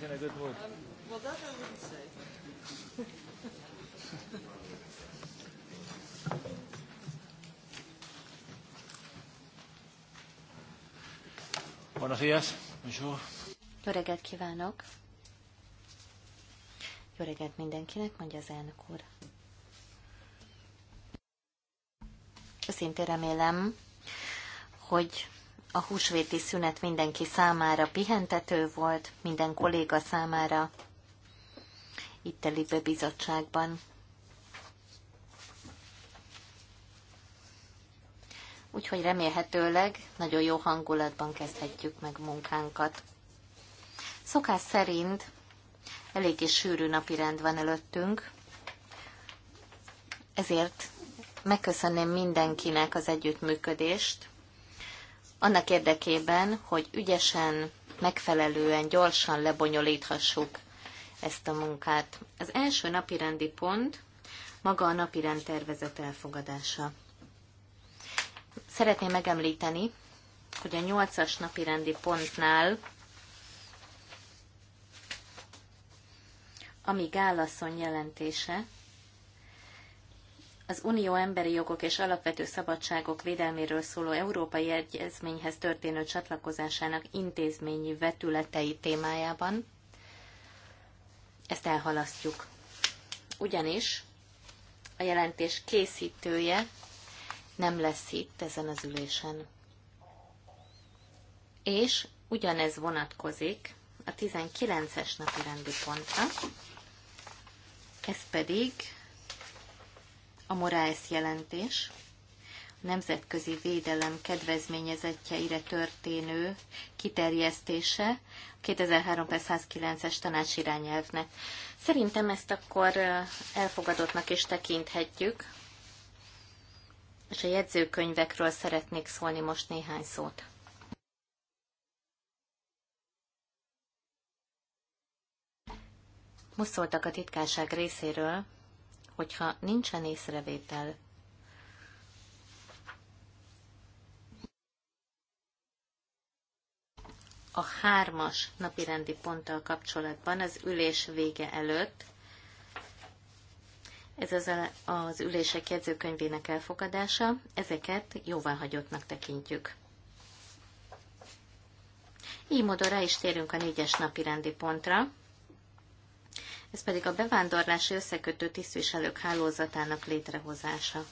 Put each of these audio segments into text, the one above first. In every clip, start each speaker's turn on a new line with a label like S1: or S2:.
S1: was in a good mood.
S2: Um, well, that I wouldn't say. Buenos días. Bonjour.
S3: Jó reggelt kívánok. Jó reggelt mindenkinek, mondja az elnök úr. Szintén remélem, hogy a húsvéti szünet mindenki számára pihentető volt, minden kolléga számára itt a Libe bizottságban. Úgyhogy remélhetőleg nagyon jó hangulatban kezdhetjük meg munkánkat. Szokás szerint eléggé sűrű napi rend van előttünk, ezért megköszönném mindenkinek az együttműködést, annak érdekében, hogy ügyesen, megfelelően, gyorsan lebonyolíthassuk ezt a munkát. Az első napirendi pont maga a napirend tervezet elfogadása. Szeretném megemlíteni, hogy a nyolcas napirendi pontnál, ami Gálasszony jelentése, az Unió emberi jogok és alapvető szabadságok védelméről szóló Európai Egyezményhez történő csatlakozásának intézményi vetületei témájában. Ezt elhalasztjuk. Ugyanis a jelentés készítője nem lesz itt ezen az ülésen. És ugyanez vonatkozik a 19-es napi rendi pontra, ez pedig a Moraes jelentés, a nemzetközi védelem kedvezményezettjeire történő kiterjesztése 2003-109-es tanács irányelvnek. Szerintem ezt akkor elfogadottnak is tekinthetjük, és a jegyzőkönyvekről szeretnék szólni most néhány szót. Most szóltak a titkárság részéről, hogyha nincsen észrevétel a hármas napirendi ponttal kapcsolatban az ülés vége előtt. Ez az, a, az ülések jegyzőkönyvének elfogadása, ezeket jóváhagyottnak tekintjük. Így módon rá is térünk a négyes napirendi pontra ez pedig a bevándorlási összekötő tisztviselők hálózatának létrehozása.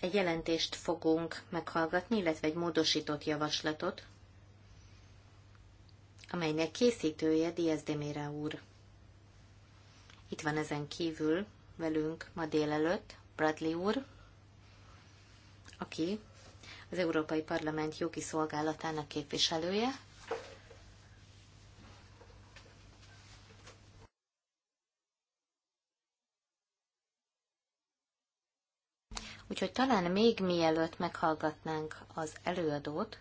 S3: Egy jelentést fogunk meghallgatni, illetve egy módosított javaslatot, amelynek készítője Diaz de Mera úr. Itt van ezen kívül velünk ma délelőtt Bradley úr, aki az Európai Parlament jogi szolgálatának képviselője. Úgyhogy talán még mielőtt meghallgatnánk az előadót,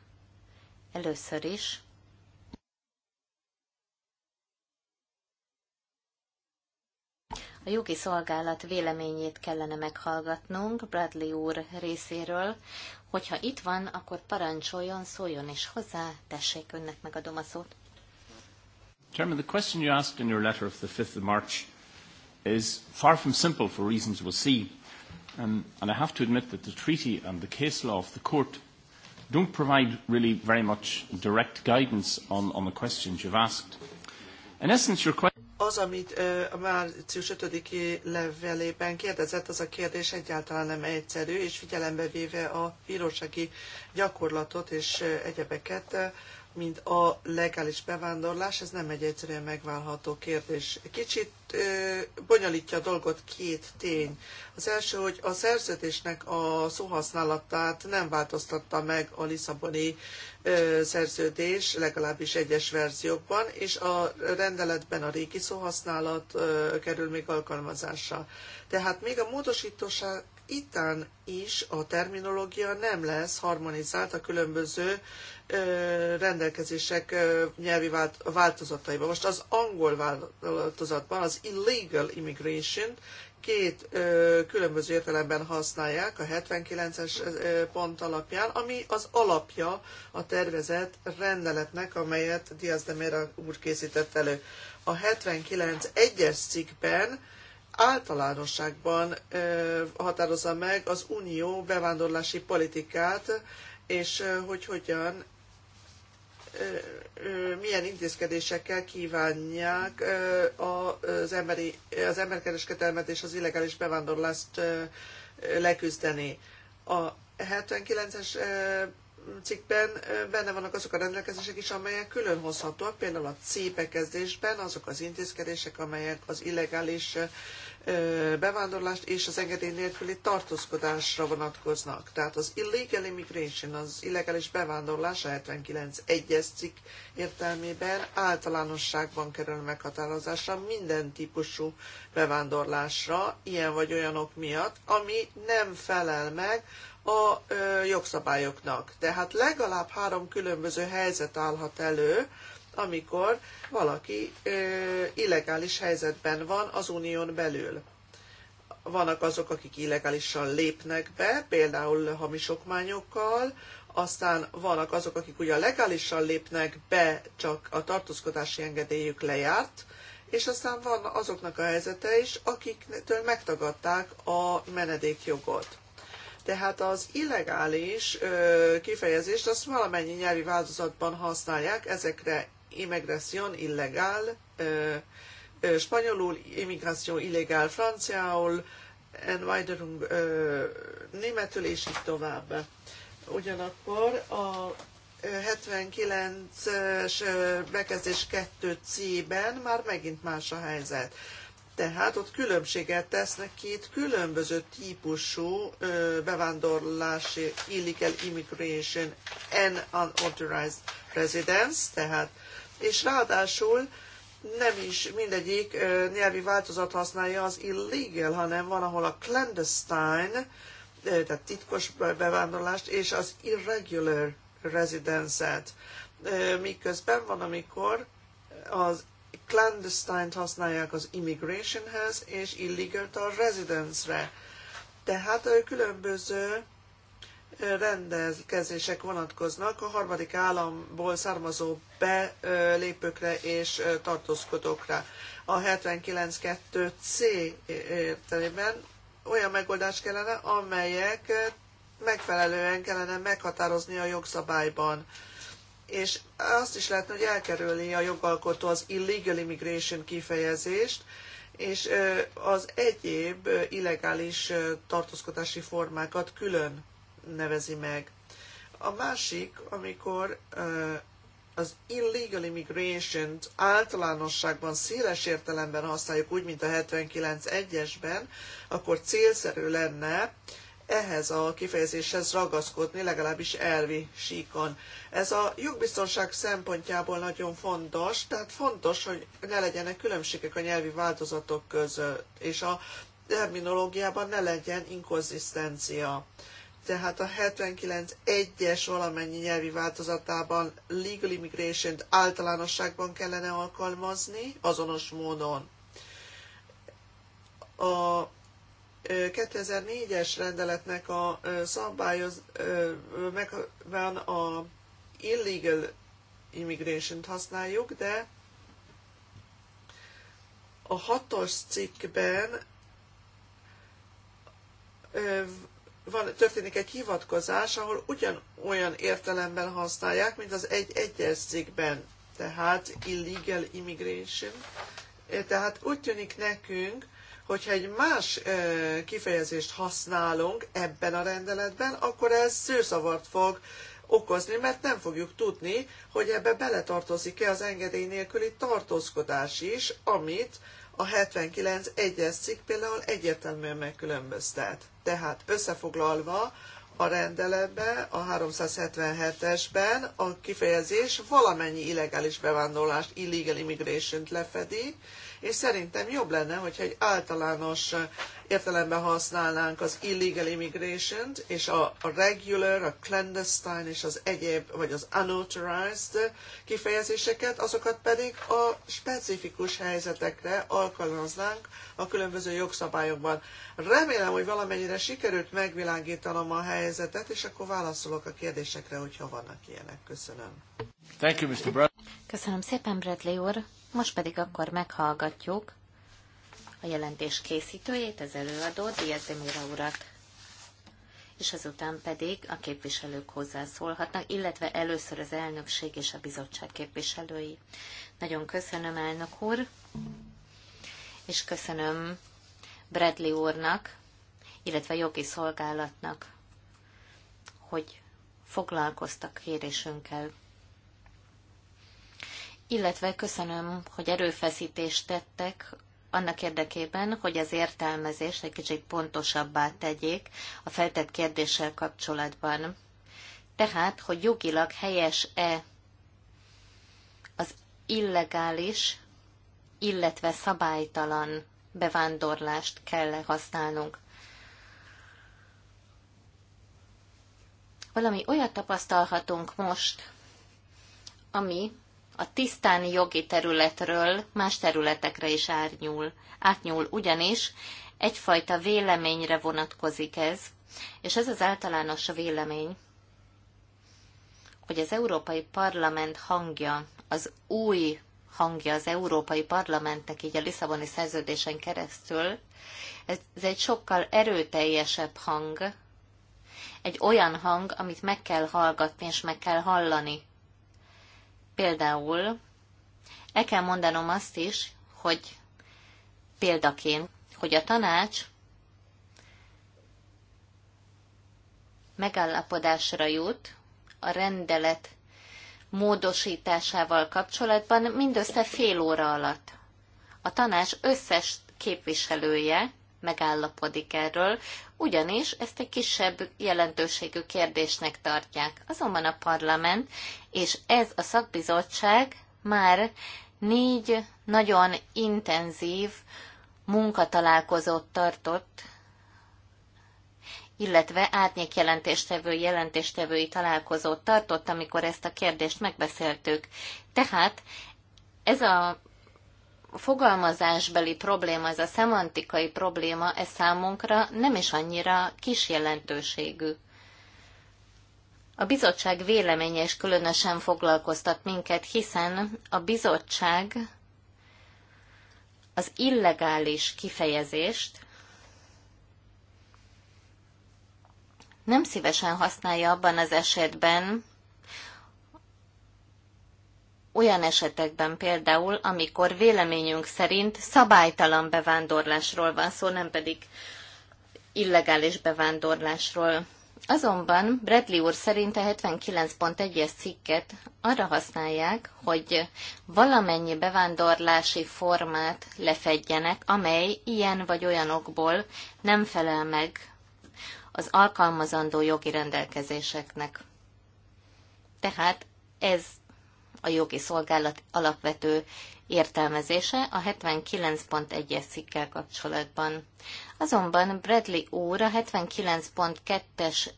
S3: először is A jogi szolgálat véleményét kellene meghallgatnunk Bradley úr részéről. Hogyha itt van, akkor parancsoljon, szóljon is hozzá, tessék, önnek megadom a domaszót.
S2: Chairman, the question you asked in your letter of the 5th of March is far from simple for reasons we'll see. Um, and I have to admit that the treaty and the case law of the court don't provide really very much direct guidance on, on the questions you've asked. In essence, your question
S1: az, amit a március 5-i levelében kérdezett, az a kérdés egyáltalán nem egyszerű, és figyelembe véve a bírósági gyakorlatot és egyebeket, mint a legális bevándorlás, ez nem egy egyszerűen megválható kérdés. Kicsit ö, bonyolítja a dolgot két tény. Az első, hogy a szerződésnek a szóhasználatát nem változtatta meg a Lisszaboni ö, szerződés, legalábbis egyes verziókban, és a rendeletben a régi szóhasználat ö, kerül még alkalmazásra. Tehát még a módosítóság itán is a terminológia nem lesz harmonizált a különböző rendelkezések nyelvi változataiban. Most az angol változatban az illegal immigration két különböző értelemben használják a 79-es pont alapján, ami az alapja a tervezett rendeletnek, amelyet Diaz de Mera úr készített elő. A 79 egyes cikkben általánosságban határozza meg az unió bevándorlási politikát, és hogy hogyan, milyen intézkedésekkel kívánják az, emberi, az emberkereskedelmet és az illegális bevándorlást leküzdeni. A 79-es cikkben benne vannak azok a rendelkezések is, amelyek külön hozhatóak, például a C bekezdésben azok az intézkedések, amelyek az illegális bevándorlást és az engedély nélküli tartózkodásra vonatkoznak. Tehát az illegal immigration, az illegális bevándorlás 79 egyes cikk értelmében általánosságban kerül meghatározásra minden típusú bevándorlásra, ilyen vagy olyanok miatt, ami nem felel meg a jogszabályoknak. Tehát legalább három különböző helyzet állhat elő, amikor valaki illegális helyzetben van az unión belül. Vannak azok, akik illegálisan lépnek be, például hamis okmányokkal, aztán vannak azok, akik ugye legálisan lépnek be, csak a tartózkodási engedélyük lejárt, és aztán van azoknak a helyzete is, akiktől megtagadták a menedékjogot. Tehát az illegális kifejezést azt valamennyi nyelvi változatban használják, ezekre immigración illegál, spanyolul, immigráció illegál franciául, Enweiderung németül, és így tovább. Ugyanakkor a 79-es bekezdés 2 C-ben már megint más a helyzet. Tehát ott különbséget tesznek két különböző típusú bevándorlási illegal immigration and unauthorized residence, tehát és ráadásul nem is mindegyik nyelvi változat használja az illegal, hanem van, ahol a clandestine, tehát titkos bevándorlást, és az irregular residence-et. Miközben van, amikor az clandestine-t használják az immigrationhez, és illegal a residence-re. Tehát különböző rendelkezések vonatkoznak a harmadik államból származó belépőkre és tartózkodókra. A 79.2c értelmében olyan megoldás kellene, amelyek megfelelően kellene meghatározni a jogszabályban és azt is lehetne, hogy elkerülni a jogalkotó az illegal immigration kifejezést, és az egyéb illegális tartózkodási formákat külön nevezi meg. A másik, amikor az illegal immigration általánosságban széles értelemben használjuk, úgy, mint a 79.1-esben, akkor célszerű lenne ehhez a kifejezéshez ragaszkodni, legalábbis elvi síkon. Ez a jogbiztonság szempontjából nagyon fontos, tehát fontos, hogy ne legyenek különbségek a nyelvi változatok között, és a terminológiában ne legyen inkonzisztencia. Tehát a 79.1-es valamennyi nyelvi változatában legal immigration általánosságban kellene alkalmazni, azonos módon. A 2004-es rendeletnek a szabályoz, megvan a illegal immigration-t használjuk, de a hatos cikkben van, történik egy hivatkozás, ahol ugyanolyan értelemben használják, mint az egy egyes cikkben, tehát illegal immigration. Tehát úgy tűnik nekünk, hogyha egy más kifejezést használunk ebben a rendeletben, akkor ez szőszavart fog okozni, mert nem fogjuk tudni, hogy ebbe beletartozik-e az engedély nélküli tartózkodás is, amit a 79 egyes cikk például egyértelműen megkülönböztet. Tehát összefoglalva a rendeletben, a 377-esben a kifejezés valamennyi illegális bevándorlást, illegal immigration lefedi, és szerintem jobb lenne, hogyha egy általános eh, értelemben használnánk az illegal immigration és a regular, a clandestine és az egyéb, vagy az unauthorized kifejezéseket, azokat pedig a specifikus helyzetekre alkalmaznánk a különböző jogszabályokban. Remélem, hogy valamennyire sikerült megvilágítanom a helyzetet, és akkor válaszolok a kérdésekre, hogyha vannak ilyenek. Köszönöm.
S2: Thank you, Mr. Brad.
S3: Köszönöm szépen, Bradley úr. Most pedig akkor meghallgatjuk a jelentés készítőjét, az előadó Demira urat, és azután pedig a képviselők hozzászólhatnak, illetve először az elnökség és a bizottság képviselői. Nagyon köszönöm, elnök úr, és köszönöm Bradley úrnak, illetve jogi szolgálatnak, hogy foglalkoztak kérésünkkel illetve köszönöm, hogy erőfeszítést tettek annak érdekében, hogy az értelmezés egy kicsit pontosabbá tegyék a feltett kérdéssel kapcsolatban. Tehát, hogy jogilag helyes-e az illegális, illetve szabálytalan bevándorlást kell -e használnunk. Valami olyat tapasztalhatunk most, ami a tisztán jogi területről más területekre is árnyul. Átnyúl ugyanis egyfajta véleményre vonatkozik ez, és ez az általános vélemény, hogy az Európai Parlament hangja, az új hangja az Európai Parlamentnek így a Lisszaboni szerződésen keresztül, ez egy sokkal erőteljesebb hang, egy olyan hang, amit meg kell hallgatni és meg kell hallani. Például el kell mondanom azt is, hogy példaként, hogy a tanács megállapodásra jut a rendelet módosításával kapcsolatban mindössze fél óra alatt. A tanács összes képviselője megállapodik erről, ugyanis ezt egy kisebb jelentőségű kérdésnek tartják. Azonban a parlament és ez a szakbizottság már négy nagyon intenzív munkatalálkozót tartott illetve jelentéstevő jelentéstevői találkozót tartott, amikor ezt a kérdést megbeszéltük. Tehát ez a fogalmazásbeli probléma, ez a szemantikai probléma, ez számunkra nem is annyira kis jelentőségű. A bizottság véleménye is különösen foglalkoztat minket, hiszen a bizottság az illegális kifejezést nem szívesen használja abban az esetben, olyan esetekben például, amikor véleményünk szerint szabálytalan bevándorlásról van szó, nem pedig illegális bevándorlásról. Azonban Bradley úr szerint a 79.1-es cikket arra használják, hogy valamennyi bevándorlási formát lefedjenek, amely ilyen vagy olyan okból nem felel meg az alkalmazandó jogi rendelkezéseknek. Tehát ez a jogi szolgálat alapvető értelmezése a 79.1-es cikkel kapcsolatban. Azonban Bradley úr a 79.2-es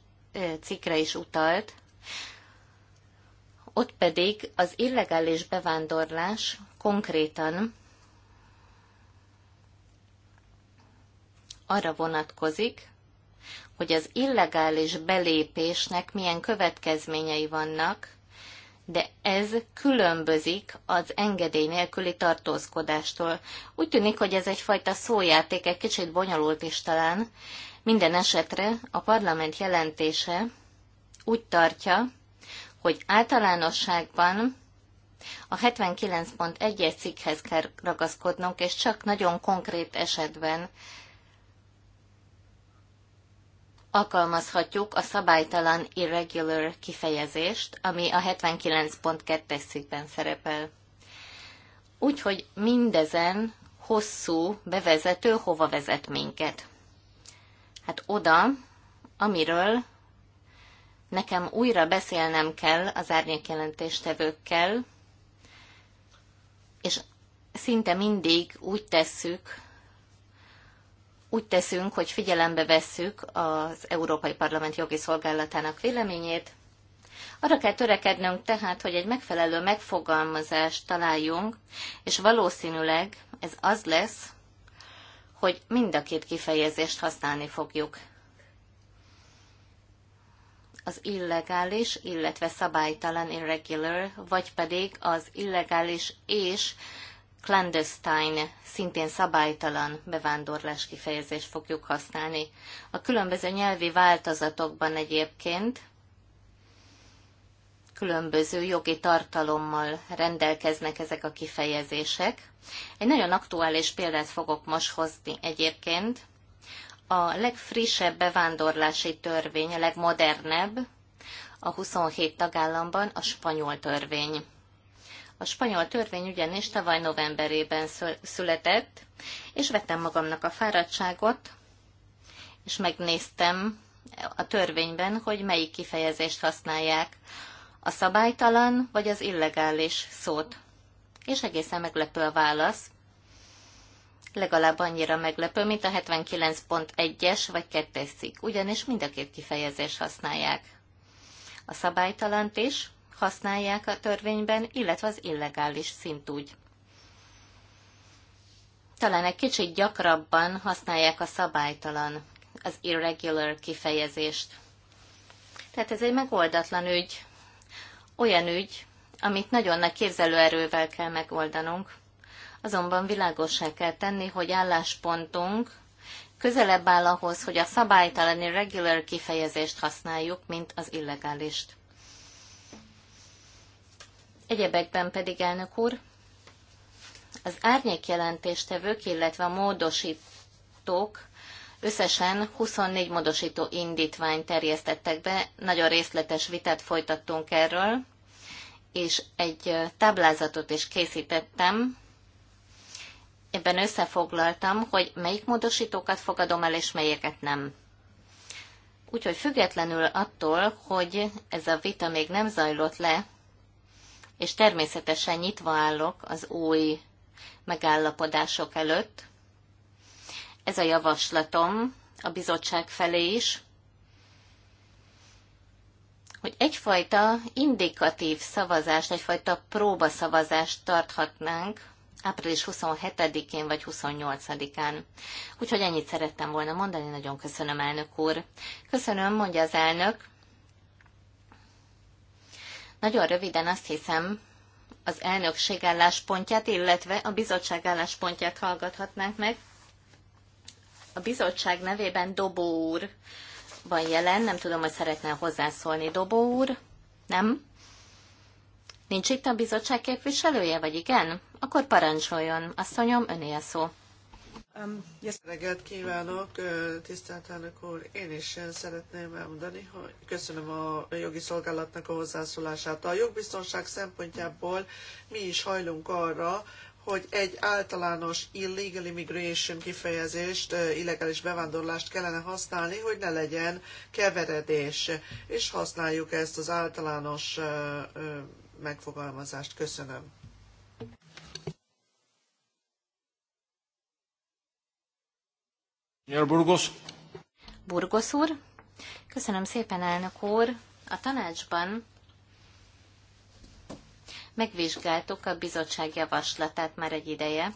S3: cikkre is utalt, ott pedig az illegális bevándorlás konkrétan arra vonatkozik, hogy az illegális belépésnek milyen következményei vannak de ez különbözik az engedély nélküli tartózkodástól. Úgy tűnik, hogy ez egyfajta szójáték, egy kicsit bonyolult is talán. Minden esetre a parlament jelentése úgy tartja, hogy általánosságban a 79.1-es cikkhez kell ragaszkodnunk, és csak nagyon konkrét esetben alkalmazhatjuk a szabálytalan irregular kifejezést, ami a 79.2-es cikkben szerepel. Úgyhogy mindezen hosszú bevezető hova vezet minket? Hát oda, amiről nekem újra beszélnem kell az árnyékjelentéstevőkkel, és szinte mindig úgy tesszük, úgy teszünk, hogy figyelembe vesszük az Európai Parlament jogi szolgálatának véleményét. Arra kell törekednünk tehát, hogy egy megfelelő megfogalmazást találjunk, és valószínűleg ez az lesz, hogy mind a két kifejezést használni fogjuk. Az illegális, illetve szabálytalan irregular, vagy pedig az illegális és clandestine, szintén szabálytalan bevándorlás kifejezést fogjuk használni. A különböző nyelvi változatokban egyébként különböző jogi tartalommal rendelkeznek ezek a kifejezések. Egy nagyon aktuális példát fogok most hozni egyébként. A legfrissebb bevándorlási törvény, a legmodernebb a 27 tagállamban a spanyol törvény. A spanyol törvény ugyanis tavaly novemberében született, és vettem magamnak a fáradtságot, és megnéztem a törvényben, hogy melyik kifejezést használják, a szabálytalan vagy az illegális szót. És egészen meglepő a válasz, legalább annyira meglepő, mint a 79.1-es vagy 2-es cikk, ugyanis mind a két kifejezést használják. A szabálytalant is, használják a törvényben, illetve az illegális szintúgy. Talán egy kicsit gyakrabban használják a szabálytalan, az irregular kifejezést. Tehát ez egy megoldatlan ügy, olyan ügy, amit nagyon nagy képzelőerővel kell megoldanunk. Azonban világosá kell tenni, hogy álláspontunk közelebb áll ahhoz, hogy a szabálytalani irregular kifejezést használjuk, mint az illegálist. Egyebekben pedig, elnök úr, az árnyék jelentéstevők, illetve a módosítók összesen 24 módosító indítványt terjesztettek be, nagyon részletes vitát folytattunk erről, és egy táblázatot is készítettem, Ebben összefoglaltam, hogy melyik módosítókat fogadom el, és melyeket nem. Úgyhogy függetlenül attól, hogy ez a vita még nem zajlott le, és természetesen nyitva állok az új megállapodások előtt. Ez a javaslatom a bizottság felé is, hogy egyfajta indikatív szavazást, egyfajta próbaszavazást tarthatnánk április 27-én vagy 28-án. Úgyhogy ennyit szerettem volna mondani, nagyon köszönöm, elnök úr. Köszönöm, mondja az elnök. Nagyon röviden azt hiszem, az elnökség álláspontját, illetve a bizottság álláspontját hallgathatnánk meg. A bizottság nevében Dobó úr van jelen, nem tudom, hogy szeretne hozzászólni Dobó úr, nem? Nincs itt a bizottság képviselője, vagy igen? Akkor parancsoljon, asszonyom, öné a szó
S2: yes. Reggelt
S1: kívánok, tisztelt elnök úr! Én is szeretném elmondani, hogy köszönöm a jogi szolgálatnak a hozzászólását. A jogbiztonság szempontjából mi is hajlunk arra, hogy egy általános illegal immigration kifejezést, illegális bevándorlást kellene használni, hogy ne legyen keveredés, és használjuk ezt az általános megfogalmazást. Köszönöm.
S2: Señor Burgos.
S3: Burgos úr. Köszönöm szépen, elnök úr. A tanácsban megvizsgáltuk a bizottság javaslatát már egy ideje,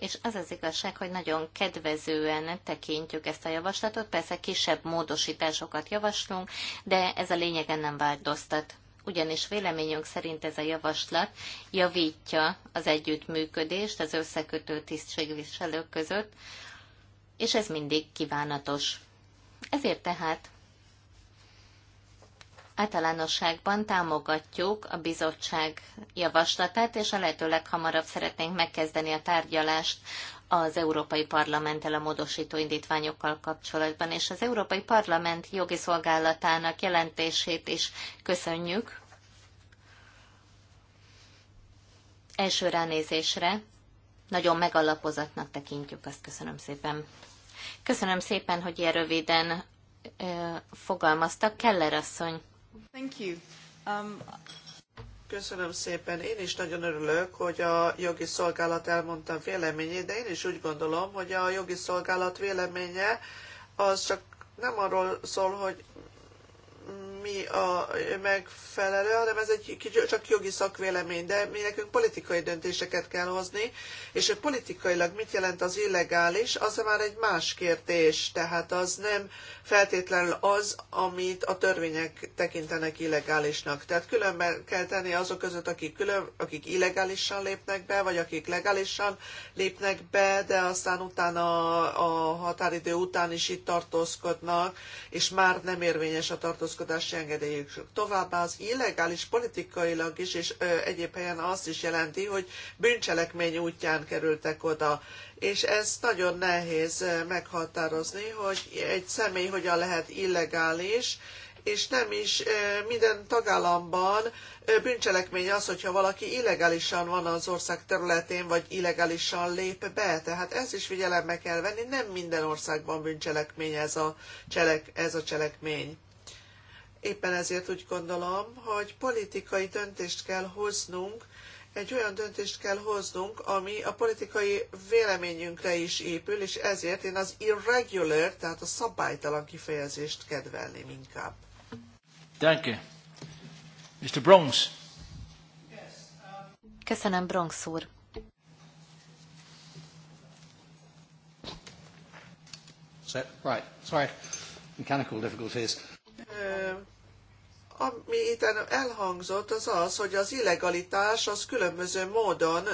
S3: és az az igazság, hogy nagyon kedvezően tekintjük ezt a javaslatot, persze kisebb módosításokat javaslunk, de ez a lényegen nem változtat. Ugyanis véleményünk szerint ez a javaslat javítja az együttműködést az összekötő tisztségviselők között, és ez mindig kívánatos. Ezért tehát általánosságban támogatjuk a bizottság javaslatát, és a lehető leghamarabb szeretnénk megkezdeni a tárgyalást az Európai Parlamenttel a módosító indítványokkal kapcsolatban, és az Európai Parlament jogi szolgálatának jelentését is köszönjük. Első ránézésre nagyon megalapozatnak tekintjük, azt köszönöm szépen. Köszönöm szépen, hogy ilyen röviden ö, fogalmaztak. Keller asszony. Thank you. Um...
S1: Köszönöm szépen. Én is nagyon örülök, hogy a jogi szolgálat elmondta véleményét, de én is úgy gondolom, hogy a jogi szolgálat véleménye az csak nem arról szól, hogy mi a megfelelő, hanem ez egy csak jogi szakvélemény, de mi nekünk politikai döntéseket kell hozni, és hogy politikailag mit jelent az illegális, az már egy más kérdés, tehát az nem feltétlenül az, amit a törvények tekintenek illegálisnak. Tehát különben kell tenni azok között, akik, külön, akik illegálisan lépnek be, vagy akik legálisan lépnek be, de aztán utána a, a határidő után is itt tartózkodnak, és már nem érvényes a tartózkodás is engedélyük. Továbbá az illegális politikailag is, és egyéb helyen azt is jelenti, hogy bűncselekmény útján kerültek oda. És ez nagyon nehéz meghatározni, hogy egy személy hogyan lehet illegális, és nem is minden tagállamban bűncselekmény az, hogyha valaki illegálisan van az ország területén, vagy illegálisan lép be. Tehát ezt is figyelembe kell venni, nem minden országban bűncselekmény ez a, cselek, ez a cselekmény. Éppen ezért úgy gondolom, hogy politikai döntést kell hoznunk, egy olyan döntést kell hoznunk, ami a politikai véleményünkre is épül, és ezért én az irregular, tehát a szabálytalan kifejezést kedvelném inkább.
S2: Danke. Mr. Bronx.
S3: Köszönöm, Bronx úr.
S1: Right, sorry, mechanical difficulties ami itt elhangzott, az az, hogy az illegalitás az különböző módon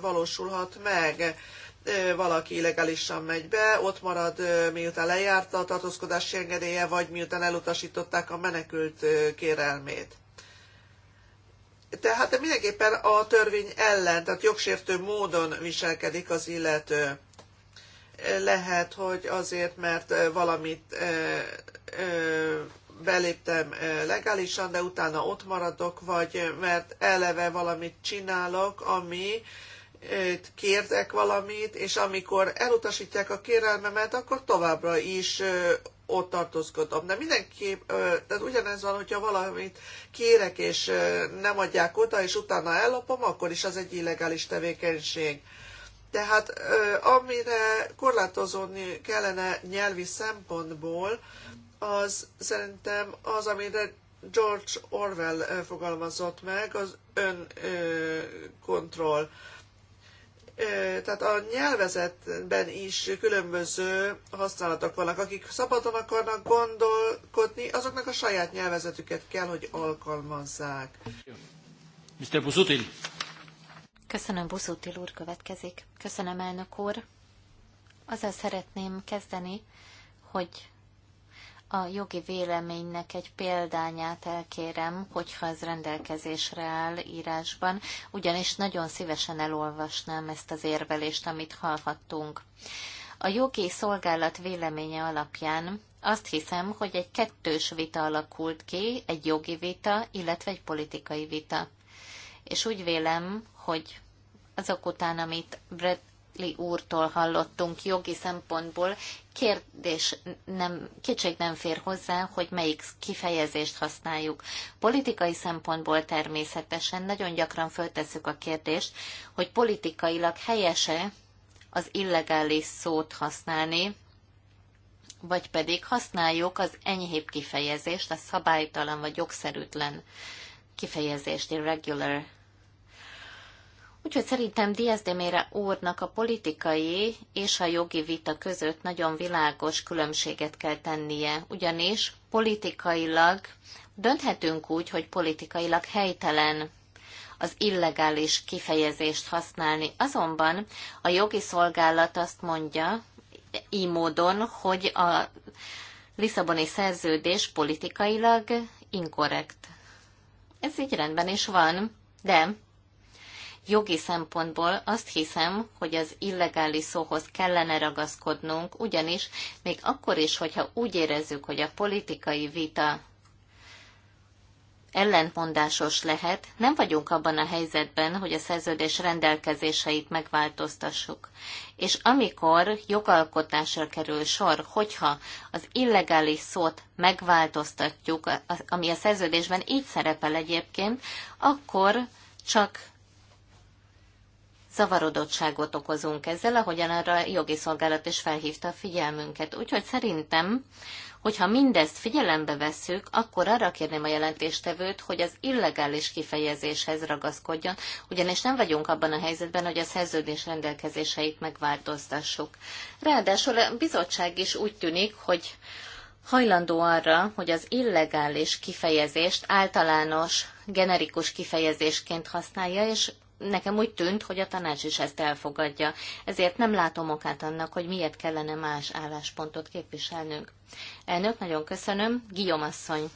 S1: valósulhat meg valaki illegálisan megy be, ott marad, miután lejárta a tartózkodási engedélye, vagy miután elutasították a menekült kérelmét. Tehát mindenképpen a törvény ellen, tehát jogsértő módon viselkedik az illető. Lehet, hogy azért, mert valamit beléptem legálisan, de utána ott maradok, vagy mert eleve valamit csinálok, ami kértek valamit, és amikor elutasítják a kérelmemet, akkor továbbra is ott tartózkodom. De mindenképp, tehát ugyanez van, hogyha valamit kérek, és nem adják oda, és utána ellopom, akkor is az egy illegális tevékenység. Tehát amire korlátozódni kellene nyelvi szempontból, az szerintem az, amire George Orwell fogalmazott meg, az önkontroll. Tehát a nyelvezetben is különböző használatok vannak. Akik szabadon akarnak gondolkodni, azoknak a saját nyelvezetüket kell, hogy alkalmazzák.
S2: Mr. Busutil.
S3: Köszönöm, Busutil úr következik. Köszönöm, elnök úr. Azzal szeretném kezdeni, hogy a jogi véleménynek egy példányát elkérem, hogyha ez rendelkezésre áll írásban, ugyanis nagyon szívesen elolvasnám ezt az érvelést, amit hallhattunk. A jogi szolgálat véleménye alapján azt hiszem, hogy egy kettős vita alakult ki, egy jogi vita, illetve egy politikai vita. És úgy vélem, hogy azok után, amit Bradley úrtól hallottunk jogi szempontból, kérdés nem, kétség nem fér hozzá, hogy melyik kifejezést használjuk. Politikai szempontból természetesen nagyon gyakran föltesszük a kérdést, hogy politikailag helyese az illegális szót használni, vagy pedig használjuk az enyhébb kifejezést, a szabálytalan vagy jogszerűtlen kifejezést, irregular Úgyhogy szerintem Diaz de Mére úrnak a politikai és a jogi vita között nagyon világos különbséget kell tennie, ugyanis politikailag dönthetünk úgy, hogy politikailag helytelen az illegális kifejezést használni. Azonban a jogi szolgálat azt mondja így módon, hogy a Lisszaboni szerződés politikailag inkorrekt. Ez így rendben is van, de jogi szempontból azt hiszem, hogy az illegális szóhoz kellene ragaszkodnunk, ugyanis még akkor is, hogyha úgy érezzük, hogy a politikai vita ellentmondásos lehet, nem vagyunk abban a helyzetben, hogy a szerződés rendelkezéseit megváltoztassuk. És amikor jogalkotásra kerül sor, hogyha az illegális szót megváltoztatjuk, ami a szerződésben így szerepel egyébként, akkor csak zavarodottságot okozunk ezzel, ahogyan arra a jogi szolgálat is felhívta a figyelmünket. Úgyhogy szerintem, hogyha mindezt figyelembe vesszük, akkor arra kérném a jelentéstevőt, hogy az illegális kifejezéshez ragaszkodjon, ugyanis nem vagyunk abban a helyzetben, hogy a szerződés rendelkezéseit megváltoztassuk. Ráadásul a bizottság is úgy tűnik, hogy hajlandó arra, hogy az illegális kifejezést általános, generikus kifejezésként használja, és nekem úgy tűnt, hogy a tanács is ezt elfogadja, ezért nem látom okát annak, hogy miért kellene más álláspontot képviselnünk. Elnök, nagyon köszönöm. Guillaume asszony.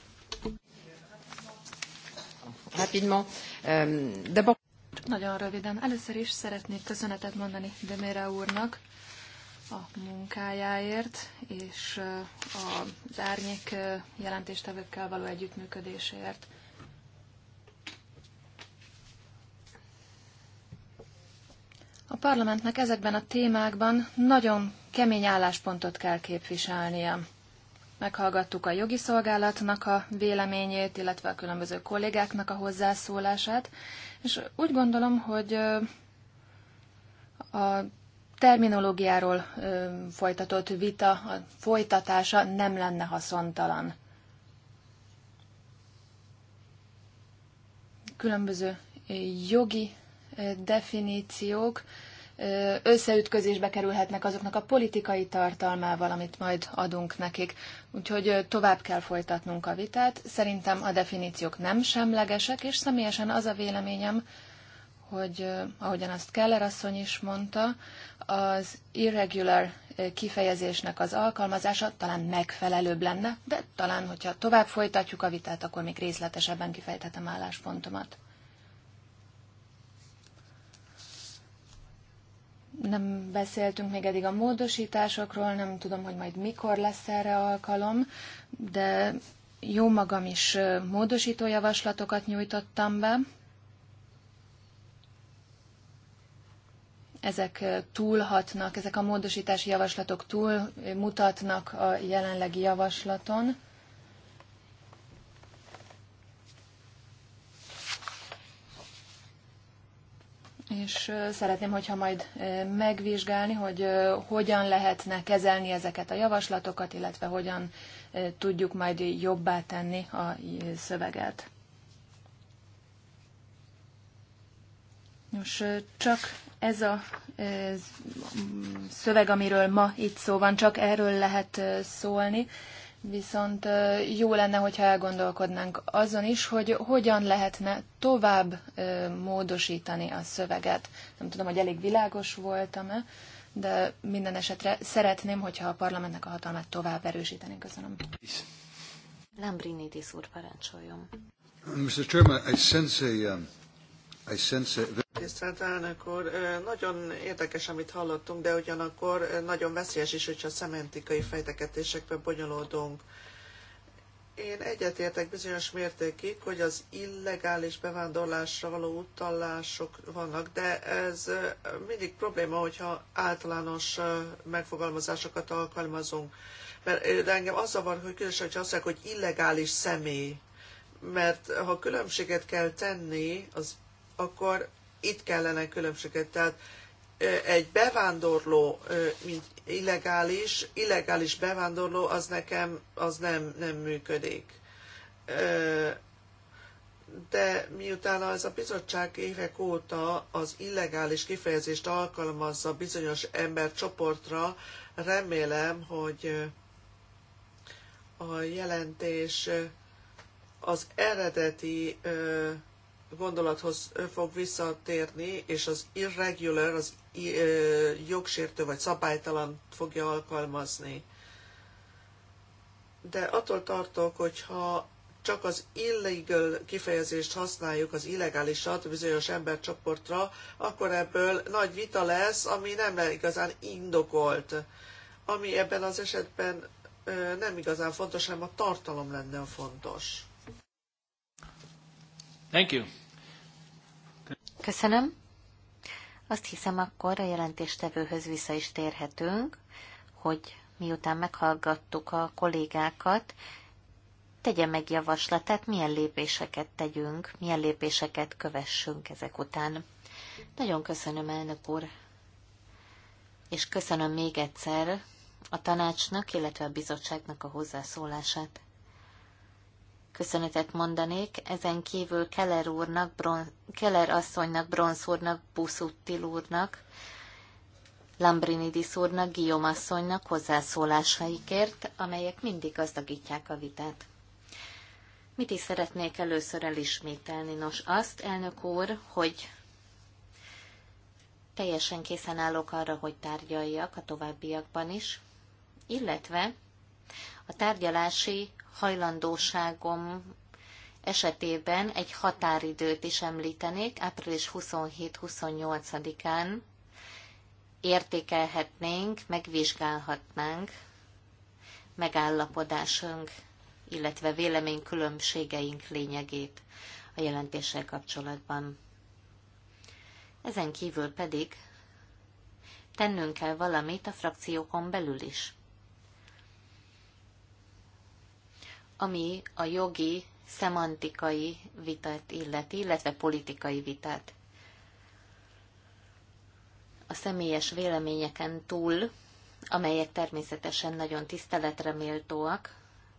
S2: Euh, nagyon röviden. Először is szeretnék köszönetet mondani Demére úrnak a munkájáért, és euh, az árnyék euh, jelentéstevőkkel való együttműködéséért. A parlamentnek ezekben a témákban nagyon kemény álláspontot kell képviselnie. Meghallgattuk a jogi szolgálatnak a véleményét, illetve a különböző kollégáknak a hozzászólását, és úgy gondolom, hogy a terminológiáról folytatott vita, a folytatása nem lenne haszontalan. Különböző jogi definíciók összeütközésbe kerülhetnek azoknak a politikai tartalmával, amit majd adunk nekik. Úgyhogy tovább kell folytatnunk a vitát. Szerintem a definíciók nem semlegesek, és személyesen az a véleményem, hogy ahogyan azt Keller asszony is mondta, az irregular kifejezésnek az alkalmazása talán megfelelőbb lenne, de talán, hogyha tovább folytatjuk a vitát, akkor még részletesebben kifejthetem álláspontomat. Nem beszéltünk még eddig a módosításokról, nem tudom, hogy majd mikor lesz erre alkalom, de jó magam is módosító javaslatokat nyújtottam be. Ezek túlhatnak, ezek a módosítási javaslatok túl mutatnak a jelenlegi javaslaton. és szeretném, hogyha majd megvizsgálni, hogy hogyan lehetne kezelni ezeket a javaslatokat, illetve hogyan tudjuk majd jobbá tenni a szöveget. Nos, csak ez a szöveg, amiről ma itt szó van, csak erről lehet szólni. Viszont jó lenne, hogyha elgondolkodnánk azon is, hogy hogyan lehetne tovább módosítani a szöveget. Nem tudom, hogy elég világos voltam-e, de minden esetre szeretném, hogyha a parlamentnek a hatalmát tovább erősítenénk. Köszönöm.
S3: Lambrinidis úr, parancsoljon. Mr. Chairman, I sense a, um...
S1: Tisztelt elnök úr, nagyon érdekes, amit hallottunk, de ugyanakkor nagyon veszélyes is, hogyha szemantikai fejteketésekbe bonyolódunk. Én egyetértek bizonyos mértékig, hogy az illegális bevándorlásra való utalások vannak, de ez mindig probléma, hogyha általános megfogalmazásokat alkalmazunk. Mert de engem az zavar, hogy különösen, hogyha azt mondják, hogy illegális személy, mert ha különbséget kell tenni az akkor itt kellene különbséget. Tehát egy bevándorló, mint illegális, illegális bevándorló, az nekem az nem, nem működik. De miután az a bizottság évek óta az illegális kifejezést alkalmazza bizonyos embercsoportra, remélem, hogy a jelentés az eredeti gondolathoz fog visszatérni, és az irregular, az jogsértő vagy szabálytalan fogja alkalmazni. De attól tartok, hogyha csak az illegal kifejezést használjuk, az illegálisat bizonyos embercsoportra, akkor ebből nagy vita lesz, ami nem igazán indokolt. Ami ebben az esetben nem igazán fontos, hanem a tartalom lenne a fontos.
S3: Thank you. Köszönöm. Azt hiszem, akkor a jelentéstevőhöz vissza is térhetünk, hogy miután meghallgattuk a kollégákat, tegye meg javaslatát, milyen lépéseket tegyünk, milyen lépéseket kövessünk ezek után. Nagyon köszönöm, elnök úr, és köszönöm még egyszer a tanácsnak, illetve a bizottságnak a hozzászólását köszönetet mondanék. Ezen kívül Keller, úrnak, Bron, Keller asszonynak, Bronz úrnak, Buszuttil úrnak, Lambrinidis úrnak, Guillaume asszonynak hozzászólásaikért, amelyek mindig gazdagítják a vitát. Mit is szeretnék először elismételni? Nos, azt, elnök úr, hogy teljesen készen állok arra, hogy tárgyaljak a továbbiakban is, illetve a tárgyalási hajlandóságom esetében egy határidőt is említenék, április 27-28-án értékelhetnénk, megvizsgálhatnánk megállapodásunk, illetve véleménykülönbségeink lényegét a jelentéssel kapcsolatban. Ezen kívül pedig tennünk kell valamit a frakciókon belül is. ami a jogi, szemantikai vitát illeti, illetve politikai vitát. A személyes véleményeken túl, amelyek természetesen nagyon tiszteletre méltóak,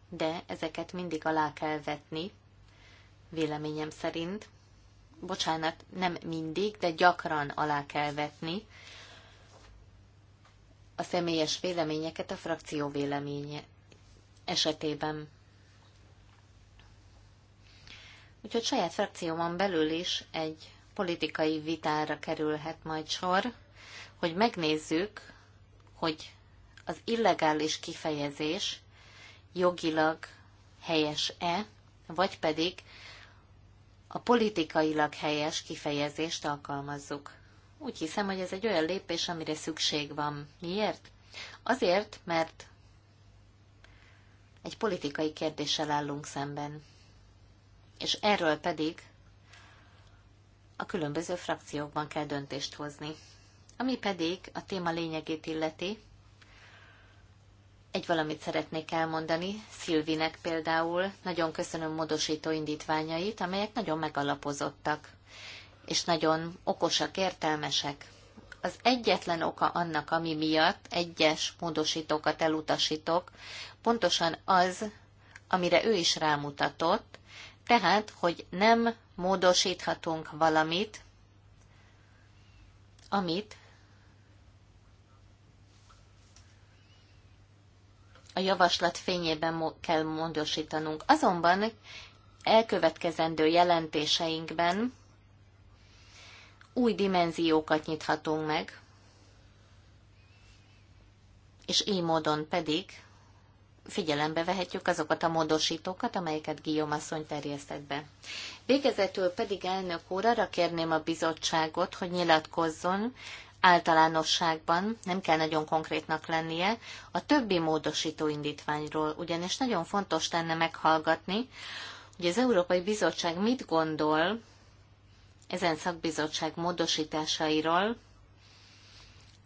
S3: de ezeket mindig alá kell vetni, véleményem szerint. Bocsánat, nem mindig, de gyakran alá kell vetni a személyes véleményeket a frakció véleménye esetében. Úgyhogy saját frakciómon belül is egy politikai vitára kerülhet majd sor, hogy megnézzük, hogy az illegális kifejezés jogilag helyes-e, vagy pedig a politikailag helyes kifejezést alkalmazzuk. Úgy hiszem, hogy ez egy olyan lépés, amire szükség van. Miért? Azért, mert egy politikai kérdéssel állunk szemben és erről pedig a különböző frakciókban kell döntést hozni. Ami pedig a téma lényegét illeti, egy valamit szeretnék elmondani, Szilvinek például nagyon köszönöm módosító indítványait, amelyek nagyon megalapozottak, és nagyon okosak, értelmesek. Az egyetlen oka annak, ami miatt egyes módosítókat elutasítok, pontosan az, amire ő is rámutatott, tehát, hogy nem módosíthatunk valamit, amit a javaslat fényében kell módosítanunk. Azonban elkövetkezendő jelentéseinkben új dimenziókat nyithatunk meg, és így módon pedig figyelembe vehetjük azokat a módosítókat, amelyeket Guillaume asszony terjesztett be. Végezetül pedig elnök úr, arra kérném a bizottságot, hogy nyilatkozzon általánosságban, nem kell nagyon konkrétnak lennie, a többi módosító indítványról, ugyanis nagyon fontos lenne meghallgatni, hogy az Európai Bizottság mit gondol ezen szakbizottság módosításairól,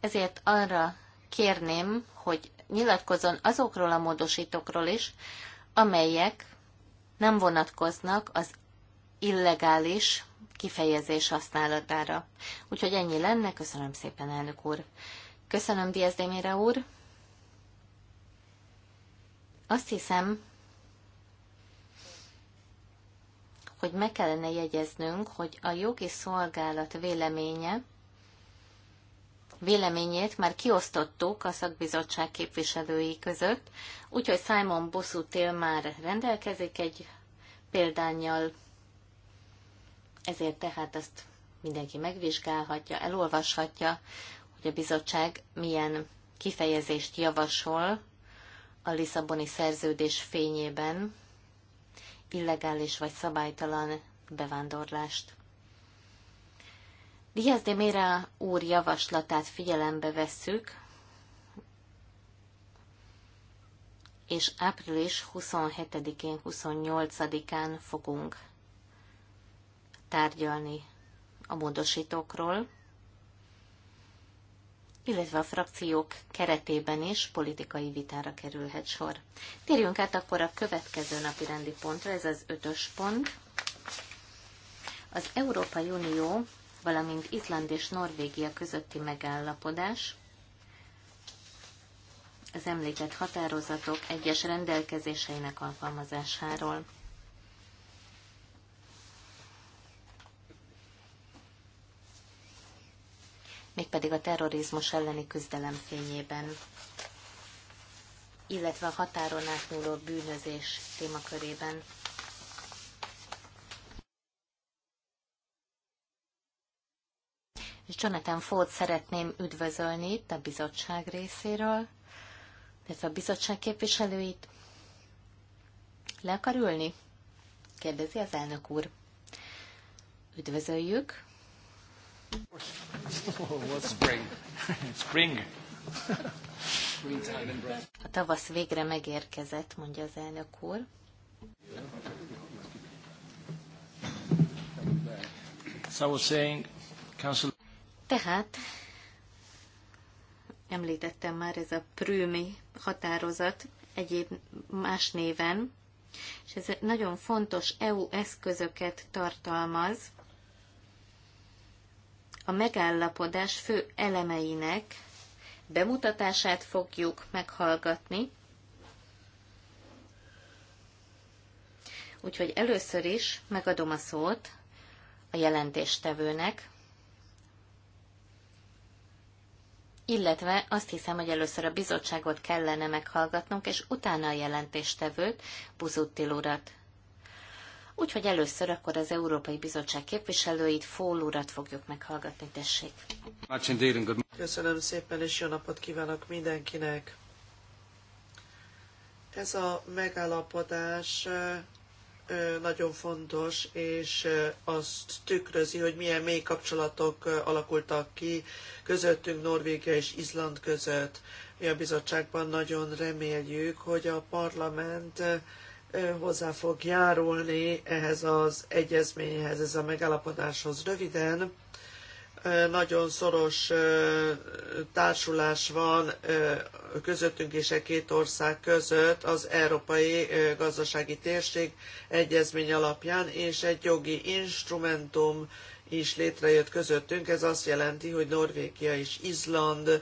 S3: ezért arra kérném, hogy nyilatkozzon azokról a módosítókról is, amelyek nem vonatkoznak az illegális kifejezés használatára. Úgyhogy ennyi lenne, köszönöm szépen, elnök úr. Köszönöm, Diaz Demire úr. Azt hiszem, hogy meg kellene jegyeznünk, hogy a jogi szolgálat véleménye véleményét már kiosztottuk a szakbizottság képviselői között, úgyhogy Simon tél már rendelkezik egy példányjal, ezért tehát azt mindenki megvizsgálhatja, elolvashatja, hogy a bizottság milyen kifejezést javasol a Lisszaboni szerződés fényében illegális vagy szabálytalan bevándorlást. Diaz de Mera úr javaslatát figyelembe vesszük, és április 27-én, 28-án fogunk tárgyalni a módosítókról, illetve a frakciók keretében is politikai vitára kerülhet sor. Térjünk át akkor a következő napi rendi pontra, ez az ötös pont. Az Európai Unió valamint Itland és Norvégia közötti megállapodás, az említett határozatok egyes rendelkezéseinek alkalmazásáról. mégpedig a terrorizmus elleni küzdelem fényében, illetve a határon átnyúló bűnözés témakörében. és Jonathan Ford szeretném üdvözölni itt a bizottság részéről, illetve a bizottság képviselőit. Le akar ülni? kérdezi az elnök úr. Üdvözöljük. A tavasz végre megérkezett, mondja az elnök úr.
S2: So I was saying, Council...
S3: Tehát említettem már ez a prümi határozat egyéb más néven, és ez nagyon fontos EU eszközöket tartalmaz a megállapodás fő elemeinek bemutatását fogjuk meghallgatni. Úgyhogy először is megadom a szót a jelentéstevőnek, illetve azt hiszem, hogy először a bizottságot kellene meghallgatnunk, és utána a jelentéstevőt, Buzuttil urat. Úgyhogy először akkor az Európai Bizottság képviselőit, Fól urat fogjuk meghallgatni, tessék. Köszönöm szépen, és jó napot kívánok mindenkinek!
S1: Ez a megállapodás nagyon fontos, és azt tükrözi, hogy milyen mély kapcsolatok alakultak ki közöttünk Norvégia és Izland között. Mi a bizottságban nagyon reméljük, hogy a parlament hozzá fog járulni ehhez az egyezményhez, ez a megállapodáshoz röviden nagyon szoros társulás van közöttünk és e két ország között az Európai Gazdasági Térség egyezmény alapján, és egy jogi instrumentum is létrejött közöttünk. Ez azt jelenti, hogy Norvégia és Izland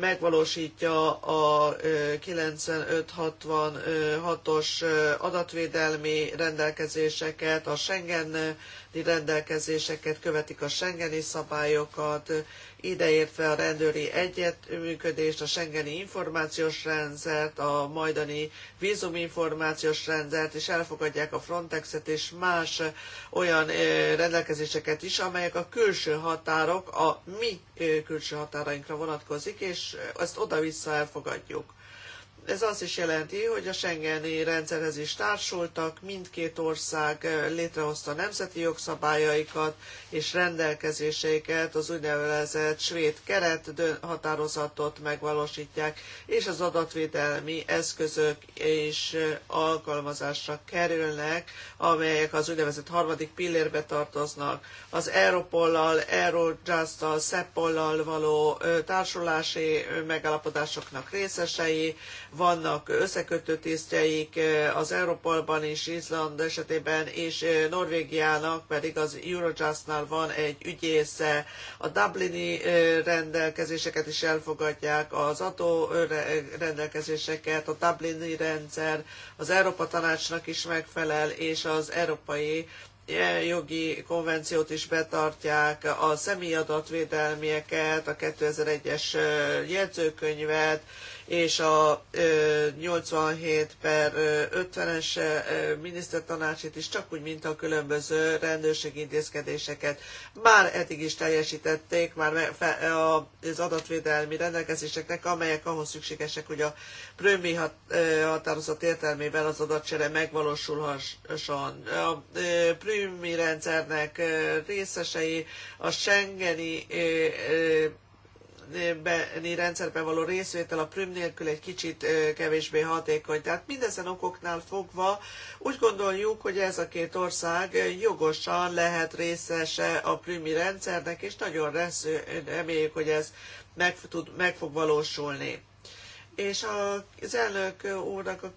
S1: megvalósítja a 95-66-os adatvédelmi rendelkezéseket, a Schengeni rendelkezéseket, követik a Schengeni szabályokat, ideértve a rendőri egyetműködést, a Schengeni információs rendszert, a majdani vízuminformációs rendszert, és elfogadják a Frontexet és más olyan rendelkezéseket is, amelyek a külső határok a mi külső határainkra vonatkozik, és ezt oda-vissza elfogadjuk. Ez azt is jelenti, hogy a Schengeni rendszerhez is társultak, mindkét ország létrehozta nemzeti jogszabályaikat és rendelkezéseiket, az úgynevezett svéd keret határozatot megvalósítják, és az adatvédelmi eszközök és alkalmazásra kerülnek, amelyek az úgynevezett harmadik pillérbe tartoznak. Az Europollal, Eurojust-tal, Szepollal való társulási megállapodásoknak részesei, vannak összekötő tisztjeik eh, az Európában is Izland esetében, és eh, Norvégiának pedig az Eurojustnál van egy ügyésze. A Dublini eh, rendelkezéseket is elfogadják, az adó rendelkezéseket, a Dublini rendszer, az Európa Tanácsnak is megfelel, és az Európai jogi konvenciót is betartják, a személyadatvédelmieket, a 2001-es jegyzőkönyvet, és a 87 per 50-es minisztertanácsét is, csak úgy, mint a különböző rendőrségi intézkedéseket. Már eddig is teljesítették már az adatvédelmi rendelkezéseknek, amelyek ahhoz szükségesek, hogy a prömi határozat értelmében az adatcsere megvalósulhasson. A prömi rendszernek részesei a Schengeni beni rendszerben való részvétel a prüm nélkül egy kicsit kevésbé hatékony. Tehát mindezen okoknál fogva úgy gondoljuk, hogy ez a két ország jogosan lehet részese a prümi rendszernek, és nagyon reméljük, hogy ez meg, tud, meg fog valósulni és az elnök úrnak a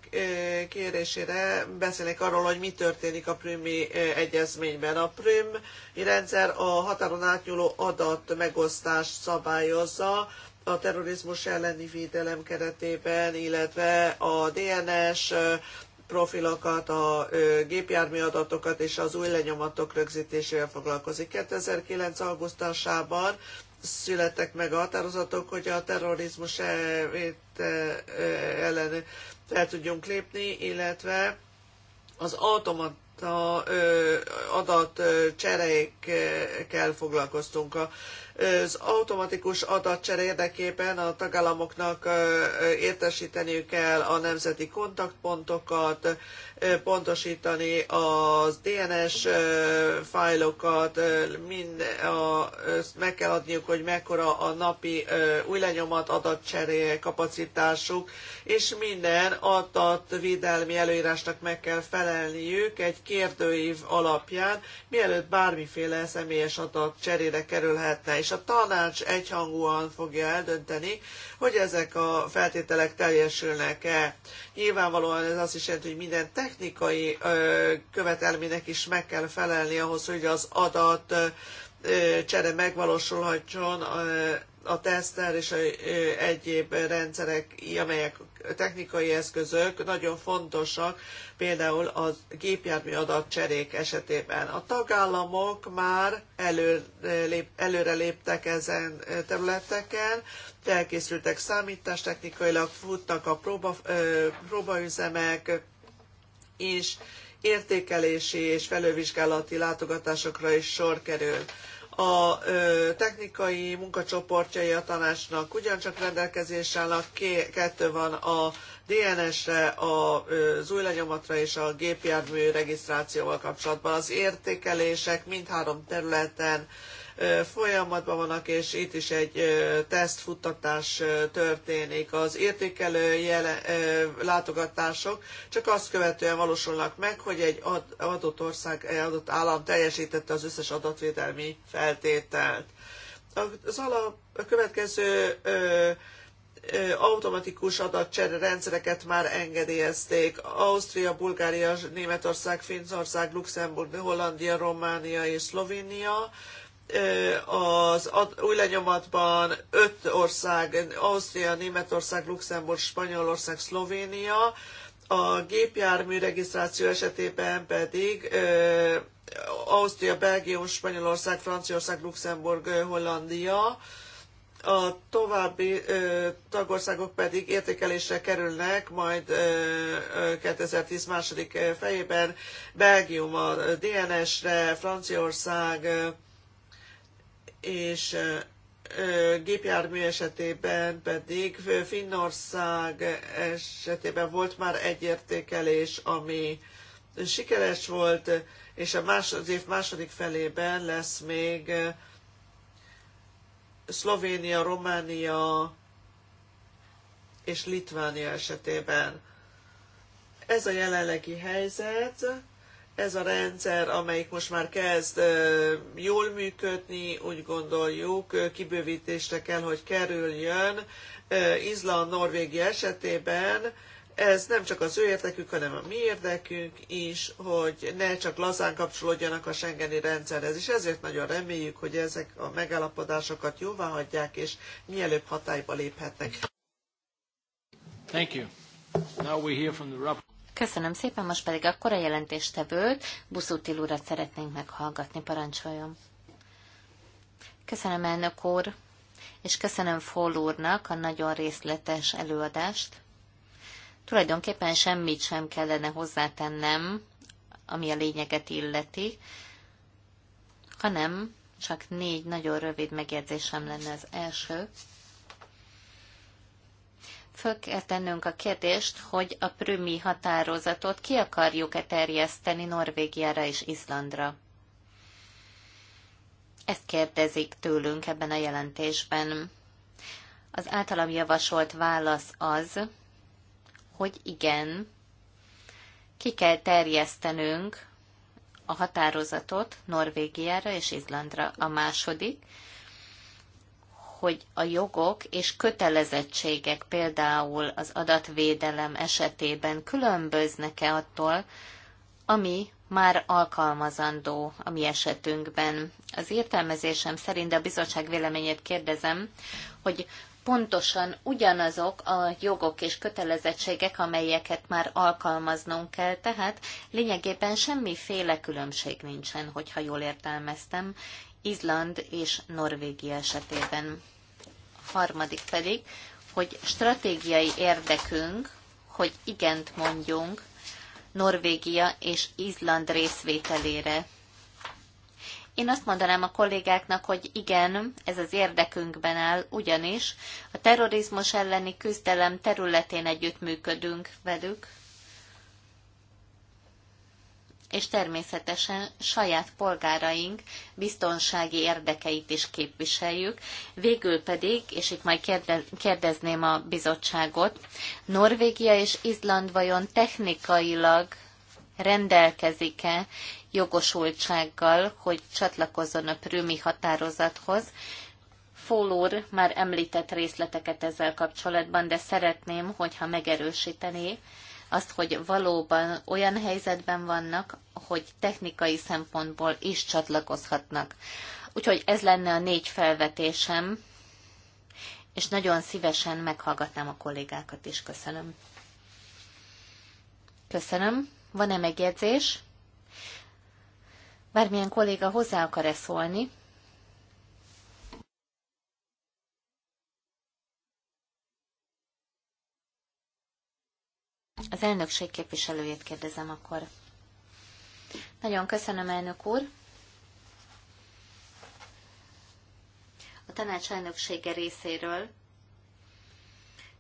S1: kérésére beszélnék arról, hogy mi történik a Prümi egyezményben. A Prümi rendszer a határon átnyúló adat megosztást szabályozza a terrorizmus elleni védelem keretében, illetve a DNS profilokat, a gépjármű adatokat és az új lenyomatok rögzítésével foglalkozik. 2009. augusztusában születtek meg a határozatok, hogy a terrorizmus e, e, e, ellen fel tudjunk lépni, illetve az automat a adat cserékkel foglalkoztunk. Az automatikus adatcsere érdekében a tagállamoknak értesíteniük kell a nemzeti kontaktpontokat, pontosítani az DNS fájlokat, mind a, meg kell adniuk, hogy mekkora a napi új lenyomat adatcseré kapacitásuk, és minden adatvédelmi előírásnak meg kell felelniük egy kérdőív alapján, mielőtt bármiféle személyes adat cserére kerülhetne, és a tanács egyhangúan fogja eldönteni, hogy ezek a feltételek teljesülnek-e. Nyilvánvalóan ez azt is jelenti, hogy minden technikai ö, követelménynek is meg kell felelni ahhoz, hogy az adat ö, csere a teszter és a, egyéb rendszerek, amelyek technikai eszközök nagyon fontosak, például a gépjármű adatcserék esetében. A tagállamok már előre léptek ezen területeken, felkészültek számítástechnikailag, futnak a próba, próbaüzemek, és értékelési és felővizsgálati látogatásokra is sor kerül a technikai munkacsoportjai a tanácsnak ugyancsak rendelkezésre állnak, kettő van a DNS-re, az új lenyomatra és a gépjármű regisztrációval kapcsolatban. Az értékelések mindhárom területen folyamatban vannak, és itt is egy tesztfuttatás történik. Az értékelő jele, látogatások csak azt követően valósulnak meg, hogy egy adott ország, egy adott állam teljesítette az összes adatvédelmi feltételt. Az alap, a következő automatikus adatcsere rendszereket már engedélyezték. Ausztria, Bulgária, Németország, Finnország, Luxemburg, Hollandia, Románia és Szlovénia az új lenyomatban öt ország, Ausztria, Németország, Luxemburg, Spanyolország, Szlovénia, a gépjármű regisztráció esetében pedig Ausztria, Belgium, Spanyolország, Franciaország, Luxemburg, Hollandia, a további ö, tagországok pedig értékelésre kerülnek, majd ö, 2010 második fejében Belgium a DNS-re, Franciaország, ö, és gépjármű esetében pedig Finnország esetében volt már egy értékelés, ami sikeres volt, és a más, az év második felében lesz még Szlovénia, Románia és Litvánia esetében. Ez a jelenlegi helyzet ez a rendszer, amelyik most már kezd jól működni, úgy gondoljuk, kibővítésre kell, hogy kerüljön. Izland, Norvégia esetében ez nem csak az ő érdekük, hanem a mi érdekünk is, hogy ne csak lazán kapcsolódjanak a Schengeni rendszerhez, és ezért nagyon reméljük, hogy ezek a megállapodásokat jóvá hagyják, és mielőbb hatályba léphetnek.
S2: Thank you. Now we hear from the
S3: Köszönöm szépen, most pedig akkor a jelentéstevőt, Buszutil urat szeretnénk meghallgatni, parancsoljon. Köszönöm, elnök úr, és köszönöm Fól úrnak a nagyon részletes előadást. Tulajdonképpen semmit sem kellene hozzátennem, ami a lényeget illeti, hanem csak négy nagyon rövid megjegyzésem lenne az első föl kell tennünk a kérdést, hogy a prümi határozatot ki akarjuk-e terjeszteni Norvégiára és Izlandra. Ezt kérdezik tőlünk ebben a jelentésben. Az általam javasolt válasz az, hogy igen, ki kell terjesztenünk a határozatot Norvégiára és Izlandra. A második, hogy a jogok és kötelezettségek például az adatvédelem esetében különböznek-e attól, ami már alkalmazandó a mi esetünkben. Az értelmezésem szerint, de a bizottság véleményét kérdezem, hogy pontosan ugyanazok a jogok és kötelezettségek, amelyeket már alkalmaznunk kell, tehát lényegében semmiféle különbség nincsen, hogyha jól értelmeztem, Izland és Norvégia esetében. A harmadik pedig, hogy stratégiai érdekünk, hogy igent mondjunk Norvégia és Izland részvételére. Én azt mondanám a kollégáknak, hogy igen, ez az érdekünkben áll, ugyanis a terrorizmus elleni küzdelem területén együttműködünk velük, és természetesen saját polgáraink biztonsági érdekeit is képviseljük. Végül pedig, és itt majd kérdezném a bizottságot, Norvégia és Izland vajon technikailag rendelkezik-e jogosultsággal, hogy csatlakozzon a prümi határozathoz. Fól úr már említett részleteket ezzel kapcsolatban, de szeretném, hogyha megerősítené, azt, hogy valóban olyan helyzetben vannak, hogy technikai szempontból is csatlakozhatnak. Úgyhogy ez lenne a négy felvetésem, és nagyon szívesen meghallgatnám a kollégákat is. Köszönöm. Köszönöm. Van-e megjegyzés? Bármilyen kolléga hozzá akar-e szólni? Az elnökség képviselőjét kérdezem akkor. Nagyon köszönöm, elnök úr. A tanács elnöksége részéről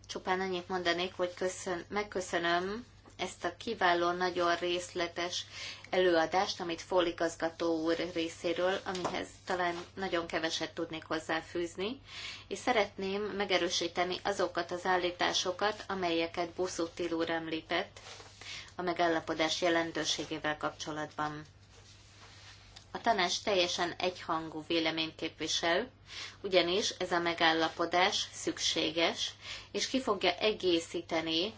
S3: csupán annyit mondanék, hogy köszön, megköszönöm ezt a kiváló, nagyon részletes előadást, amit fóligazgató úr részéről, amihez talán nagyon keveset tudnék hozzáfűzni, és szeretném megerősíteni azokat az állításokat, amelyeket Buszutil úr említett a megállapodás jelentőségével kapcsolatban. A tanács teljesen egyhangú véleményt képvisel, ugyanis ez a megállapodás szükséges, és ki fogja egészíteni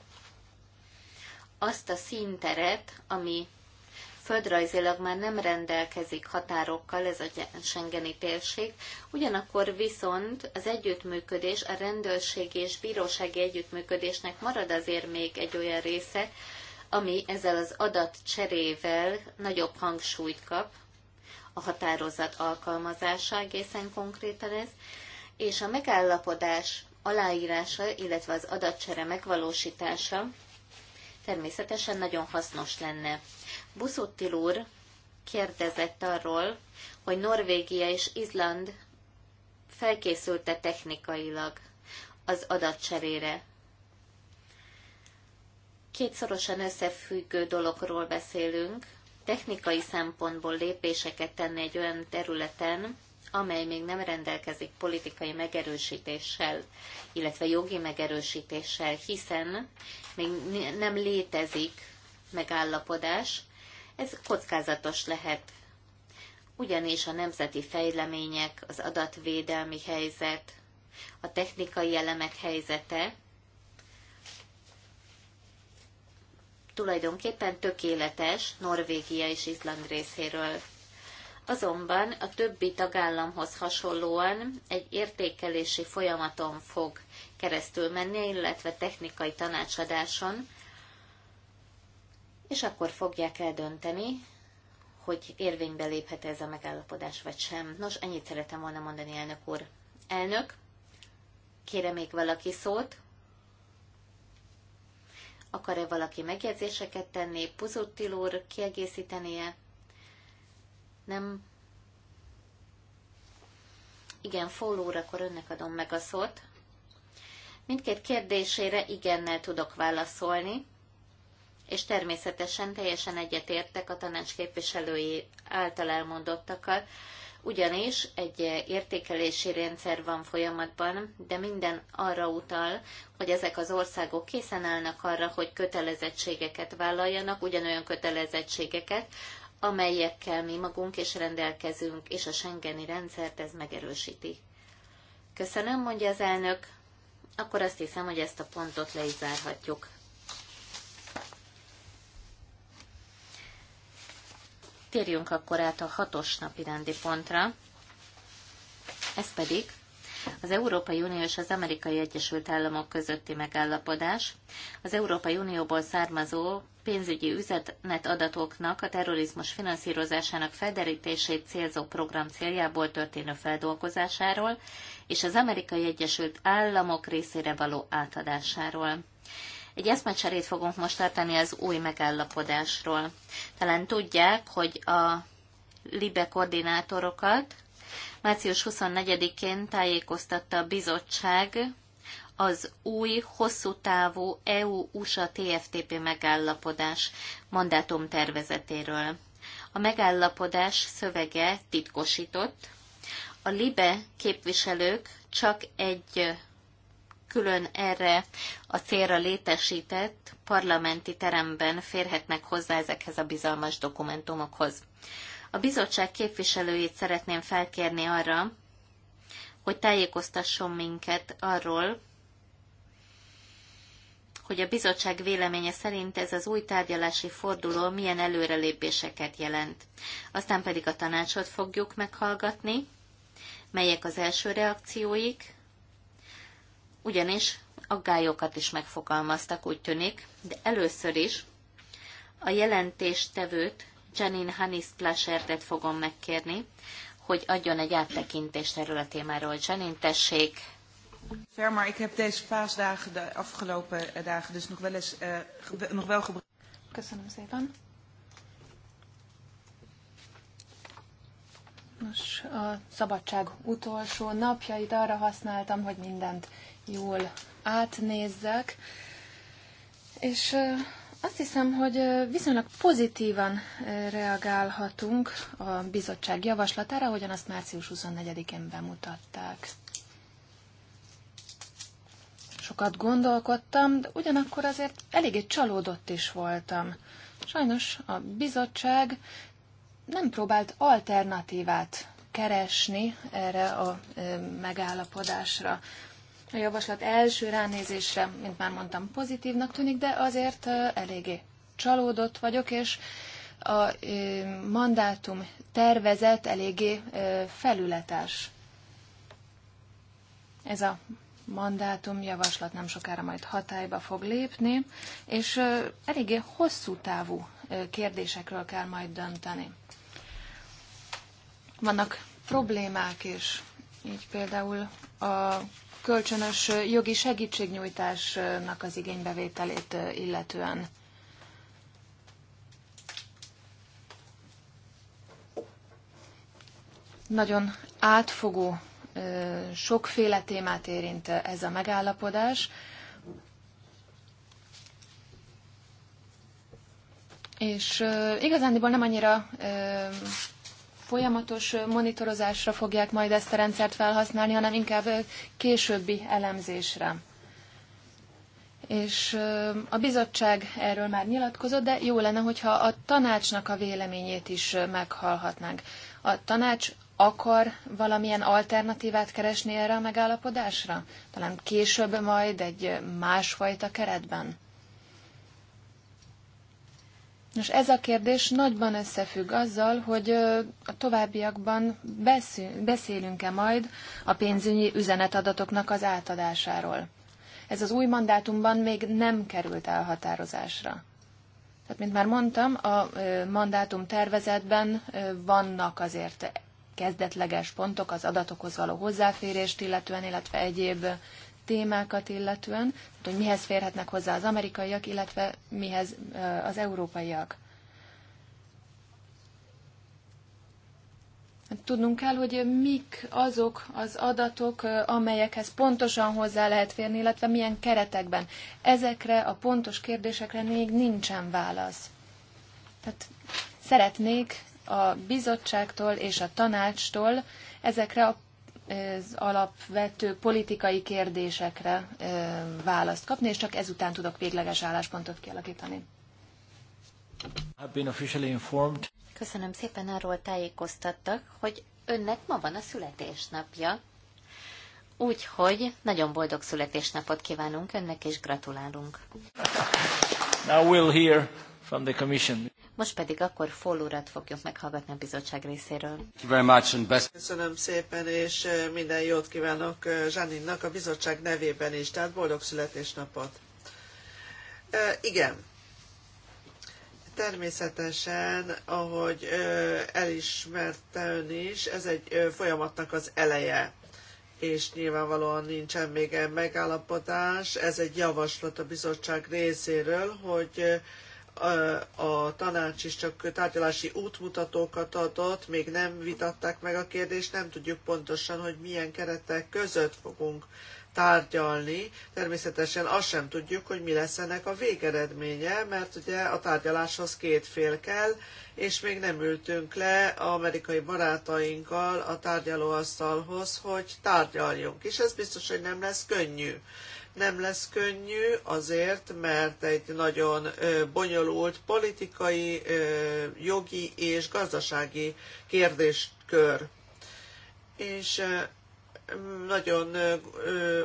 S3: azt a színteret, ami földrajzilag már nem rendelkezik határokkal, ez a Schengeni térség, ugyanakkor viszont az együttműködés, a rendőrségi és bírósági együttműködésnek marad azért még egy olyan része, ami ezzel az adatcserével nagyobb hangsúlyt kap, a határozat alkalmazása egészen konkrétan ez, és a megállapodás aláírása, illetve az adatcsere megvalósítása természetesen nagyon hasznos lenne. Buszottil úr kérdezett arról, hogy Norvégia és Izland felkészülte technikailag az adatcserére. Két összefüggő dologról beszélünk. Technikai szempontból lépéseket tenni egy olyan területen, amely még nem rendelkezik politikai megerősítéssel, illetve jogi megerősítéssel, hiszen még nem létezik megállapodás, ez kockázatos lehet. Ugyanis a nemzeti fejlemények, az adatvédelmi helyzet, a technikai elemek helyzete tulajdonképpen tökéletes Norvégia és Izland részéről. Azonban a többi tagállamhoz hasonlóan egy értékelési folyamaton fog keresztül menni, illetve technikai tanácsadáson, és akkor fogják eldönteni, hogy érvénybe léphet ez a megállapodás, vagy sem. Nos, ennyit szeretem volna mondani, elnök úr. Elnök, kérem még valaki szót? Akar-e valaki megjegyzéseket tenni? Puzottil úr kiegészítenie? nem. Igen, fólórakor önnek adom meg a szót. Mindkét kérdésére igennel tudok válaszolni, és természetesen teljesen egyetértek a tanács képviselői által elmondottakkal, ugyanis egy értékelési rendszer van folyamatban, de minden arra utal, hogy ezek az országok készen állnak arra, hogy kötelezettségeket vállaljanak, ugyanolyan kötelezettségeket, amelyekkel mi magunk is rendelkezünk, és a Schengeni rendszert ez megerősíti. Köszönöm, mondja az elnök, akkor azt hiszem, hogy ezt a pontot le is zárhatjuk. Térjünk akkor át a hatos napi rendi pontra, ez pedig az Európai Unió és az Amerikai Egyesült Államok közötti megállapodás, az Európai Unióból származó pénzügyi üzenet adatoknak a terrorizmus finanszírozásának felderítését célzó program céljából történő feldolgozásáról és az Amerikai Egyesült Államok részére való átadásáról. Egy eszmecserét fogunk most tartani az új megállapodásról. Talán tudják, hogy a LIBE koordinátorokat március 24-én tájékoztatta a bizottság az új, hosszú távú EU-USA TFTP megállapodás mandátum tervezetéről. A megállapodás szövege titkosított. A LIBE képviselők csak egy külön erre a célra létesített parlamenti teremben férhetnek hozzá ezekhez a bizalmas dokumentumokhoz. A bizottság képviselőjét szeretném felkérni arra, hogy tájékoztasson minket arról, hogy a bizottság véleménye szerint ez az új tárgyalási forduló milyen előrelépéseket jelent. Aztán pedig a tanácsot fogjuk meghallgatni, melyek az első reakcióik, ugyanis aggályokat is megfogalmaztak, úgy tűnik, de először is a jelentéstevőt, Janine Hannis Plashertet fogom megkérni, hogy adjon egy áttekintést erről a témáról. Janine, tessék! Fermar, ik heb deze paasdagen de afgelopen eh, dagen dus nog wel eens uh, nog wel gebruikt. Köszönöm szépen.
S2: Nos, a szabadság utolsó napjait arra használtam, hogy mindent jól átnézzek, és azt hiszem, hogy viszonylag pozitívan reagálhatunk a bizottság javaslatára, ahogyan azt március 24-én bemutatták sokat gondolkodtam, de ugyanakkor azért eléggé csalódott is voltam. Sajnos a bizottság nem próbált alternatívát keresni erre a megállapodásra. A javaslat első ránézésre, mint már mondtam, pozitívnak tűnik, de azért eléggé csalódott vagyok, és a mandátum tervezet eléggé felületes. Ez a mandátum javaslat nem sokára majd hatályba fog lépni, és eléggé hosszú távú kérdésekről kell majd dönteni. Vannak problémák is, így például a kölcsönös jogi segítségnyújtásnak az igénybevételét illetően. Nagyon átfogó sokféle témát érint ez a megállapodás, és igazándiból nem annyira folyamatos monitorozásra fogják majd ezt a rendszert felhasználni, hanem inkább későbbi elemzésre. És a bizottság erről már nyilatkozott, de jó lenne, hogyha a tanácsnak a véleményét is meghallhatnánk. A tanács akar valamilyen alternatívát keresni erre a megállapodásra? Talán később majd egy másfajta keretben? Nos, ez a kérdés nagyban összefügg azzal, hogy a továbbiakban beszélünk-e majd a pénzügyi üzenetadatoknak az átadásáról. Ez az új mandátumban még nem került elhatározásra. Tehát, mint már mondtam, a mandátum tervezetben vannak azért kezdetleges pontok az adatokhoz való hozzáférést illetően, illetve egyéb témákat illetően, hogy mihez férhetnek hozzá az amerikaiak, illetve mihez az európaiak. Tudnunk kell, hogy mik azok az adatok, amelyekhez pontosan hozzá lehet férni, illetve milyen keretekben. Ezekre a pontos kérdésekre még nincsen válasz. Tehát szeretnék a bizottságtól és a tanácstól ezekre az alapvető politikai kérdésekre választ kapni, és csak ezután
S3: tudok végleges álláspontot kialakítani. Köszönöm szépen, arról tájékoztattak, hogy önnek ma van a születésnapja. Úgyhogy nagyon boldog születésnapot kívánunk önnek, és gratulálunk.
S2: Now we'll hear from the commission.
S3: Most pedig akkor Fall urat fogjuk meghallgatni a bizottság részéről. Köszönöm szépen, és
S1: minden jót kívánok Zsáninnak a bizottság nevében is, tehát boldog születésnapot. E, igen, természetesen, ahogy elismerte ön is, ez egy folyamatnak az eleje és nyilvánvalóan nincsen még megállapodás. Ez egy javaslat a bizottság részéről, hogy a tanács is csak tárgyalási útmutatókat adott, még nem vitatták meg a kérdést, nem tudjuk pontosan, hogy milyen keretek között fogunk tárgyalni. Természetesen azt sem tudjuk, hogy mi lesz ennek a végeredménye, mert ugye a tárgyaláshoz két fél kell, és még nem ültünk le amerikai barátainkkal a tárgyalóasztalhoz, hogy tárgyaljunk. És ez biztos, hogy nem lesz könnyű. Nem lesz könnyű azért, mert egy nagyon bonyolult politikai, jogi és gazdasági kérdéskör. És nagyon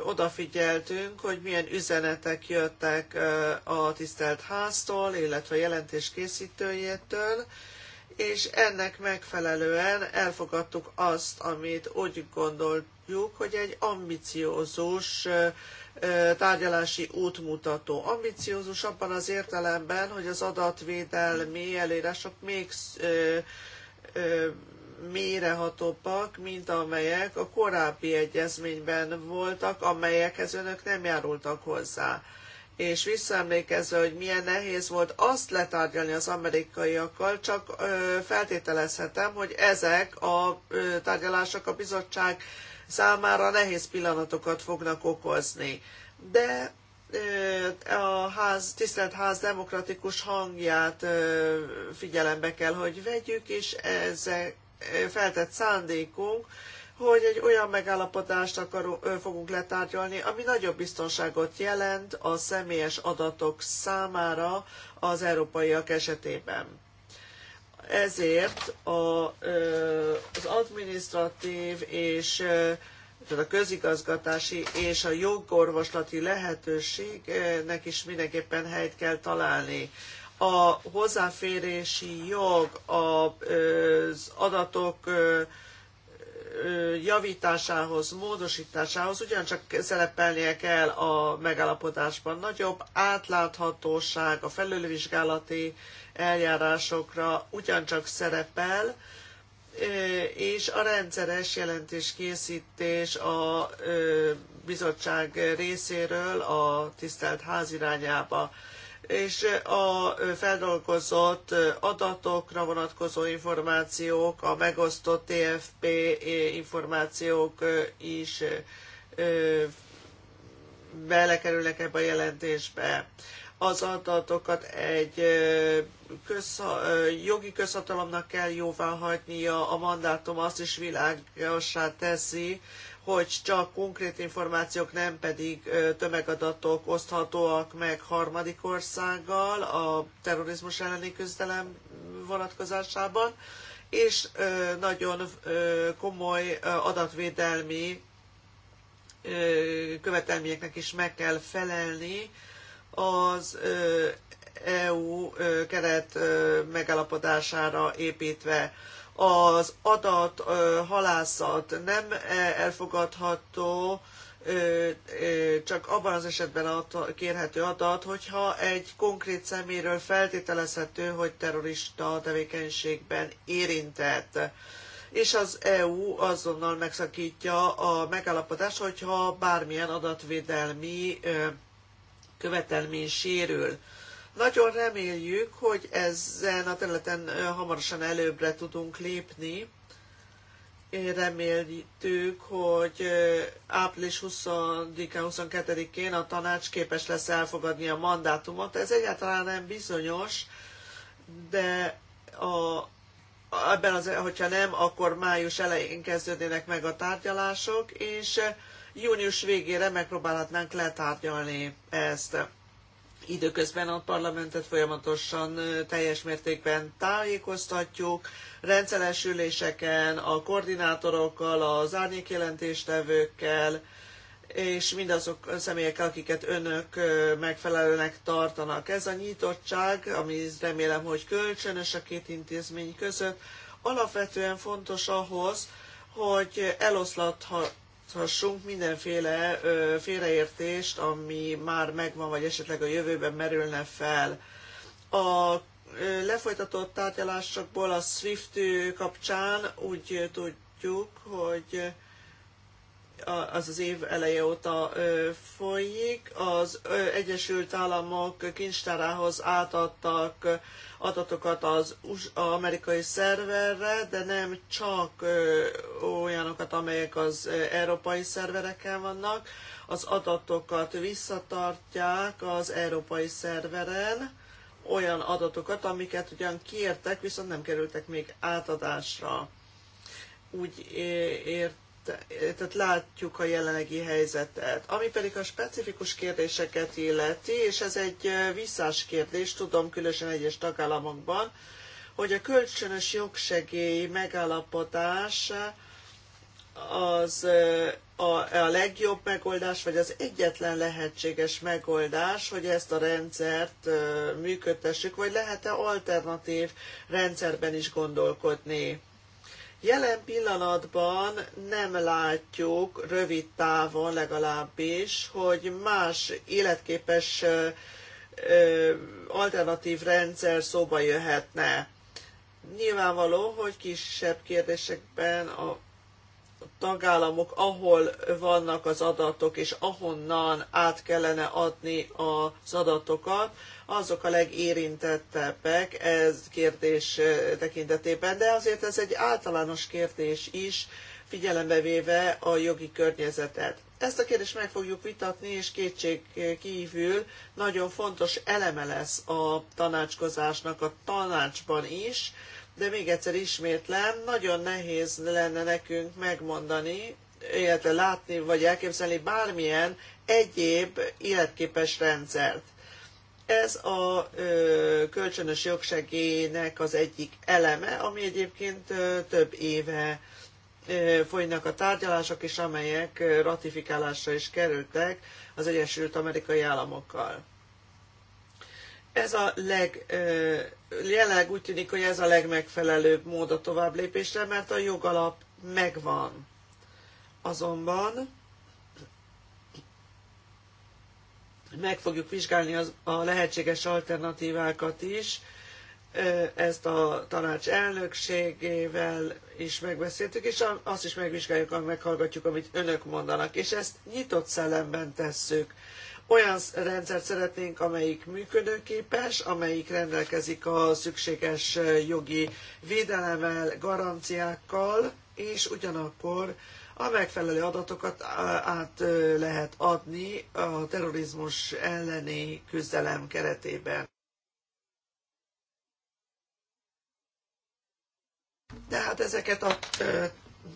S1: odafigyeltünk, hogy milyen üzenetek jöttek a tisztelt háztól, illetve a jelentés készítőjétől, és ennek megfelelően elfogadtuk azt, amit úgy gondoljuk, hogy egy ambiciózus tárgyalási útmutató. Ambiciózus abban az értelemben, hogy az adatvédelmi elérások még mérehatóbbak, mint amelyek a korábbi egyezményben voltak, amelyekhez önök nem járultak hozzá. És visszaemlékezve, hogy milyen nehéz volt azt letárgyalni az amerikaiakkal, csak feltételezhetem, hogy ezek a tárgyalások a bizottság számára nehéz pillanatokat fognak okozni. De a ház, tisztelt ház demokratikus hangját figyelembe kell, hogy vegyük, és ezek feltett szándékunk, hogy egy olyan megállapodást akarunk, fogunk letárgyalni, ami nagyobb biztonságot jelent a személyes adatok számára az európaiak esetében. Ezért a, az adminisztratív és tehát a közigazgatási és a jogorvoslati lehetőségnek is mindenképpen helyt kell találni a hozzáférési jog az adatok javításához, módosításához ugyancsak szerepelnie kell a megállapodásban. Nagyobb átláthatóság a felülvizsgálati eljárásokra ugyancsak szerepel, és a rendszeres jelentéskészítés a bizottság részéről a tisztelt ház irányába és a feldolgozott adatokra vonatkozó információk, a megosztott TFP információk is belekerülnek ebbe a jelentésbe. Az adatokat egy közha, jogi közhatalomnak kell jóvá hagynia, a mandátum azt is világossá teszi, hogy csak konkrét információk, nem pedig tömegadatok oszthatóak meg harmadik országgal a terrorizmus elleni küzdelem vonatkozásában, és nagyon komoly adatvédelmi követelményeknek is meg kell felelni az EU keret megállapodására építve az adat halászat nem elfogadható, csak abban az esetben kérhető adat, hogyha egy konkrét szeméről feltételezhető, hogy terrorista tevékenységben érintett. És az EU azonnal megszakítja a megállapodást, hogyha bármilyen adatvédelmi követelmény sérül. Nagyon reméljük, hogy ezen a területen hamarosan előbbre tudunk lépni. Reméltük, hogy április 20-22-én a tanács képes lesz elfogadni a mandátumot. Ez egyáltalán nem bizonyos, de a ebben az, hogyha nem, akkor május elején kezdődnének meg a tárgyalások, és június végére megpróbálhatnánk letárgyalni ezt. Időközben a parlamentet folyamatosan teljes mértékben tájékoztatjuk, rendszeres üléseken, a koordinátorokkal, az árnyékjelentéstevőkkel, és mindazok személyekkel, akiket önök megfelelőnek tartanak. Ez a nyitottság, ami remélem, hogy kölcsönös a két intézmény között, alapvetően fontos ahhoz, hogy eloszlathat, hassunk mindenféle ö, félreértést, ami már megvan, vagy esetleg a jövőben merülne fel. A ö, lefolytatott tárgyalásokból a SWIFT kapcsán úgy tudjuk, hogy az az év eleje óta folyik. Az Egyesült Államok kincstárához átadtak adatokat az amerikai szerverre, de nem csak olyanokat, amelyek az európai szervereken vannak. Az adatokat visszatartják az európai szerveren, olyan adatokat, amiket ugyan kértek, viszont nem kerültek még átadásra. Úgy ért tehát látjuk a jelenlegi helyzetet. Ami pedig a specifikus kérdéseket illeti, és ez egy visszás kérdés, tudom, különösen egyes tagállamokban, hogy a kölcsönös jogsegély megállapodás az a, a legjobb megoldás, vagy az egyetlen lehetséges megoldás, hogy ezt a rendszert működtessük, vagy lehet-e alternatív rendszerben is gondolkodni? Jelen pillanatban nem látjuk rövid távon legalábbis, hogy más életképes alternatív rendszer szóba jöhetne. Nyilvánvaló, hogy kisebb kérdésekben a tagállamok, ahol vannak az adatok, és ahonnan át kellene adni az adatokat, azok a legérintettebbek ez kérdés tekintetében, de azért ez egy általános kérdés is, figyelembe véve a jogi környezetet. Ezt a kérdést meg fogjuk vitatni, és kétség kívül nagyon fontos eleme lesz a tanácskozásnak a tanácsban is, de még egyszer ismétlem, nagyon nehéz lenne nekünk megmondani, illetve látni vagy elképzelni bármilyen egyéb életképes rendszert. Ez a kölcsönös jogsegélynek az egyik eleme, ami egyébként több éve folynak a tárgyalások is, amelyek ratifikálásra is kerültek az Egyesült Amerikai Államokkal. Ez a leg, jelenleg úgy tűnik, hogy ez a legmegfelelőbb mód a továbblépésre, mert a jogalap megvan. Azonban meg fogjuk vizsgálni az, a lehetséges alternatívákat is. Ezt a tanács elnökségével is megbeszéltük, és azt is megvizsgáljuk, meghallgatjuk, amit önök mondanak, és ezt nyitott szellemben tesszük. Olyan rendszert szeretnénk, amelyik működőképes, amelyik rendelkezik a szükséges jogi védelemmel, garanciákkal, és ugyanakkor a megfelelő adatokat át lehet adni a terrorizmus elleni küzdelem keretében. De hát ezeket a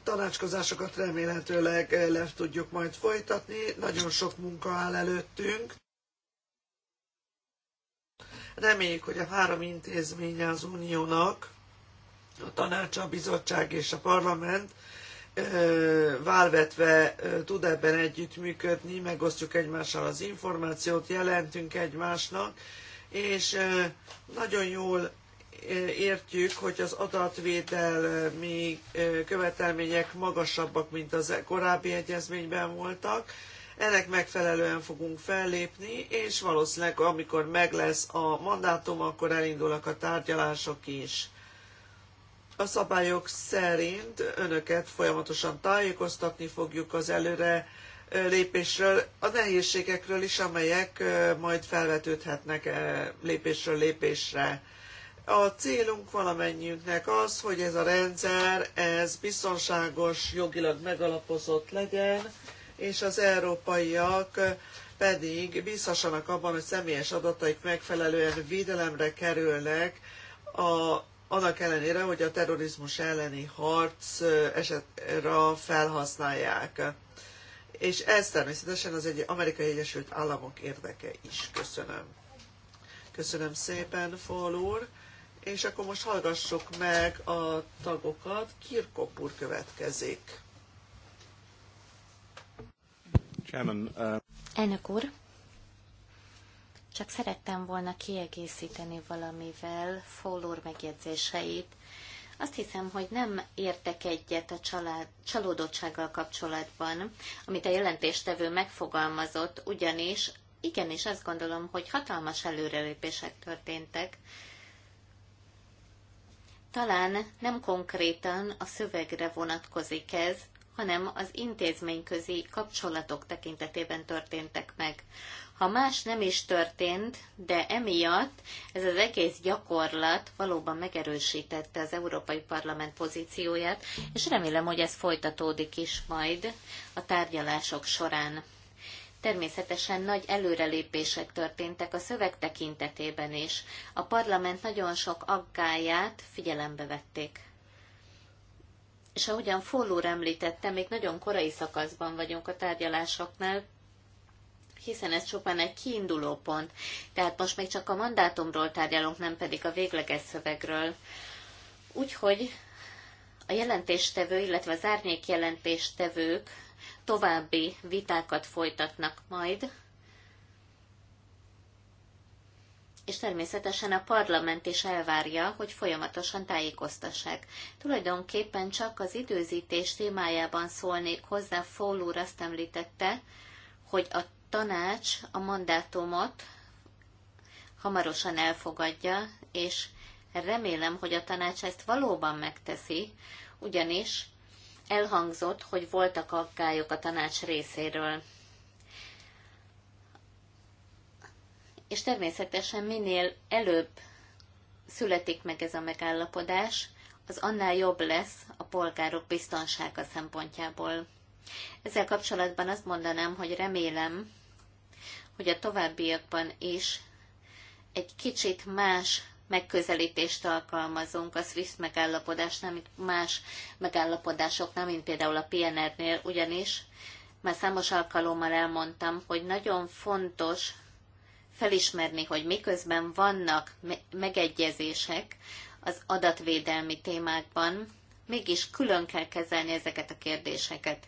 S1: tanácskozásokat remélhetőleg le tudjuk majd folytatni. Nagyon sok munka áll előttünk. Reméljük, hogy a három intézménye az Uniónak, a tanács, a bizottság és a parlament válvetve tud ebben együttműködni, megosztjuk egymással az információt, jelentünk egymásnak, és nagyon jól értjük, hogy az adatvédelmi követelmények magasabbak, mint az korábbi egyezményben voltak. Ennek megfelelően fogunk fellépni, és valószínűleg amikor meg lesz a mandátum, akkor elindulnak a tárgyalások is a szabályok szerint önöket folyamatosan tájékoztatni fogjuk az előre lépésről, a nehézségekről is, amelyek majd felvetődhetnek lépésről lépésre. A célunk valamennyiünknek az, hogy ez a rendszer, ez biztonságos, jogilag megalapozott legyen, és az európaiak pedig bízhassanak abban, hogy személyes adataik megfelelően védelemre kerülnek, a annak ellenére, hogy a terrorizmus elleni harc esetre felhasználják. És ez természetesen az egy Amerikai Egyesült Államok érdeke is. Köszönöm. Köszönöm szépen, Fall úr. És akkor most hallgassuk meg a tagokat. Kirkop úr következik.
S3: Chairman, uh... Elnök úr, csak szerettem volna kiegészíteni valamivel Fowler megjegyzéseit. Azt hiszem, hogy nem értek egyet a család, csalódottsággal kapcsolatban, amit a jelentéstevő megfogalmazott, ugyanis igenis azt gondolom, hogy hatalmas előrelépések történtek. Talán nem konkrétan a szövegre vonatkozik ez, hanem az intézményközi kapcsolatok tekintetében történtek meg. Ha más nem is történt, de emiatt ez az egész gyakorlat valóban megerősítette az Európai Parlament pozícióját, és remélem, hogy ez folytatódik is majd a tárgyalások során. Természetesen nagy előrelépések történtek a szöveg tekintetében is. A parlament nagyon sok aggáját figyelembe vették. És ahogyan Follór említette, még nagyon korai szakaszban vagyunk a tárgyalásoknál, hiszen ez csupán egy kiinduló pont. Tehát most még csak a mandátumról tárgyalunk, nem pedig a végleges szövegről. Úgyhogy a jelentéstevő, illetve az árnyék jelentéstevők további vitákat folytatnak majd, és természetesen a parlament is elvárja, hogy folyamatosan tájékoztassák. Tulajdonképpen csak az időzítés témájában szólnék hozzá, Fól azt említette, hogy a tanács a mandátumot hamarosan elfogadja, és remélem, hogy a tanács ezt valóban megteszi, ugyanis elhangzott, hogy voltak aggályok a tanács részéről. És természetesen minél előbb születik meg ez a megállapodás, az annál jobb lesz a polgárok biztonsága szempontjából. Ezzel kapcsolatban azt mondanám, hogy remélem, hogy a továbbiakban is egy kicsit más megközelítést alkalmazunk a SWIFT megállapodásnál, mint más megállapodásoknál, mint például a PNR-nél, ugyanis már számos alkalommal elmondtam, hogy nagyon fontos felismerni, hogy miközben vannak megegyezések az adatvédelmi témákban, mégis külön kell kezelni ezeket a kérdéseket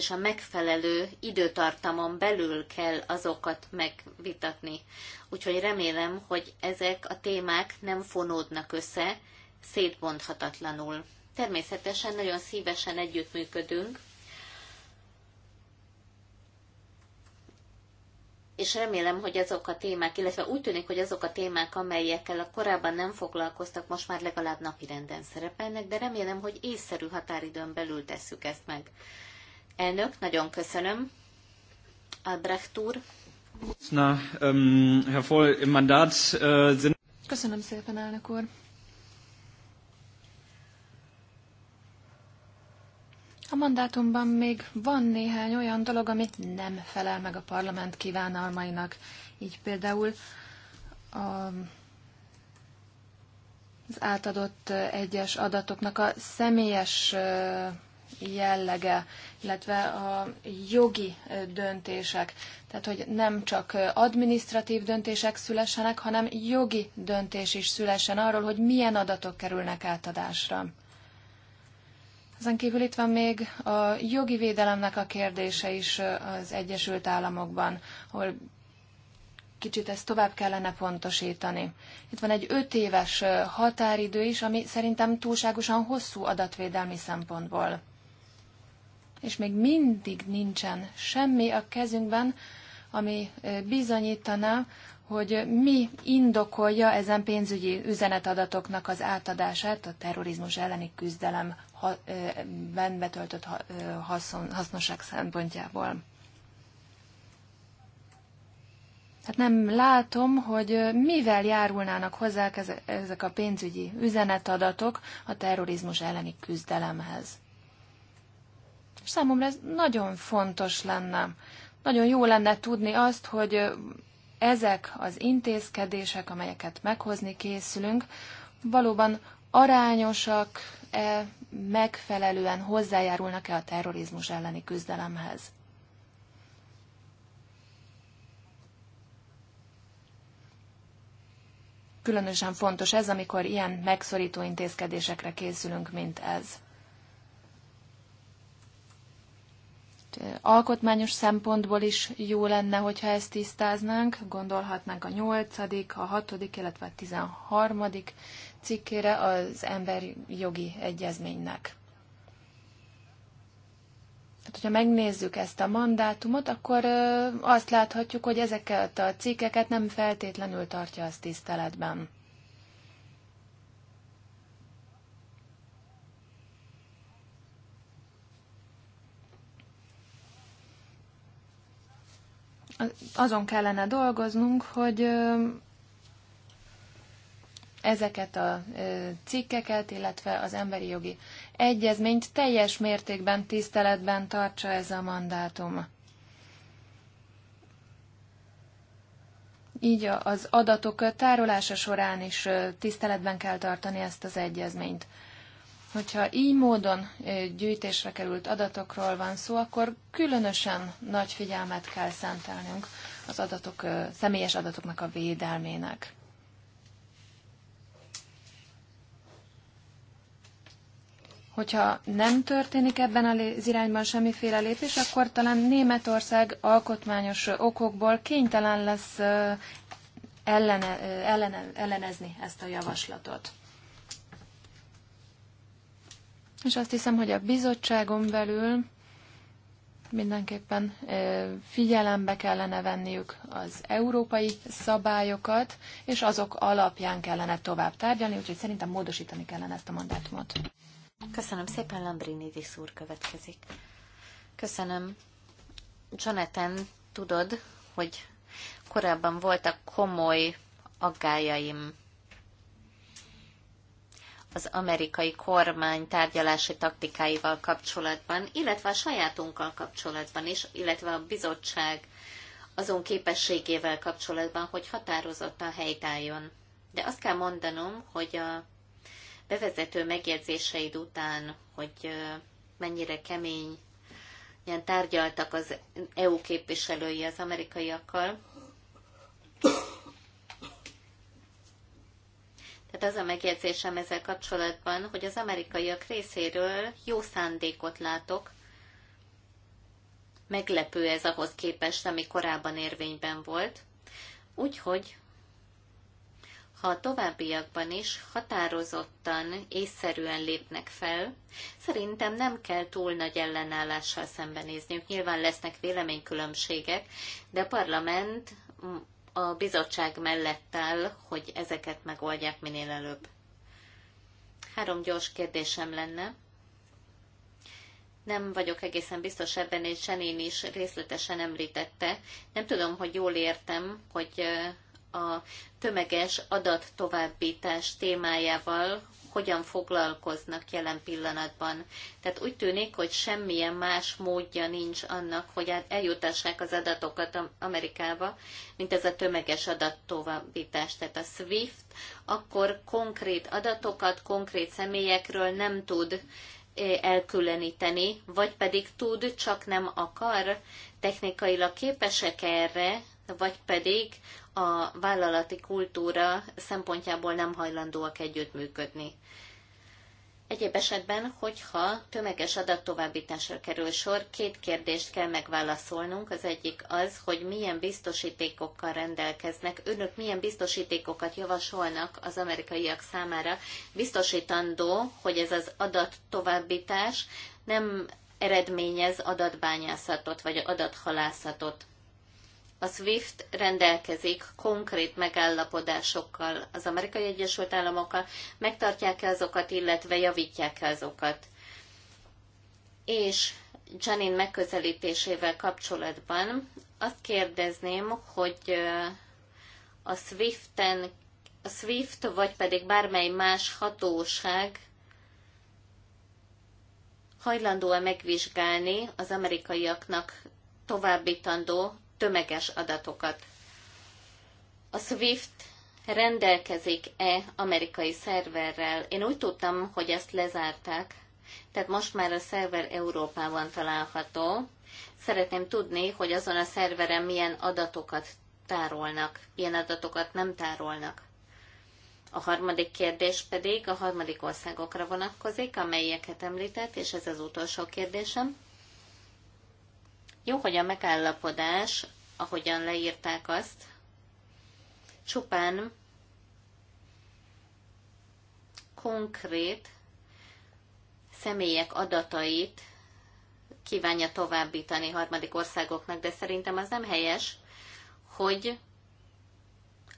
S3: és a megfelelő időtartamon belül kell azokat megvitatni. Úgyhogy remélem, hogy ezek a témák nem fonódnak össze szétbonthatatlanul. Természetesen nagyon szívesen együttműködünk, és remélem, hogy azok a témák, illetve úgy tűnik, hogy azok a témák, amelyekkel a korábban nem foglalkoztak, most már legalább renden szerepelnek, de remélem, hogy észszerű határidőn belül tesszük ezt meg. Elnök, nagyon köszönöm. Albrecht úr. Na, um, Herr Voll, im Mandat uh, sind... Köszönöm szépen, elnök úr.
S2: A mandátumban még van néhány olyan dolog, amit nem felel meg a parlament kívánalmainak. Így például a, az átadott egyes adatoknak a személyes jellege, illetve a jogi döntések. Tehát, hogy nem csak administratív döntések szülessenek, hanem jogi döntés is szülessen arról, hogy milyen adatok kerülnek átadásra. Ezen kívül itt van még a jogi védelemnek a kérdése is az Egyesült Államokban, ahol kicsit ezt tovább kellene pontosítani. Itt van egy öt éves határidő is, ami szerintem túlságosan hosszú adatvédelmi szempontból és még mindig nincsen semmi a kezünkben, ami bizonyítaná, hogy mi indokolja ezen pénzügyi üzenetadatoknak az átadását a terrorizmus elleni küzdelemben betöltött haszon, hasznosság szempontjából. Hát nem látom, hogy mivel járulnának hozzá ezek a pénzügyi üzenetadatok a terrorizmus elleni küzdelemhez. Számomra ez nagyon fontos lenne. Nagyon jó lenne tudni azt, hogy ezek az intézkedések, amelyeket meghozni készülünk, valóban arányosak-e, megfelelően hozzájárulnak-e a terrorizmus elleni küzdelemhez. Különösen fontos ez, amikor ilyen megszorító intézkedésekre készülünk, mint ez. alkotmányos szempontból is jó lenne, hogyha ezt tisztáznánk. Gondolhatnánk a 8., a 6., illetve a 13. cikkére az emberi jogi egyezménynek. Tehát, hogyha megnézzük ezt a mandátumot, akkor azt láthatjuk, hogy ezeket a cikkeket nem feltétlenül tartja az tiszteletben. azon kellene dolgoznunk, hogy ezeket a cikkeket, illetve az emberi jogi egyezményt teljes mértékben tiszteletben tartsa ez a mandátum. Így az adatok tárolása során is tiszteletben kell tartani ezt az egyezményt. Hogyha így módon gyűjtésre került adatokról van szó, akkor különösen nagy figyelmet kell szentelnünk az adatok, személyes adatoknak a védelmének. hogyha nem történik ebben az irányban semmiféle lépés, akkor talán Németország alkotmányos okokból kénytelen lesz ellene, ellene, ellenezni ezt a javaslatot és azt hiszem, hogy a bizottságon belül mindenképpen figyelembe kellene venniük az európai szabályokat, és azok alapján kellene tovább tárgyalni, úgyhogy szerintem módosítani kellene ezt a mandátumot.
S3: Köszönöm szépen, Lambrinidis úr következik. Köszönöm. Jonathan, tudod, hogy korábban voltak komoly aggájaim az amerikai kormány tárgyalási taktikáival kapcsolatban, illetve a sajátunkkal kapcsolatban is, illetve a bizottság azon képességével kapcsolatban, hogy határozottan helytálljon. De azt kell mondanom, hogy a bevezető megjegyzéseid után, hogy mennyire kemény ilyen tárgyaltak az EU képviselői az amerikaiakkal, Tehát az a megjegyzésem ezzel kapcsolatban, hogy az amerikaiak részéről jó szándékot látok, meglepő ez ahhoz képest, ami korábban érvényben volt. Úgyhogy, ha a továbbiakban is határozottan, észszerűen lépnek fel, szerintem nem kell túl nagy ellenállással szembenézniük. Nyilván lesznek véleménykülönbségek, de a parlament a bizottság mellett áll, hogy ezeket megoldják minél előbb. Három gyors kérdésem lenne. Nem vagyok egészen biztos ebben, és Senén is részletesen említette. Nem tudom, hogy jól értem, hogy a tömeges adattovábbítás témájával hogyan foglalkoznak jelen pillanatban. Tehát úgy tűnik, hogy semmilyen más módja nincs annak, hogy eljutassák az adatokat Amerikába, mint ez a tömeges adattovabbítás. Tehát a SWIFT akkor konkrét adatokat konkrét személyekről nem tud eh, elkülöníteni, vagy pedig tud, csak nem akar, technikailag képesek erre, vagy pedig a vállalati kultúra szempontjából nem hajlandóak együttműködni. Egyéb esetben, hogyha tömeges adat továbbításra kerül sor, két kérdést kell megválaszolnunk. Az egyik az, hogy milyen biztosítékokkal rendelkeznek, önök milyen biztosítékokat javasolnak az amerikaiak számára, biztosítandó, hogy ez az adat továbbítás nem eredményez adatbányászatot vagy adathalászatot a SWIFT rendelkezik konkrét megállapodásokkal az Amerikai Egyesült Államokkal, megtartják-e azokat, illetve javítják-e azokat. És Janin megközelítésével kapcsolatban azt kérdezném, hogy a SWIFT-en a SWIFT, vagy pedig bármely más hatóság hajlandó-e megvizsgálni az amerikaiaknak továbbítandó tömeges adatokat. A SWIFT rendelkezik-e amerikai szerverrel? Én úgy tudtam, hogy ezt lezárták, tehát most már a szerver Európában található. Szeretném tudni, hogy azon a szerveren milyen adatokat tárolnak, milyen adatokat nem tárolnak. A harmadik kérdés pedig a harmadik országokra vonatkozik, amelyeket említett, és ez az utolsó kérdésem. Jó, hogy a megállapodás, ahogyan leírták azt, csupán konkrét személyek adatait kívánja továbbítani harmadik országoknak, de szerintem az nem helyes, hogy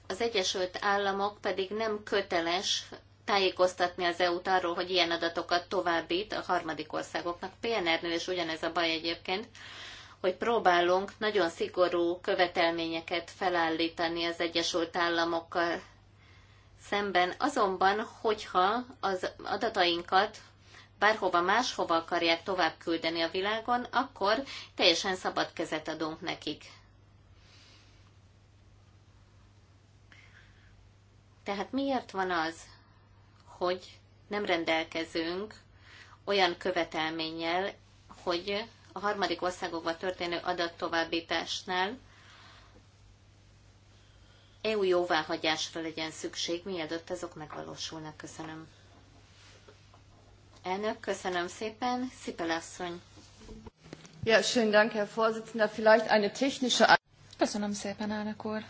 S3: az Egyesült Államok pedig nem köteles tájékoztatni az EU-t arról, hogy ilyen adatokat továbbít a harmadik országoknak. PNR-nő is ugyanez a baj egyébként, hogy próbálunk nagyon szigorú követelményeket felállítani az Egyesült Államokkal szemben. Azonban, hogyha az adatainkat bárhova máshova akarják tovább küldeni a világon, akkor teljesen szabad kezet adunk nekik. Tehát miért van az, hogy nem rendelkezünk olyan követelménnyel, hogy a harmadik országokba történő adattovábbításnál EU jóváhagyásra legyen szükség, mielőtt azok megvalósulnak. Köszönöm. Elnök, köszönöm szépen. asszony.
S2: Ja, schönen Dank, Herr Vorsitzender. Vielleicht eine technische... Köszönöm szépen, elnök úr.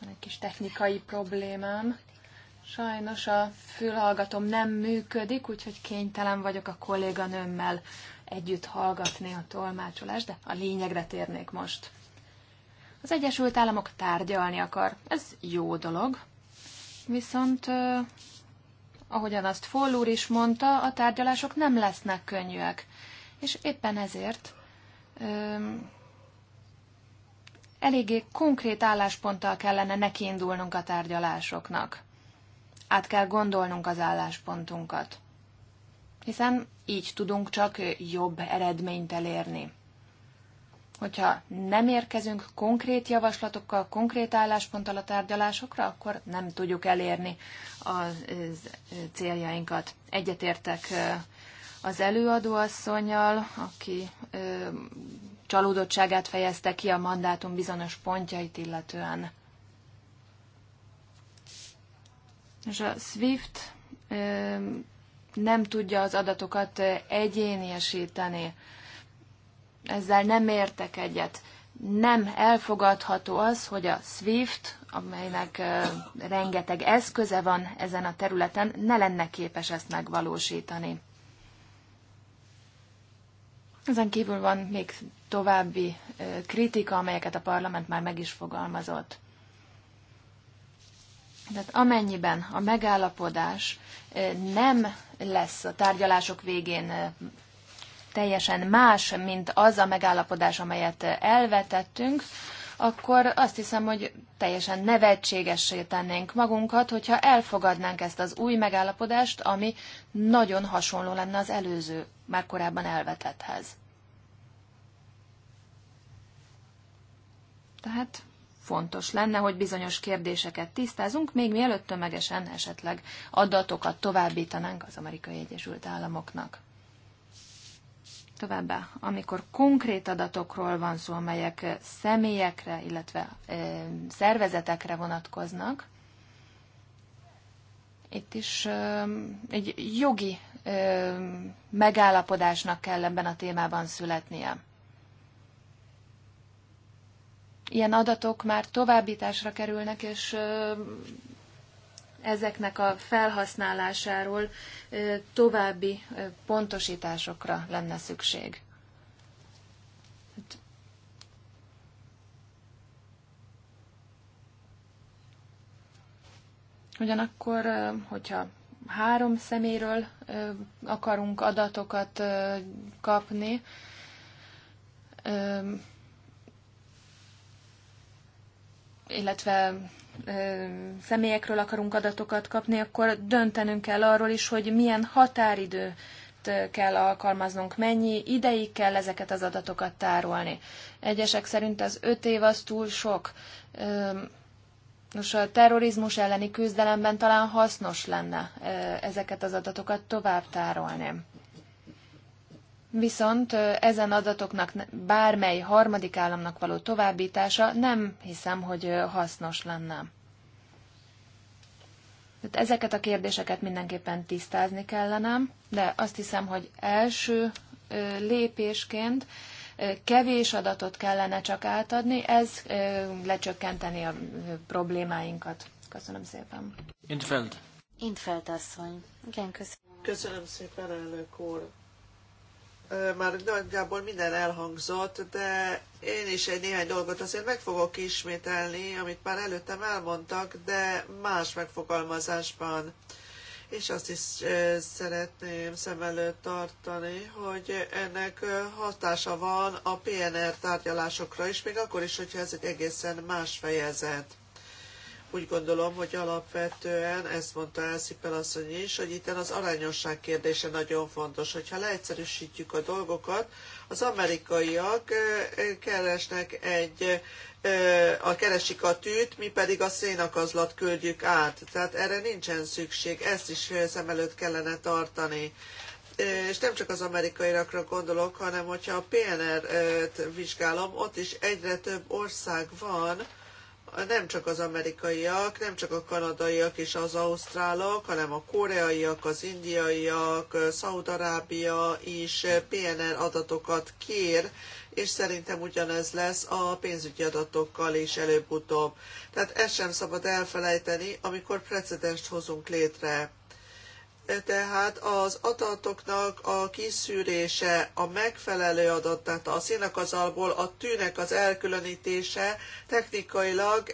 S2: Van egy kis technikai problémám. Sajnos a fülhallgatom nem működik, úgyhogy kénytelen vagyok a kolléganőmmel együtt hallgatni a tolmácsolást, de a lényegre térnék most. Az Egyesült Államok tárgyalni akar. Ez jó dolog. Viszont, eh, ahogyan azt Foll úr is mondta, a tárgyalások nem lesznek könnyűek. És éppen ezért eh, eléggé konkrét állásponttal kellene nekiindulnunk a tárgyalásoknak át kell gondolnunk az álláspontunkat, hiszen így tudunk csak jobb eredményt elérni. Hogyha nem érkezünk konkrét javaslatokkal, konkrét állásponttal a tárgyalásokra, akkor nem tudjuk elérni a céljainkat. Egyetértek az előadóasszonyjal, aki csalódottságát fejezte ki a mandátum bizonyos pontjait illetően. És a SWIFT nem tudja az adatokat egyéniesíteni. Ezzel nem értek egyet. Nem elfogadható az, hogy a SWIFT, amelynek rengeteg eszköze van ezen a területen, ne lenne képes ezt megvalósítani. Ezen kívül van még további kritika, amelyeket a parlament már meg is fogalmazott. Tehát amennyiben a megállapodás nem lesz a tárgyalások végén teljesen más, mint az a megállapodás, amelyet elvetettünk, akkor azt hiszem, hogy teljesen nevetségessé tennénk magunkat, hogyha elfogadnánk ezt az új megállapodást, ami nagyon hasonló lenne az előző, már korábban elvetetthez. Tehát fontos lenne, hogy bizonyos kérdéseket tisztázunk, még mielőtt tömegesen esetleg adatokat továbbítanánk az Amerikai Egyesült Államoknak. Továbbá, amikor konkrét adatokról van szó, amelyek személyekre, illetve ö, szervezetekre vonatkoznak, itt is ö, egy jogi ö, megállapodásnak kell ebben a témában születnie ilyen adatok már továbbításra kerülnek, és ezeknek a felhasználásáról további pontosításokra lenne szükség. Ugyanakkor, hogyha három szeméről akarunk adatokat kapni, illetve személyekről akarunk adatokat kapni, akkor döntenünk kell arról is, hogy milyen határidő kell alkalmaznunk, mennyi ideig kell ezeket az adatokat tárolni. Egyesek szerint az öt év az túl sok. Nos, a terrorizmus elleni küzdelemben talán hasznos lenne ezeket az adatokat tovább tárolni viszont ezen adatoknak bármely harmadik államnak való továbbítása nem hiszem, hogy hasznos lenne. Tehát ezeket a kérdéseket mindenképpen tisztázni kellene, de azt hiszem, hogy első lépésként kevés adatot kellene csak átadni, ez lecsökkenteni a problémáinkat. Köszönöm szépen. Intfeld. Intfeld asszony. Igen, köszönöm.
S1: Köszönöm szépen, elnök úr már nagyjából minden elhangzott, de én is egy néhány dolgot azért meg fogok ismételni, amit már előttem elmondtak, de más megfogalmazásban. És azt is szeretném szem előtt tartani, hogy ennek hatása van a PNR tárgyalásokra is, még akkor is, hogyha ez egy egészen más fejezet úgy gondolom, hogy alapvetően, ezt mondta Elszipel asszony is, hogy itt az arányosság kérdése nagyon fontos. Hogyha leegyszerűsítjük a dolgokat, az amerikaiak keresnek egy, a keresik a tűt, mi pedig a szénakazlat küldjük át. Tehát erre nincsen szükség, ezt is szem előtt kellene tartani és nem csak az amerikaiakra gondolok, hanem hogyha a PNR-t vizsgálom, ott is egyre több ország van, nem csak az amerikaiak, nem csak a kanadaiak és az ausztrálok, hanem a koreaiak, az indiaiak, Szaudarábia is PNR adatokat kér, és szerintem ugyanez lesz a pénzügyi adatokkal is előbb-utóbb. Tehát ezt sem szabad elfelejteni, amikor precedenst hozunk létre tehát az adatoknak a kiszűrése, a megfelelő tehát a az alból, a tűnek az elkülönítése technikailag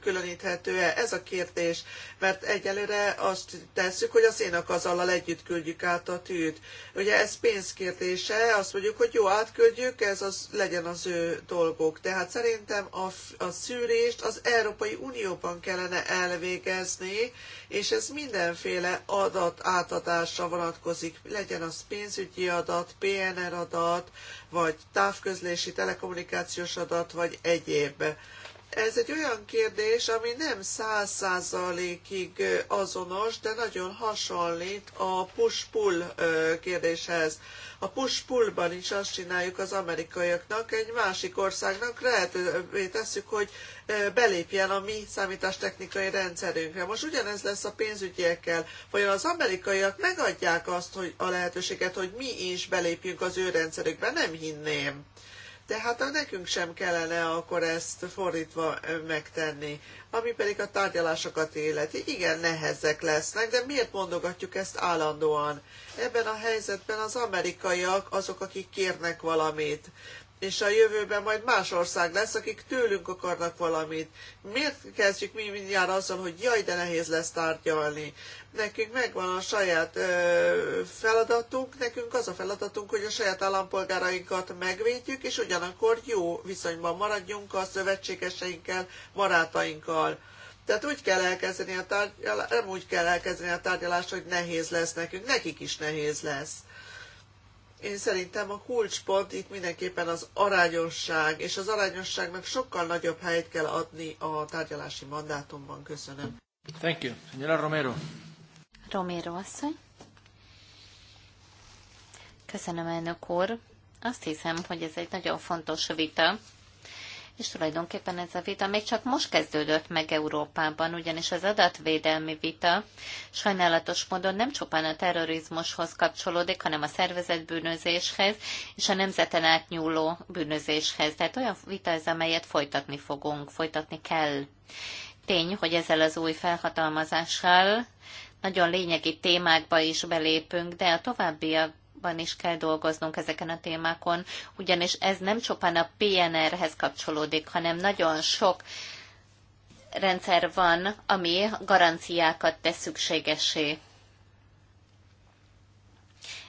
S1: elkülöníthető-e? Ez a kérdés mert egyelőre azt tesszük, hogy a szénakazallal együtt küldjük át a tűt. Ugye ez pénzkérdése, azt mondjuk, hogy jó, átküldjük, ez az, legyen az ő dolgok. Tehát szerintem a, a szűrést az Európai Unióban kellene elvégezni, és ez mindenféle adat átadásra vonatkozik, legyen az pénzügyi adat, PNR adat, vagy távközlési telekommunikációs adat, vagy egyéb ez egy olyan kérdés, ami nem száz százalékig azonos, de nagyon hasonlít a push-pull kérdéshez. A push-pullban is azt csináljuk az amerikaiaknak, egy másik országnak lehetővé tesszük, hogy belépjen a mi számítástechnikai rendszerünkre. Most ugyanez lesz a pénzügyiekkel. Vajon az amerikaiak megadják azt hogy a lehetőséget, hogy mi is belépjünk az ő rendszerükbe? Nem hinném tehát nekünk sem kellene akkor ezt fordítva megtenni. Ami pedig a tárgyalásokat életi, igen, nehezek lesznek, de miért mondogatjuk ezt állandóan? Ebben a helyzetben az amerikaiak azok, akik kérnek valamit és a jövőben majd más ország lesz, akik tőlünk akarnak valamit. Miért kezdjük mi mindjárt azzal, hogy jaj, de nehéz lesz tárgyalni? Nekünk megvan a saját ö, feladatunk, nekünk az a feladatunk, hogy a saját állampolgárainkat megvédjük, és ugyanakkor jó viszonyban maradjunk a szövetségeseinkkel, barátainkkal. Tehát úgy kell elkezdeni a tárgyalást, nem úgy kell elkezdeni a tárgyalást, hogy nehéz lesz nekünk, nekik is nehéz lesz én szerintem a kulcspont itt mindenképpen az arányosság, és az arányosságnak sokkal nagyobb helyet kell adni a
S3: tárgyalási mandátumban. Köszönöm.
S2: Thank you. Señora Romero.
S3: Romero asszony. Köszönöm, elnök úr. Azt hiszem, hogy ez egy nagyon fontos vita, és tulajdonképpen ez a vita még csak most kezdődött meg Európában, ugyanis az adatvédelmi vita sajnálatos módon nem csupán a terrorizmushoz kapcsolódik, hanem a szervezet bűnözéshez és a nemzeten átnyúló bűnözéshez. Tehát olyan vita ez, amelyet folytatni fogunk, folytatni kell. Tény, hogy ezzel az új felhatalmazással nagyon lényegi témákba is belépünk, de a továbbiak továbbiakban is kell dolgoznunk ezeken a témákon, ugyanis ez nem csupán a PNR-hez kapcsolódik, hanem nagyon sok rendszer van, ami garanciákat tesz szükségesé.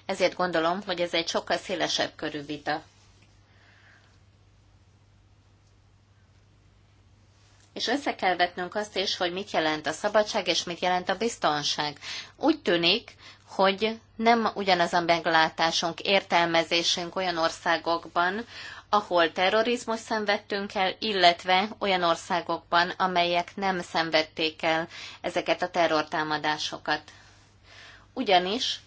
S3: Ezért gondolom, hogy ez egy sokkal szélesebb körű vita. És össze kell vetnünk azt is, hogy mit jelent a szabadság, és mit jelent a biztonság. Úgy tűnik, hogy nem ugyanaz a meglátásunk, értelmezésünk olyan országokban, ahol terrorizmus szenvedtünk el, illetve olyan országokban, amelyek nem szenvedték el ezeket a terrortámadásokat. Ugyanis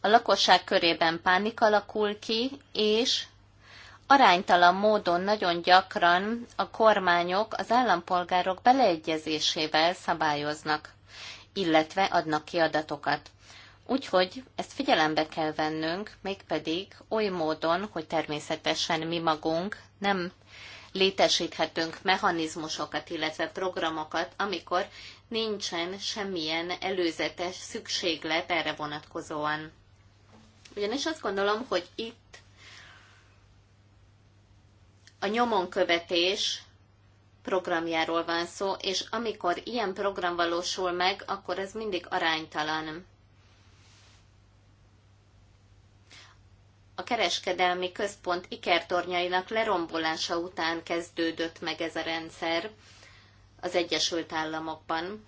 S3: a lakosság körében pánik alakul ki, és aránytalan módon nagyon gyakran a kormányok az állampolgárok beleegyezésével szabályoznak illetve adnak ki adatokat. Úgyhogy ezt figyelembe kell vennünk, mégpedig oly módon, hogy természetesen mi magunk nem létesíthetünk mechanizmusokat, illetve programokat, amikor nincsen semmilyen előzetes szükséglet erre vonatkozóan. Ugyanis azt gondolom, hogy itt a nyomonkövetés programjáról van szó, és amikor ilyen program valósul meg, akkor ez mindig aránytalan. A kereskedelmi központ ikertornyainak lerombolása után kezdődött meg ez a rendszer az Egyesült Államokban.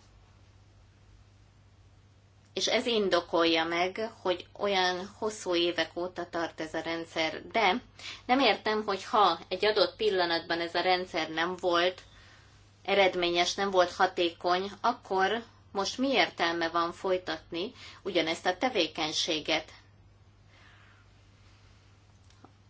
S3: És ez indokolja meg, hogy olyan hosszú évek óta tart ez a rendszer. De nem értem, hogy ha egy adott pillanatban ez a rendszer nem volt, eredményes, nem volt hatékony, akkor most mi értelme van folytatni ugyanezt a tevékenységet?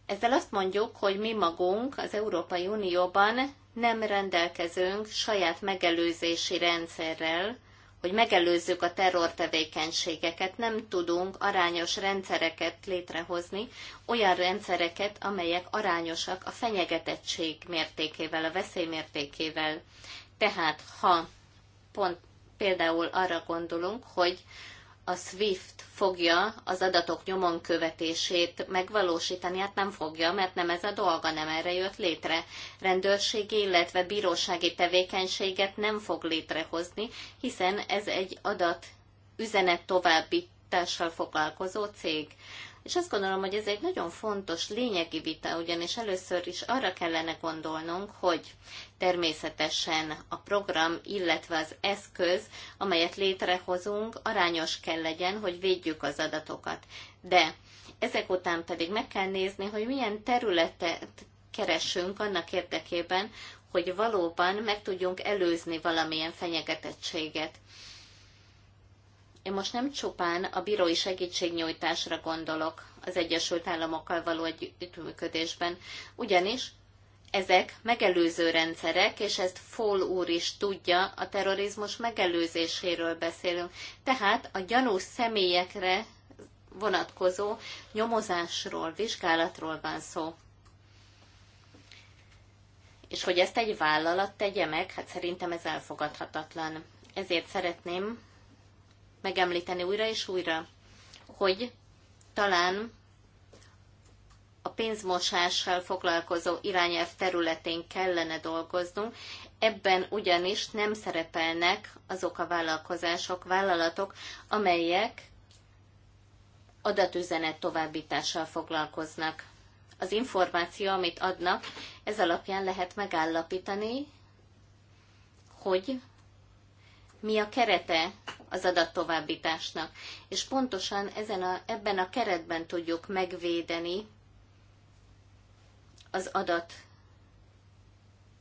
S3: Ezzel azt mondjuk, hogy mi magunk az Európai Unióban nem rendelkezünk saját megelőzési rendszerrel, hogy megelőzzük a terrortevékenységeket, nem tudunk arányos rendszereket létrehozni, olyan rendszereket, amelyek arányosak a fenyegetettség mértékével, a veszély mértékével. Tehát ha pont például arra gondolunk, hogy a SWIFT fogja az adatok nyomon követését megvalósítani, hát nem fogja, mert nem ez a dolga, nem erre jött létre. Rendőrségi, illetve bírósági tevékenységet nem fog létrehozni, hiszen ez egy adat üzenet továbbítással foglalkozó cég. És azt gondolom, hogy ez egy nagyon fontos, lényegi vita, ugyanis először is arra kellene gondolnunk, hogy Természetesen a program, illetve az eszköz, amelyet létrehozunk, arányos kell legyen, hogy védjük az adatokat. De ezek után pedig meg kell nézni, hogy milyen területet keresünk annak érdekében, hogy valóban meg tudjunk előzni valamilyen fenyegetettséget. Én most nem csupán a bírói segítségnyújtásra gondolok az Egyesült Államokkal való együttműködésben, ugyanis ezek megelőző rendszerek, és ezt Fall úr is tudja, a terrorizmus megelőzéséről beszélünk. Tehát a gyanús személyekre vonatkozó nyomozásról, vizsgálatról van szó. És hogy ezt egy vállalat tegye meg, hát szerintem ez elfogadhatatlan. Ezért szeretném megemlíteni újra és újra, hogy talán a pénzmosással foglalkozó irányelv területén kellene dolgoznunk, ebben ugyanis nem szerepelnek azok a vállalkozások, vállalatok, amelyek adatüzenet továbbítással foglalkoznak. Az információ, amit adnak, ez alapján lehet megállapítani, hogy mi a kerete az adattovábbításnak. És pontosan ezen a, ebben a keretben tudjuk megvédeni az adat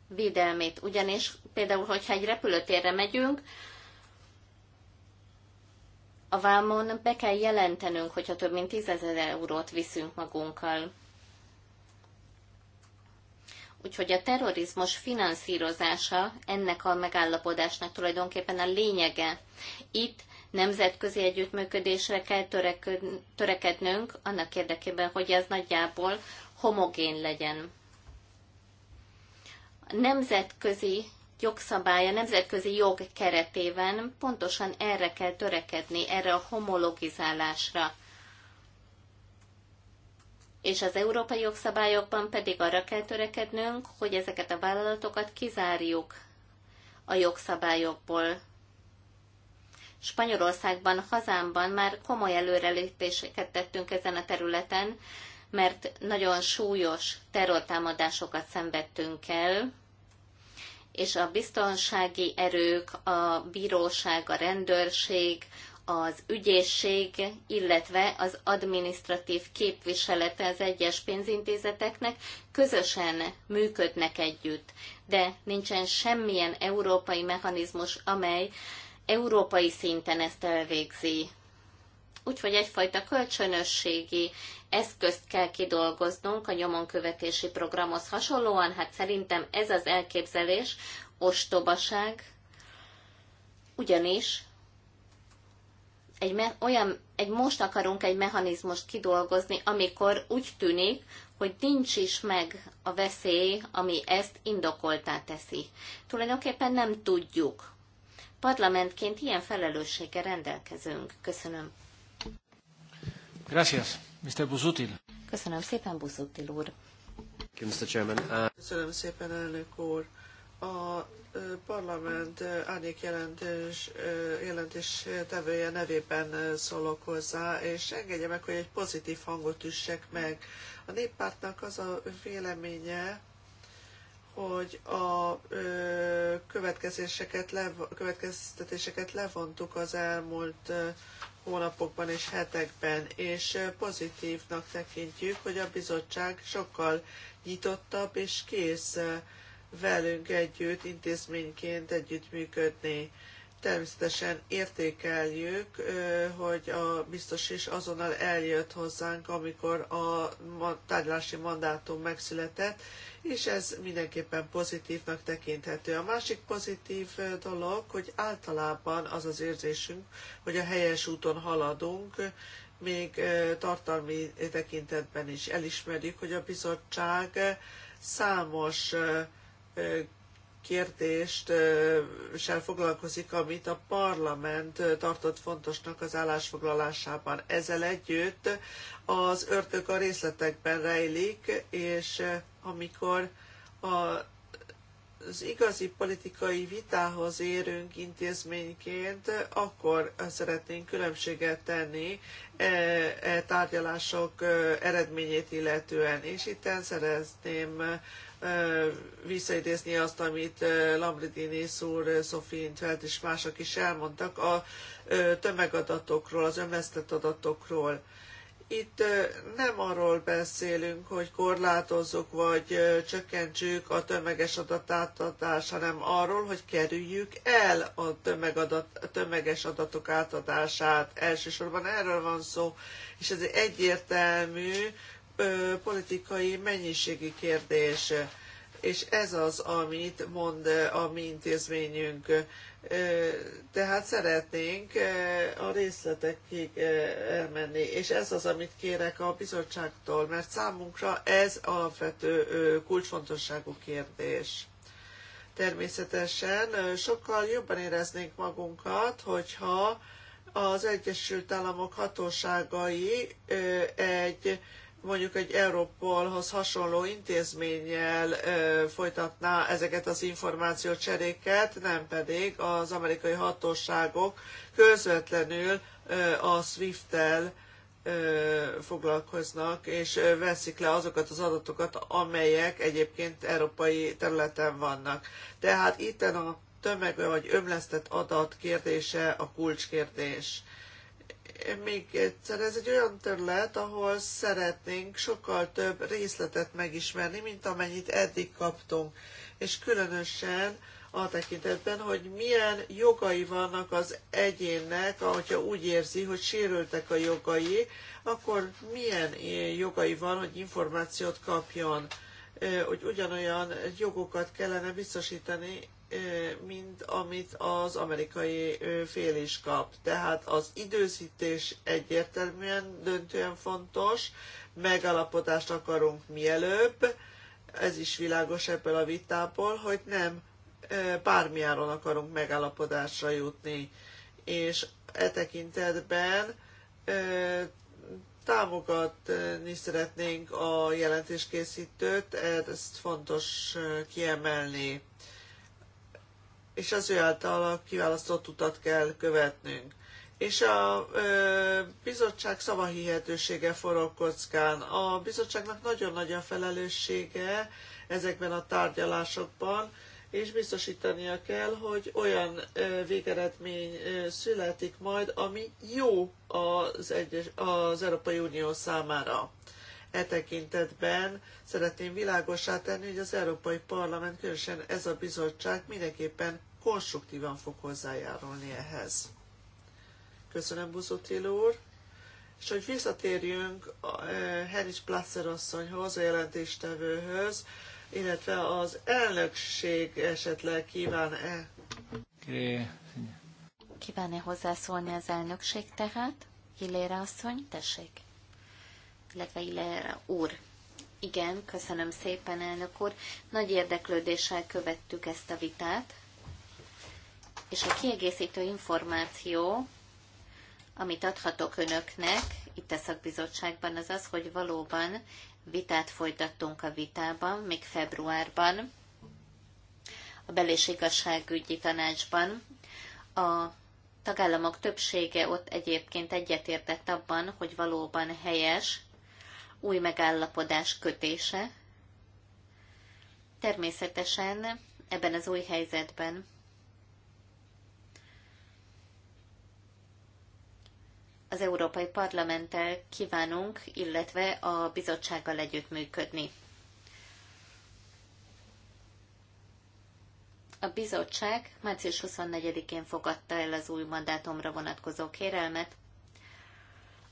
S3: védelmét. Ugyanis például, hogyha egy repülőtérre megyünk, a vámon be kell jelentenünk, hogyha több mint 10 eurót viszünk magunkkal. Úgyhogy a terrorizmus finanszírozása ennek a megállapodásnak tulajdonképpen a lényege. Itt nemzetközi együttműködésre kell törekednünk annak érdekében, hogy ez nagyjából homogén legyen. A nemzetközi jogszabály, a nemzetközi jog keretében pontosan erre kell törekedni, erre a homologizálásra. És az európai jogszabályokban pedig arra kell törekednünk, hogy ezeket a vállalatokat kizárjuk a jogszabályokból. Spanyolországban, hazámban már komoly előrelépéseket tettünk ezen a területen, mert nagyon súlyos terrortámadásokat szenvedtünk el, és a biztonsági erők, a bíróság, a rendőrség, az ügyészség, illetve az adminisztratív képviselete az egyes pénzintézeteknek közösen működnek együtt, de nincsen semmilyen európai mechanizmus, amely európai szinten ezt elvégzi. Úgyhogy egyfajta kölcsönösségi eszközt kell kidolgoznunk a nyomonkövetési programhoz hasonlóan. Hát szerintem ez az elképzelés ostobaság, ugyanis egy me- olyan, egy most akarunk egy mechanizmust kidolgozni, amikor úgy tűnik, hogy nincs is meg a veszély, ami ezt indokoltá teszi. Tulajdonképpen nem tudjuk. Parlamentként ilyen felelősséggel rendelkezünk. Köszönöm.
S2: Gracias, Mr. Buzutil.
S3: Köszönöm szépen, Buzutil úr. Uh, Köszönöm szépen, elnök úr. A
S1: parlament árnyék jelentés, jelentés tevője nevében szólok hozzá, és engedje meg, hogy egy pozitív hangot üssek meg. A néppártnak az a véleménye, hogy a következéseket, lev, következtetéseket levontuk az elmúlt hónapokban és hetekben, és pozitívnak tekintjük, hogy a bizottság sokkal nyitottabb és kész velünk együtt intézményként együttműködni természetesen értékeljük, hogy a biztos is azonnal eljött hozzánk, amikor a tárgyalási mandátum megszületett, és ez mindenképpen pozitívnak tekinthető. A másik pozitív dolog, hogy általában az az érzésünk, hogy a helyes úton haladunk, még tartalmi tekintetben is elismerjük, hogy a bizottság számos kérdést sem foglalkozik, amit a parlament tartott fontosnak az állásfoglalásában. Ezzel együtt az örtök a részletekben rejlik, és amikor a, az igazi politikai vitához érünk intézményként, akkor szeretnénk különbséget tenni e, e tárgyalások eredményét illetően. És itten szeretném visszaidézni azt, amit Lambridini szúr, Szofintfeld és mások is elmondtak a tömegadatokról, az önvesztett adatokról. Itt nem arról beszélünk, hogy korlátozzuk vagy csökkentsük a tömeges adatátadást, hanem arról, hogy kerüljük el a tömegadat, tömeges adatok átadását. Elsősorban erről van szó, és ez egyértelmű, politikai mennyiségi kérdés, és ez az, amit mond a mi intézményünk. Tehát szeretnénk a részletekig elmenni, és ez az, amit kérek a bizottságtól, mert számunkra ez alapvető kulcsfontosságú kérdés. Természetesen sokkal jobban éreznénk magunkat, hogyha az Egyesült Államok hatóságai egy mondjuk egy Európolhoz hasonló intézménnyel folytatná ezeket az információcseréket, nem pedig az amerikai hatóságok közvetlenül a SWIFT-tel foglalkoznak, és veszik le azokat az adatokat, amelyek egyébként európai területen vannak. Tehát itten a tömeg vagy ömlesztett adat kérdése a kulcskérdés még egyszer, ez egy olyan terület, ahol szeretnénk sokkal több részletet megismerni, mint amennyit eddig kaptunk. És különösen a tekintetben, hogy milyen jogai vannak az egyénnek, hogyha úgy érzi, hogy sérültek a jogai, akkor milyen jogai van, hogy információt kapjon, hogy ugyanolyan jogokat kellene biztosítani, mint amit az amerikai fél is kap. Tehát az időzítés egyértelműen döntően fontos, megalapodást akarunk mielőbb, ez is világos ebből a vitából, hogy nem bármiáron akarunk megalapodásra jutni. És e tekintetben támogatni szeretnénk a jelentéskészítőt, ezt fontos kiemelni és az ő a kiválasztott utat kell követnünk. És a ö, bizottság szavahihetősége forog kockán. A bizottságnak nagyon nagy a felelőssége ezekben a tárgyalásokban, és biztosítania kell, hogy olyan végeredmény születik majd, ami jó az, egyes, az Európai Unió számára. E tekintetben szeretném világosá tenni, hogy az Európai Parlament, különösen ez a bizottság mindenképpen konstruktívan fog hozzájárulni ehhez. Köszönöm, Buzutil úr. És hogy visszatérjünk e, Henis Plasser asszonyhoz, a jelentéstevőhöz, illetve az elnökség esetleg
S3: kíván-e? Kíván-e hozzászólni az elnökség tehát? Hilére asszony, tessék illetve Ilera úr. Igen, köszönöm szépen, elnök úr. Nagy érdeklődéssel követtük ezt a vitát, és a kiegészítő információ, amit adhatok önöknek itt a szakbizottságban, az az, hogy valóban vitát folytattunk a vitában, még februárban, a bel- igazságügyi tanácsban. A tagállamok többsége ott egyébként egyetértett abban, hogy valóban helyes új megállapodás kötése. Természetesen ebben az új helyzetben az Európai Parlamenttel kívánunk, illetve a bizottsággal együttműködni. A bizottság március 24-én fogadta el az új mandátumra vonatkozó kérelmet,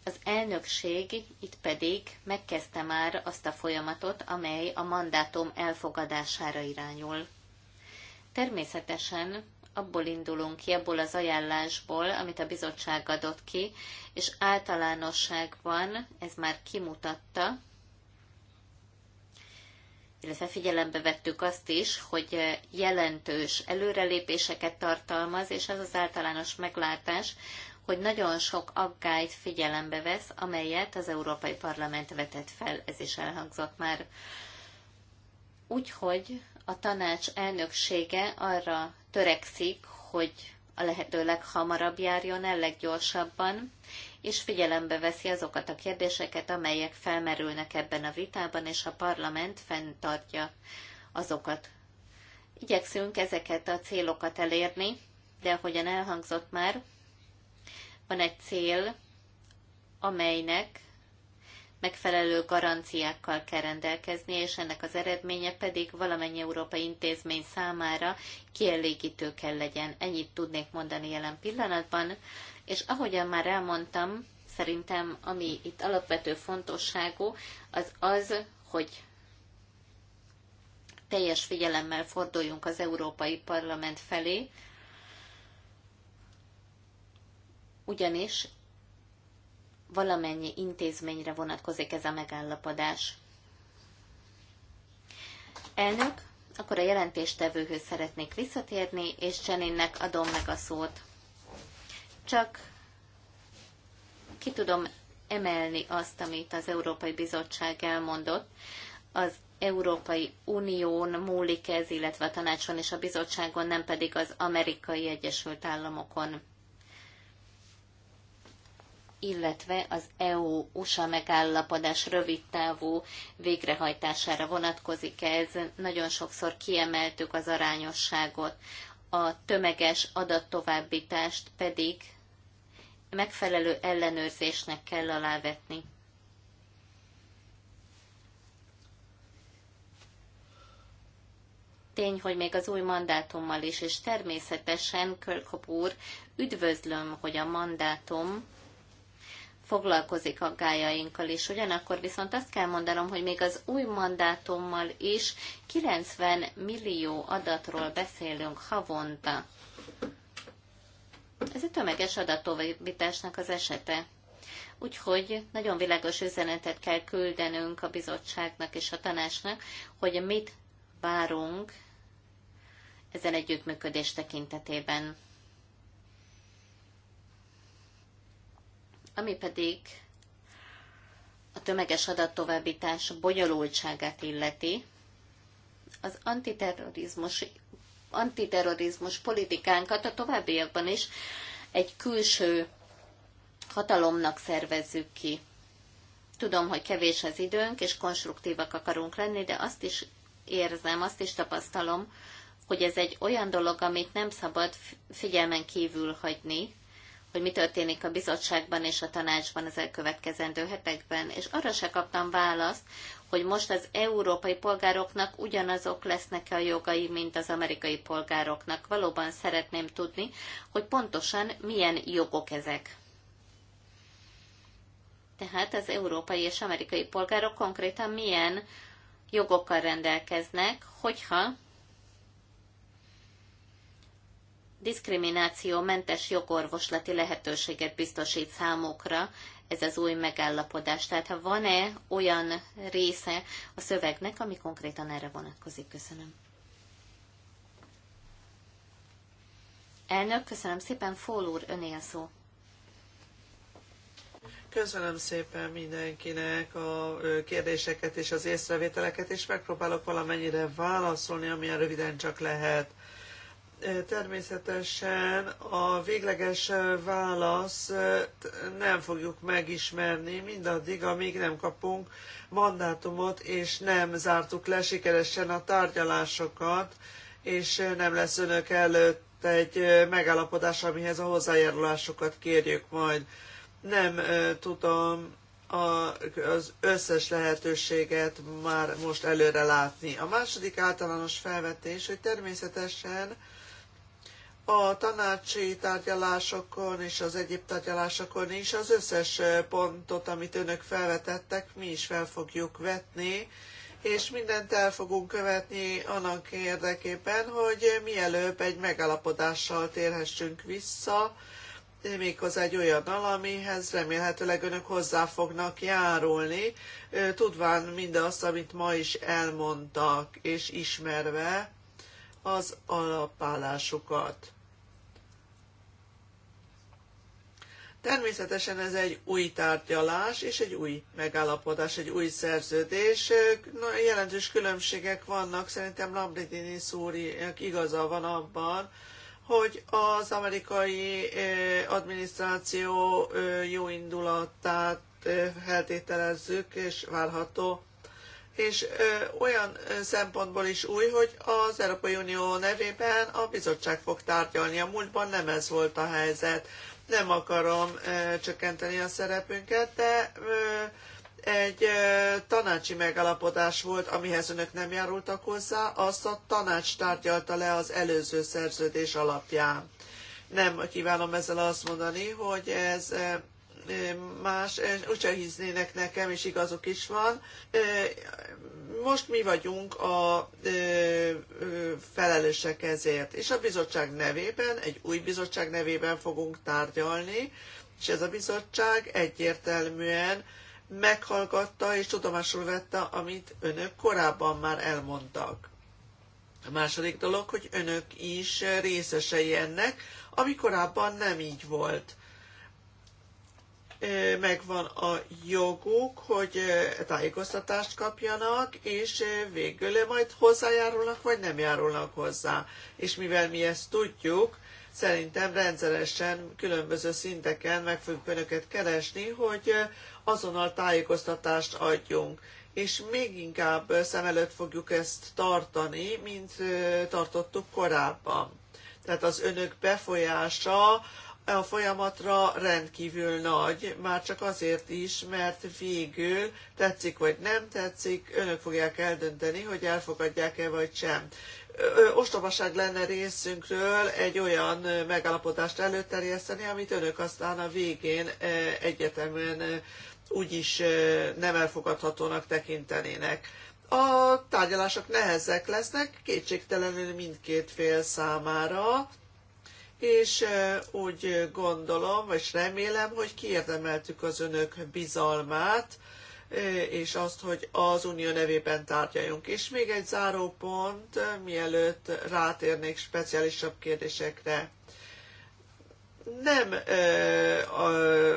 S3: az elnökség itt pedig megkezdte már azt a folyamatot, amely a mandátum elfogadására irányul. Természetesen abból indulunk ki, abból az ajánlásból, amit a bizottság adott ki, és általánosságban ez már kimutatta, illetve figyelembe vettük azt is, hogy jelentős előrelépéseket tartalmaz, és ez az általános meglátás, hogy nagyon sok aggályt figyelembe vesz, amelyet az Európai Parlament vetett fel, ez is elhangzott már. Úgyhogy a tanács elnöksége arra törekszik, hogy a lehető leghamarabb járjon el, leggyorsabban, és figyelembe veszi azokat a kérdéseket, amelyek felmerülnek ebben a vitában, és a parlament fenntartja azokat. Igyekszünk ezeket a célokat elérni, de ahogyan elhangzott már, van egy cél, amelynek megfelelő garanciákkal kell rendelkezni, és ennek az eredménye pedig valamennyi európai intézmény számára kielégítő kell legyen. Ennyit tudnék mondani jelen pillanatban, és ahogyan már elmondtam, szerintem ami itt alapvető fontosságú, az az, hogy teljes figyelemmel forduljunk az Európai Parlament felé, ugyanis valamennyi intézményre vonatkozik ez a megállapodás. Elnök, akkor a jelentéstevőhöz szeretnék visszatérni, és Jeninnek adom meg a szót. Csak ki tudom emelni azt, amit az Európai Bizottság elmondott. Az Európai Unión múlik ez, illetve a tanácson és a bizottságon, nem pedig az Amerikai Egyesült Államokon illetve az EU-USA megállapodás rövidtávú végrehajtására vonatkozik ez. Nagyon sokszor kiemeltük az arányosságot, a tömeges adattovábbítást pedig megfelelő ellenőrzésnek kell alávetni. tény, hogy még az új mandátummal is, és természetesen Kölkop úr, üdvözlöm, hogy a mandátum foglalkozik aggájainkkal is. Ugyanakkor viszont azt kell mondanom, hogy még az új mandátummal is 90 millió adatról beszélünk havonta. Ez egy tömeges adatóvításnak az esete. Úgyhogy nagyon világos üzenetet kell küldenünk a bizottságnak és a tanácsnak, hogy mit várunk ezen együttműködés tekintetében. Ami pedig a tömeges adattovábbítás bonyolultságát illeti, az antiterrorizmus, antiterrorizmus politikánkat a továbbiakban is egy külső hatalomnak szervezzük ki. Tudom, hogy kevés az időnk, és konstruktívak akarunk lenni, de azt is érzem, azt is tapasztalom, hogy ez egy olyan dolog, amit nem szabad figyelmen kívül hagyni, hogy mi történik a bizottságban és a tanácsban az elkövetkezendő hetekben, és arra se kaptam választ, hogy most az európai polgároknak ugyanazok lesznek-e a jogai, mint az amerikai polgároknak. Valóban szeretném tudni, hogy pontosan milyen jogok ezek. Tehát az európai és amerikai polgárok konkrétan milyen jogokkal rendelkeznek, hogyha diszkriminációmentes jogorvoslati lehetőséget biztosít számukra ez az új megállapodás. Tehát ha van-e olyan része a szövegnek, ami konkrétan erre vonatkozik? Köszönöm. Elnök, köszönöm szépen. Fól úr, öné a szó.
S1: Köszönöm szépen mindenkinek a kérdéseket és az észrevételeket, és megpróbálok valamennyire válaszolni, amilyen röviden csak lehet természetesen a végleges válasz nem fogjuk megismerni mindaddig, amíg nem kapunk mandátumot, és nem zártuk le sikeresen a tárgyalásokat, és nem lesz önök előtt egy megállapodás, amihez a hozzájárulásokat kérjük majd. Nem tudom az összes lehetőséget már most előre látni. A második általános felvetés, hogy természetesen a tanácsi tárgyalásokon és az egyéb tárgyalásokon is az összes pontot, amit önök felvetettek, mi is fel fogjuk vetni, és mindent el fogunk követni annak érdekében, hogy mielőbb egy megállapodással térhessünk vissza, méghozzá egy olyannal, amihez remélhetőleg önök hozzá fognak járulni, tudván mindazt, amit ma is elmondtak, és ismerve az alapállásukat. Természetesen ez egy új tárgyalás és egy új megállapodás, egy új szerződés. Na, jelentős különbségek vannak, szerintem Lambridini Szúriak igaza van abban, hogy az amerikai eh, adminisztráció eh, jó indulatát feltételezzük, eh, és várható és olyan szempontból is új, hogy az Európai Unió nevében a bizottság fog tárgyalni. A múltban nem ez volt a helyzet. Nem akarom csökkenteni a szerepünket, de egy tanácsi megalapodás volt, amihez önök nem járultak hozzá, azt a tanács tárgyalta le az előző szerződés alapján. Nem kívánom ezzel azt mondani, hogy ez más, úgyse hisznének nekem, és igazuk is van most mi vagyunk a ö, ö, felelősek ezért, és a bizottság nevében, egy új bizottság nevében fogunk tárgyalni, és ez a bizottság egyértelműen meghallgatta és tudomásul vette, amit önök korábban már elmondtak. A második dolog, hogy önök is részesei ennek, ami korábban nem így volt megvan a joguk, hogy tájékoztatást kapjanak, és végül majd hozzájárulnak, vagy nem járulnak hozzá. És mivel mi ezt tudjuk, szerintem rendszeresen különböző szinteken meg fogjuk önöket keresni, hogy azonnal tájékoztatást adjunk. És még inkább szem előtt fogjuk ezt tartani, mint tartottuk korábban. Tehát az önök befolyása a folyamatra rendkívül nagy, már csak azért is, mert végül tetszik vagy nem tetszik, önök fogják eldönteni, hogy elfogadják-e vagy sem. Ostobaság lenne részünkről egy olyan megállapodást előterjeszteni, amit önök aztán a végén egyetemen úgyis nem elfogadhatónak tekintenének. A tárgyalások nehezek lesznek, kétségtelenül mindkét fél számára, és úgy gondolom, vagy remélem, hogy kiérdemeltük az önök bizalmát, és azt, hogy az unió nevében tárgyaljunk. És még egy záró pont, mielőtt rátérnék speciálisabb kérdésekre nem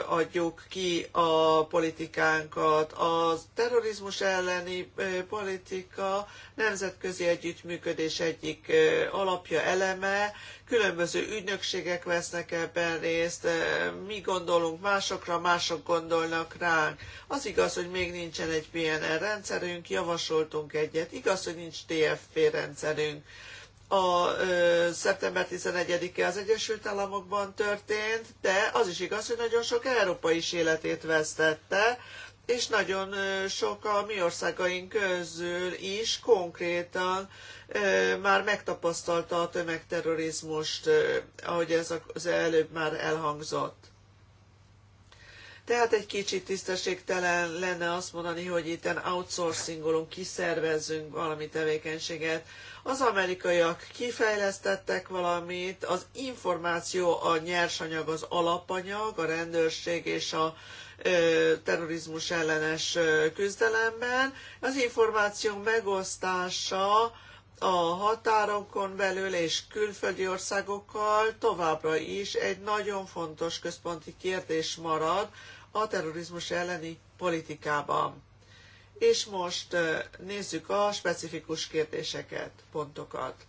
S1: adjuk ki a politikánkat. A terrorizmus elleni politika nemzetközi együttműködés egyik alapja, eleme. Különböző ügynökségek vesznek ebben részt, mi gondolunk másokra, mások gondolnak ránk. Az igaz, hogy még nincsen egy PNR rendszerünk, javasoltunk egyet. Igaz, hogy nincs TFP rendszerünk a ö, szeptember 11-e az Egyesült Államokban történt, de az is igaz, hogy nagyon sok európai is életét vesztette, és nagyon sok a mi országaink közül is konkrétan ö, már megtapasztalta a tömegterrorizmust, ö, ahogy ez az előbb már elhangzott. Tehát egy kicsit tisztességtelen lenne azt mondani, hogy itten outsourcingolunk, kiszervezzünk valami tevékenységet az amerikaiak kifejlesztettek valamit, az információ, a nyersanyag, az alapanyag, a rendőrség és a terrorizmus ellenes küzdelemben. Az információ megosztása a határokon belül és külföldi országokkal továbbra is egy nagyon fontos központi kérdés marad a terrorizmus elleni politikában és most nézzük a specifikus kérdéseket, pontokat.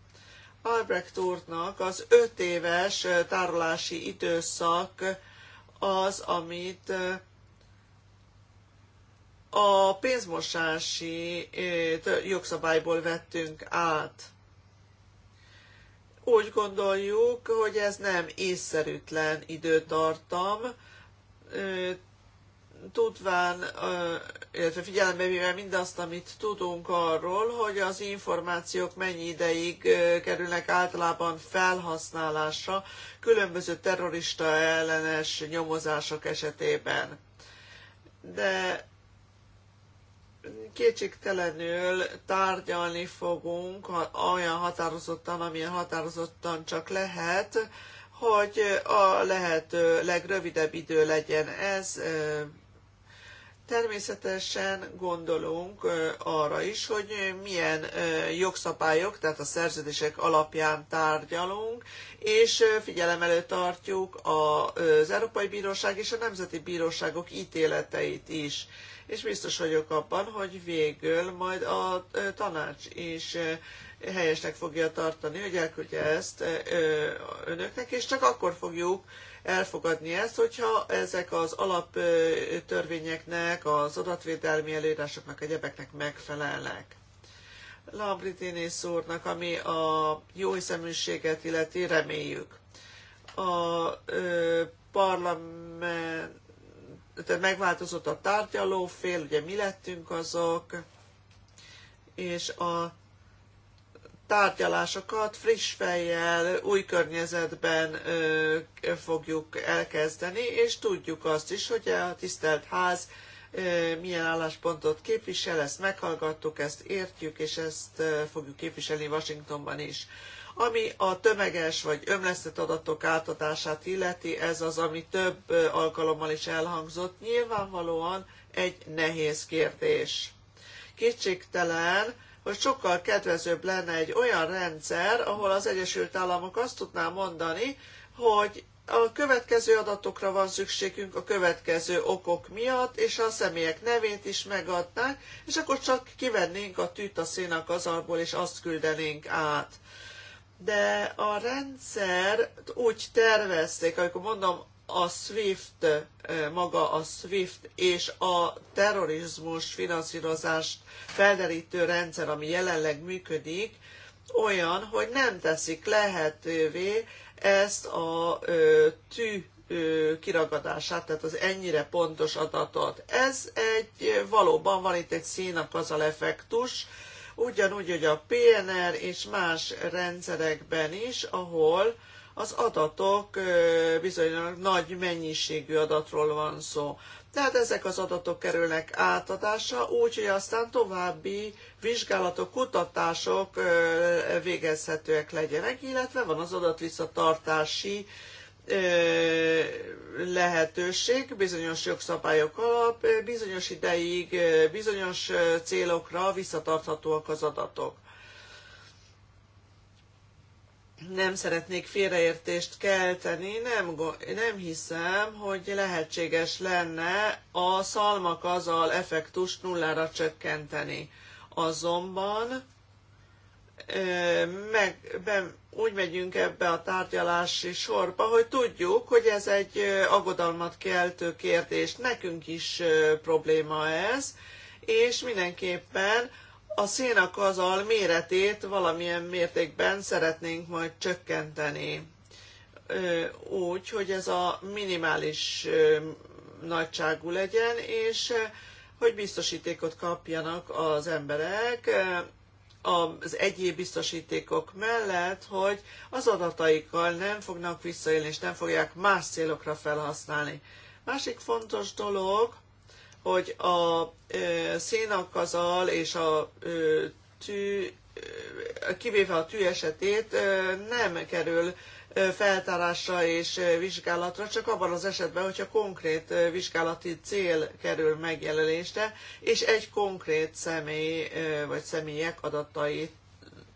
S1: Albrecht úrnak az öt éves tárolási időszak az, amit a pénzmosási jogszabályból vettünk át. Úgy gondoljuk, hogy ez nem észszerűtlen időtartam, tudván, illetve figyelembe véve mindazt, amit tudunk arról, hogy az információk mennyi ideig kerülnek általában felhasználásra különböző terrorista ellenes nyomozások esetében. De kétségtelenül tárgyalni fogunk olyan határozottan, amilyen határozottan csak lehet, hogy a lehető legrövidebb idő legyen ez Természetesen gondolunk arra is, hogy milyen jogszabályok, tehát a szerződések alapján tárgyalunk, és figyelem előtt tartjuk az Európai Bíróság és a Nemzeti Bíróságok ítéleteit is. És biztos vagyok abban, hogy végül majd a tanács is helyesnek fogja tartani, hogy elküldje ezt önöknek, és csak akkor fogjuk elfogadni ezt, hogyha ezek az alaptörvényeknek, az adatvédelmi előírásoknak, egyebeknek megfelelnek. Lambritini szúrnak, ami a jó hiszeműséget illeti, reméljük. A ö, parlament tehát megváltozott a tárgyalófél, ugye mi lettünk azok, és a tárgyalásokat friss fejjel, új környezetben fogjuk elkezdeni, és tudjuk azt is, hogy a tisztelt ház milyen álláspontot képvisel, ezt meghallgattuk, ezt értjük, és ezt fogjuk képviselni Washingtonban is. Ami a tömeges vagy ömlesztett adatok átadását illeti, ez az, ami több alkalommal is elhangzott, nyilvánvalóan egy nehéz kérdés. Kétségtelen, hogy sokkal kedvezőbb lenne egy olyan rendszer, ahol az Egyesült Államok azt tudná mondani, hogy a következő adatokra van szükségünk a következő okok miatt, és a személyek nevét is megadnák, és akkor csak kivennénk a tűt a szénak az és azt küldenénk át. De a rendszer úgy tervezték, amikor mondom, a SWIFT, maga a SWIFT és a terrorizmus finanszírozást felderítő rendszer, ami jelenleg működik, olyan, hogy nem teszik lehetővé ezt a tű kiragadását, tehát az ennyire pontos adatot. Ez egy, valóban van itt egy színakazal effektus, ugyanúgy, hogy a PNR és más rendszerekben is, ahol az adatok bizonyos nagy mennyiségű adatról van szó. Tehát ezek az adatok kerülnek átadásra, úgy, hogy aztán további vizsgálatok, kutatások végezhetőek legyenek, illetve van az adatvisszatartási lehetőség bizonyos jogszabályok alap, bizonyos ideig, bizonyos célokra visszatarthatóak az adatok nem szeretnék félreértést kelteni, nem, nem hiszem, hogy lehetséges lenne a szalmakazal effektust nullára csökkenteni. Azonban meg, be, úgy megyünk ebbe a tárgyalási sorba, hogy tudjuk, hogy ez egy aggodalmat keltő kérdés. Nekünk is probléma ez, és mindenképpen a szénakazal méretét valamilyen mértékben szeretnénk majd csökkenteni. Úgy, hogy ez a minimális nagyságú legyen, és hogy biztosítékot kapjanak az emberek az egyéb biztosítékok mellett, hogy az adataikkal nem fognak visszaélni, és nem fogják más célokra felhasználni. Másik fontos dolog, hogy a szénakazal és a tű, kivéve a tű esetét nem kerül feltárásra és vizsgálatra, csak abban az esetben, hogyha konkrét vizsgálati cél kerül megjelölésre, és egy konkrét személy vagy személyek adatait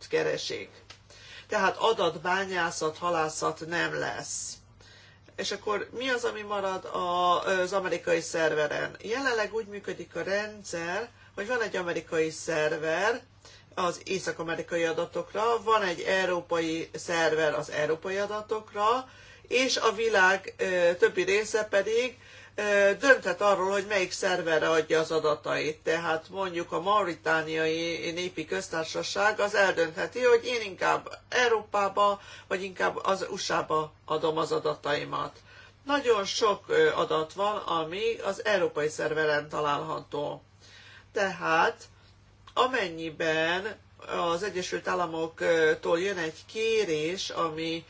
S1: keresik. Tehát adatbányászat, halászat nem lesz és akkor mi az, ami marad az amerikai szerveren? Jelenleg úgy működik a rendszer, hogy van egy amerikai szerver az észak-amerikai adatokra, van egy európai szerver az európai adatokra, és a világ többi része pedig dönthet arról, hogy melyik szerverre adja az adatait. Tehát mondjuk a Mauritániai Népi Köztársaság az eldöntheti, hogy én inkább Európába, vagy inkább az USA-ba adom az adataimat. Nagyon sok adat van, ami az európai szerveren található. Tehát amennyiben az Egyesült Államoktól jön egy kérés, ami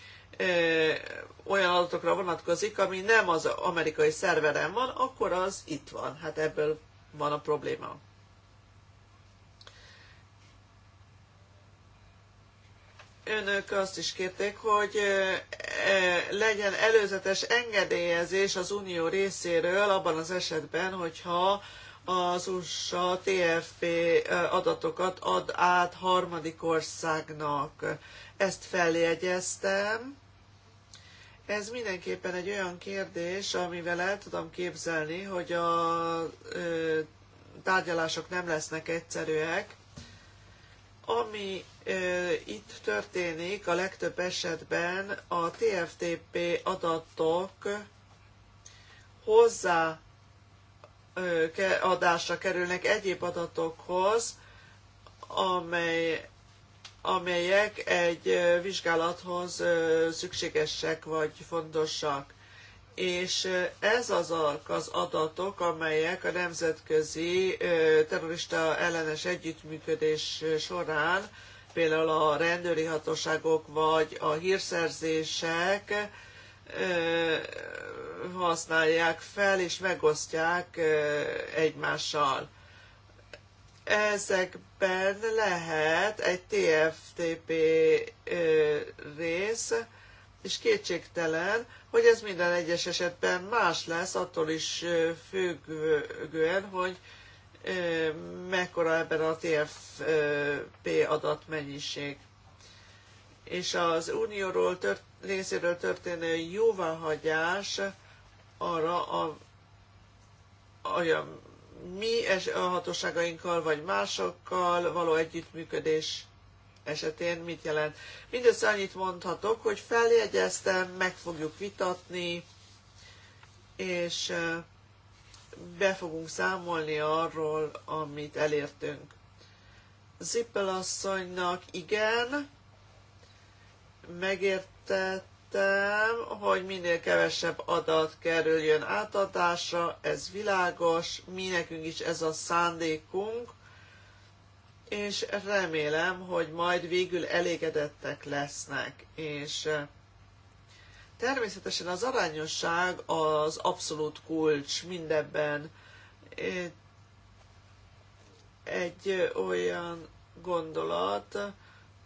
S1: olyan adatokra vonatkozik, ami nem az amerikai szerveren van, akkor az itt van. Hát ebből van a probléma. önök azt is kérték, hogy eh, eh, legyen előzetes engedélyezés az unió részéről abban az esetben, hogyha az USA TFP eh, adatokat ad át harmadik országnak. Ezt feljegyeztem, ez mindenképpen egy olyan kérdés, amivel el tudom képzelni, hogy a ö, tárgyalások nem lesznek egyszerűek. Ami ö, itt történik, a legtöbb esetben a TFTP adatok hozzá adásra kerülnek egyéb adatokhoz, amely amelyek egy vizsgálathoz szükségesek vagy fontosak. És ez azok az adatok, amelyek a nemzetközi terrorista ellenes együttműködés során, például a rendőri hatóságok vagy a hírszerzések használják fel és megosztják egymással. Ezek ebben lehet egy TFTP rész, és kétségtelen, hogy ez minden egyes esetben más lesz, attól is függően, hogy mekkora ebben a TFP adatmennyiség. És az unióról tört, részéről történő jóváhagyás arra a, a mi a hatóságainkkal vagy másokkal való együttműködés esetén mit jelent. Mindössze annyit mondhatok, hogy feljegyeztem, meg fogjuk vitatni, és be fogunk számolni arról, amit elértünk. Zippel asszonynak igen, megértett, kértem, hogy minél kevesebb adat kerüljön átadásra, ez világos, mi nekünk is ez a szándékunk, és remélem, hogy majd végül elégedettek lesznek, és eh, természetesen az arányosság az abszolút kulcs mindebben. Egy olyan gondolat,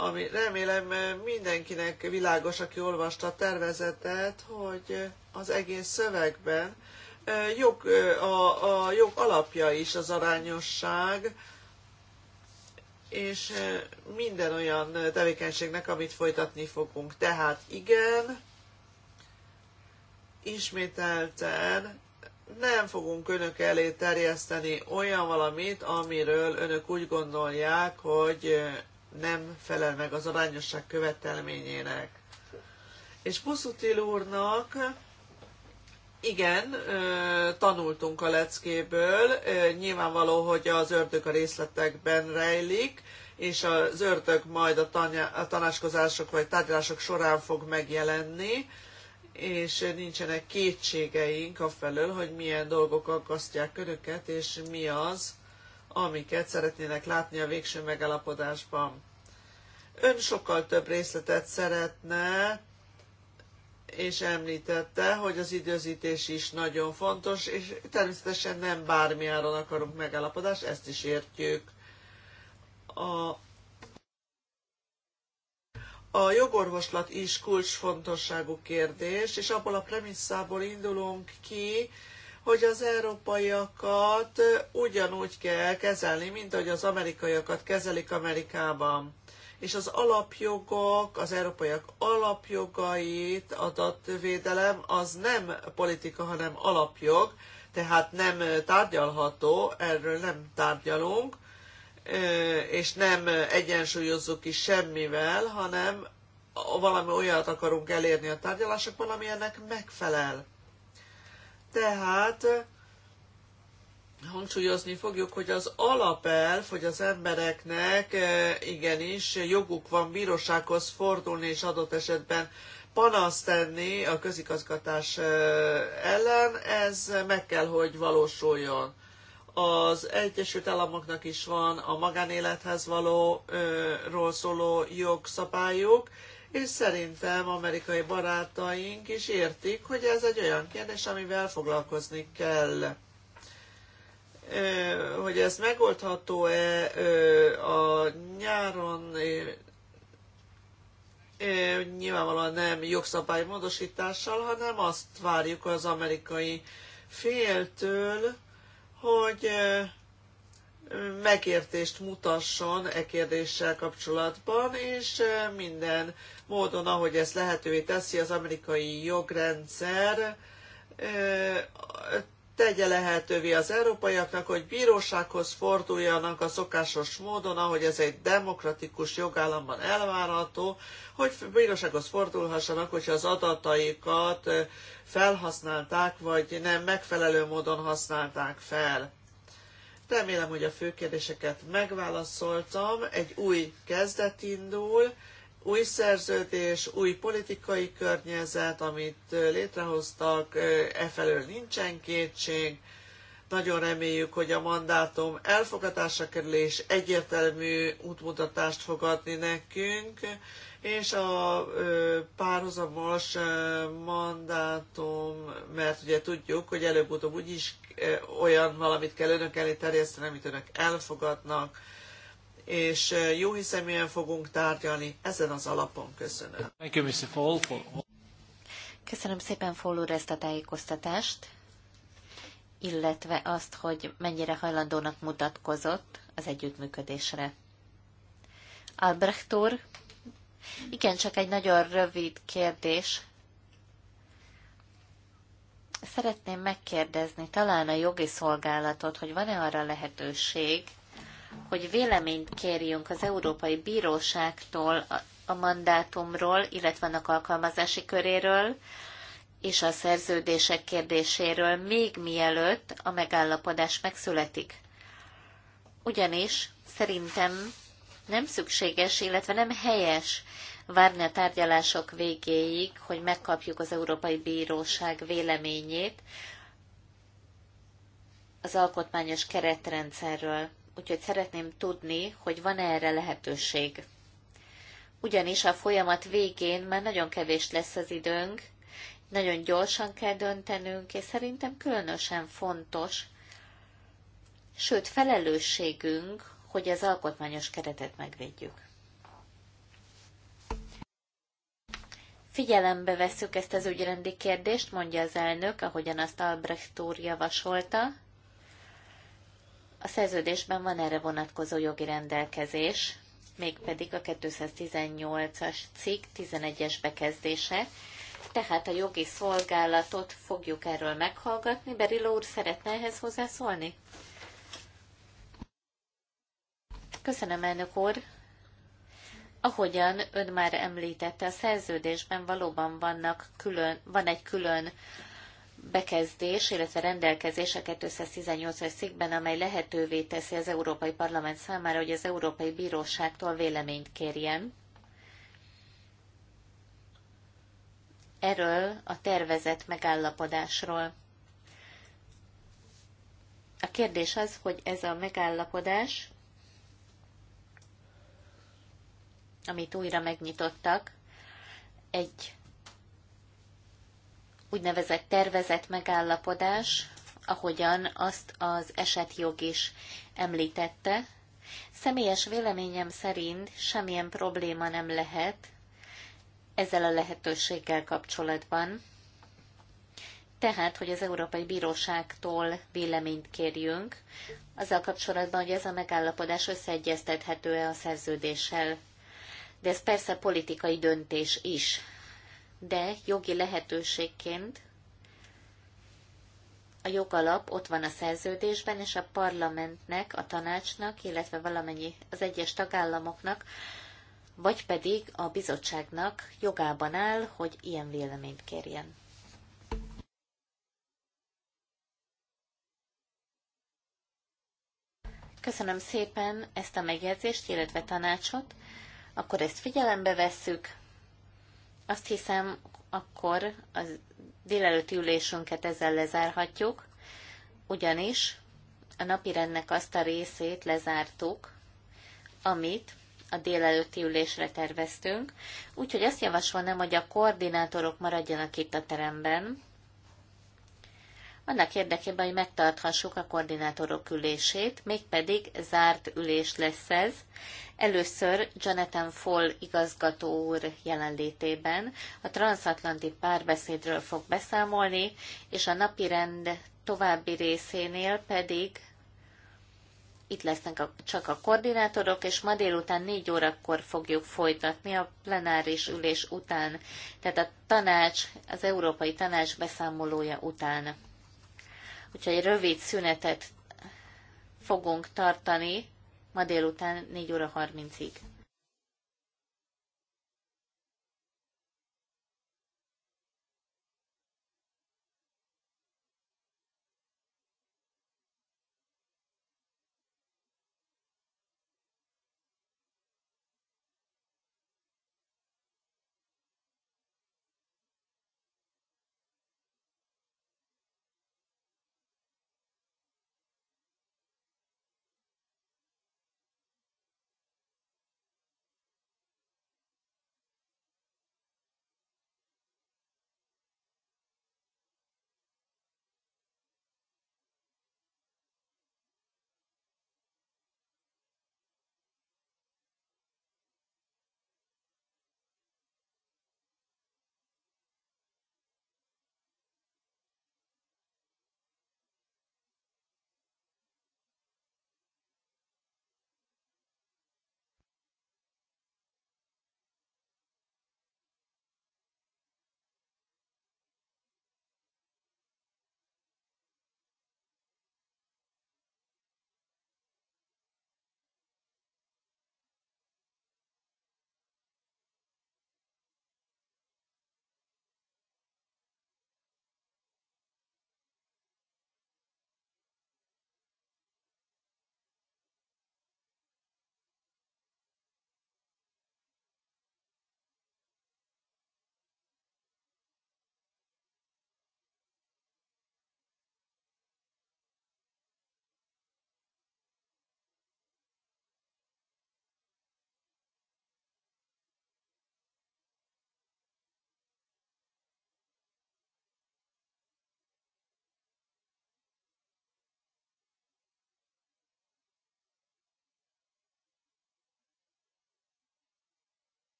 S1: ami remélem eh, mindenkinek világos, aki olvasta a tervezetet, hogy az egész szövegben eh, jog, eh, a, a jog alapja is az arányosság, és minden olyan tevékenységnek, amit folytatni fogunk. Tehát igen, ismételten nem fogunk önök elé terjeszteni olyan valamit, amiről önök úgy gondolják, hogy nem felel meg az arányosság követelményének. És Puszutil úrnak igen, tanultunk a leckéből. Nyilvánvaló, hogy az ördög a részletekben rejlik, és az ördög majd a, tanya, a tanácskozások vagy tárgyalások során fog megjelenni, és nincsenek kétségeink afelől, hogy milyen dolgok aggasztják önöket, és mi az, amiket szeretnének látni a végső megalapodásban. Ön sokkal több részletet szeretne, és említette, hogy az időzítés is nagyon fontos, és természetesen nem bármi áron akarunk megalapodást, ezt is értjük. A, a jogorvoslat is kulcsfontosságú kérdés, és abból a premisszából indulunk ki, hogy az európaiakat ugyanúgy kell kezelni, mint ahogy az amerikaiakat kezelik Amerikában. És az alapjogok, az európaiak alapjogait, adatvédelem, az nem politika, hanem alapjog, tehát nem tárgyalható, erről nem tárgyalunk, és nem egyensúlyozzuk is semmivel, hanem valami olyat akarunk elérni a tárgyalásokban, ami ennek megfelel. Tehát hangsúlyozni fogjuk, hogy az alapelv, hogy az embereknek eh, igenis joguk van bírósághoz fordulni, és adott esetben panaszt tenni a közigazgatás eh, ellen, ez meg kell, hogy valósuljon. Az Egyesült Államoknak is van a magánélethez való ról szóló jogszabályuk, és szerintem amerikai barátaink is értik, hogy ez egy olyan kérdés, amivel foglalkozni kell. Hogy ez megoldható-e a nyáron, nyilvánvalóan nem jogszabály módosítással, hanem azt várjuk az amerikai féltől, hogy megértést mutasson e kérdéssel kapcsolatban, és minden módon, ahogy ez lehetővé teszi az amerikai jogrendszer, tegye lehetővé az európaiaknak, hogy bírósághoz forduljanak a szokásos módon, ahogy ez egy demokratikus jogállamban elvárható, hogy bírósághoz fordulhassanak, hogyha az adataikat felhasználták, vagy nem megfelelő módon használták fel. Remélem, hogy a fő kérdéseket megválaszoltam. Egy új kezdet indul, új szerződés, új politikai környezet, amit létrehoztak, e felől nincsen kétség. Nagyon reméljük, hogy a mandátum elfogadásra kerül és egyértelmű útmutatást fog adni nekünk, és a párhuzamos mandátum, mert ugye tudjuk, hogy előbb-utóbb úgyis olyan valamit kell önök elé terjeszteni, amit önök elfogadnak, és jó hiszeműen fogunk tárgyalni ezen az alapon. Köszönöm.
S3: Köszönöm szépen, Fall úr, ezt a tájékoztatást, illetve azt, hogy mennyire hajlandónak mutatkozott az együttműködésre. Albrecht úr, igen, csak egy nagyon rövid kérdés Szeretném megkérdezni talán a jogi szolgálatot, hogy van-e arra lehetőség, hogy véleményt kérjünk az Európai Bíróságtól a mandátumról, illetve annak alkalmazási köréről, és a szerződések kérdéséről még mielőtt a megállapodás megszületik. Ugyanis szerintem nem szükséges, illetve nem helyes várni a tárgyalások végéig, hogy megkapjuk az Európai Bíróság véleményét az alkotmányos keretrendszerről. Úgyhogy szeretném tudni, hogy van-e erre lehetőség. Ugyanis a folyamat végén már nagyon kevés lesz az időnk, nagyon gyorsan kell döntenünk, és szerintem különösen fontos, sőt felelősségünk, hogy az alkotmányos keretet megvédjük. Figyelembe vesszük ezt az ügyrendi kérdést, mondja az elnök, ahogyan azt Albrecht úr javasolta. A szerződésben van erre vonatkozó jogi rendelkezés, mégpedig a 218-as cikk 11-es bekezdése, tehát a jogi szolgálatot fogjuk erről meghallgatni. Beriló úr szeretne ehhez hozzászólni? Köszönöm, elnök úr! Ahogyan ön már említette, a szerződésben valóban vannak külön, van egy külön bekezdés, illetve rendelkezés a 218-as székben, amely lehetővé teszi az Európai Parlament számára, hogy az Európai Bíróságtól véleményt kérjen. Erről a tervezett megállapodásról. A kérdés az, hogy ez a megállapodás amit újra megnyitottak, egy úgynevezett tervezett megállapodás, ahogyan azt az esetjog is említette. Személyes véleményem szerint semmilyen probléma nem lehet ezzel a lehetőséggel kapcsolatban. Tehát, hogy az Európai Bíróságtól véleményt kérjünk, azzal kapcsolatban, hogy ez a megállapodás összeegyeztethető-e a szerződéssel de ez persze politikai döntés is. De jogi lehetőségként a jogalap ott van a szerződésben, és a parlamentnek, a tanácsnak, illetve valamennyi az egyes tagállamoknak, vagy pedig a bizottságnak jogában áll, hogy ilyen véleményt kérjen. Köszönöm szépen ezt a megjegyzést, illetve tanácsot akkor ezt figyelembe vesszük. Azt hiszem, akkor a délelőtti ülésünket ezzel lezárhatjuk, ugyanis a napirendnek azt a részét lezártuk, amit a délelőtti ülésre terveztünk, úgyhogy azt javasolnám, hogy a koordinátorok maradjanak itt a teremben, annak érdekében, hogy megtarthassuk a koordinátorok ülését, mégpedig zárt ülés lesz ez. Először Jonathan Fall igazgató úr jelenlétében a transatlanti párbeszédről fog beszámolni, és a rend további részénél pedig itt lesznek a, csak a koordinátorok, és ma délután négy órakor fogjuk folytatni a plenáris ülés után, tehát a tanács, az Európai Tanács beszámolója után. Úgyhogy egy rövid szünetet fogunk tartani ma délután 4 óra 30-ig.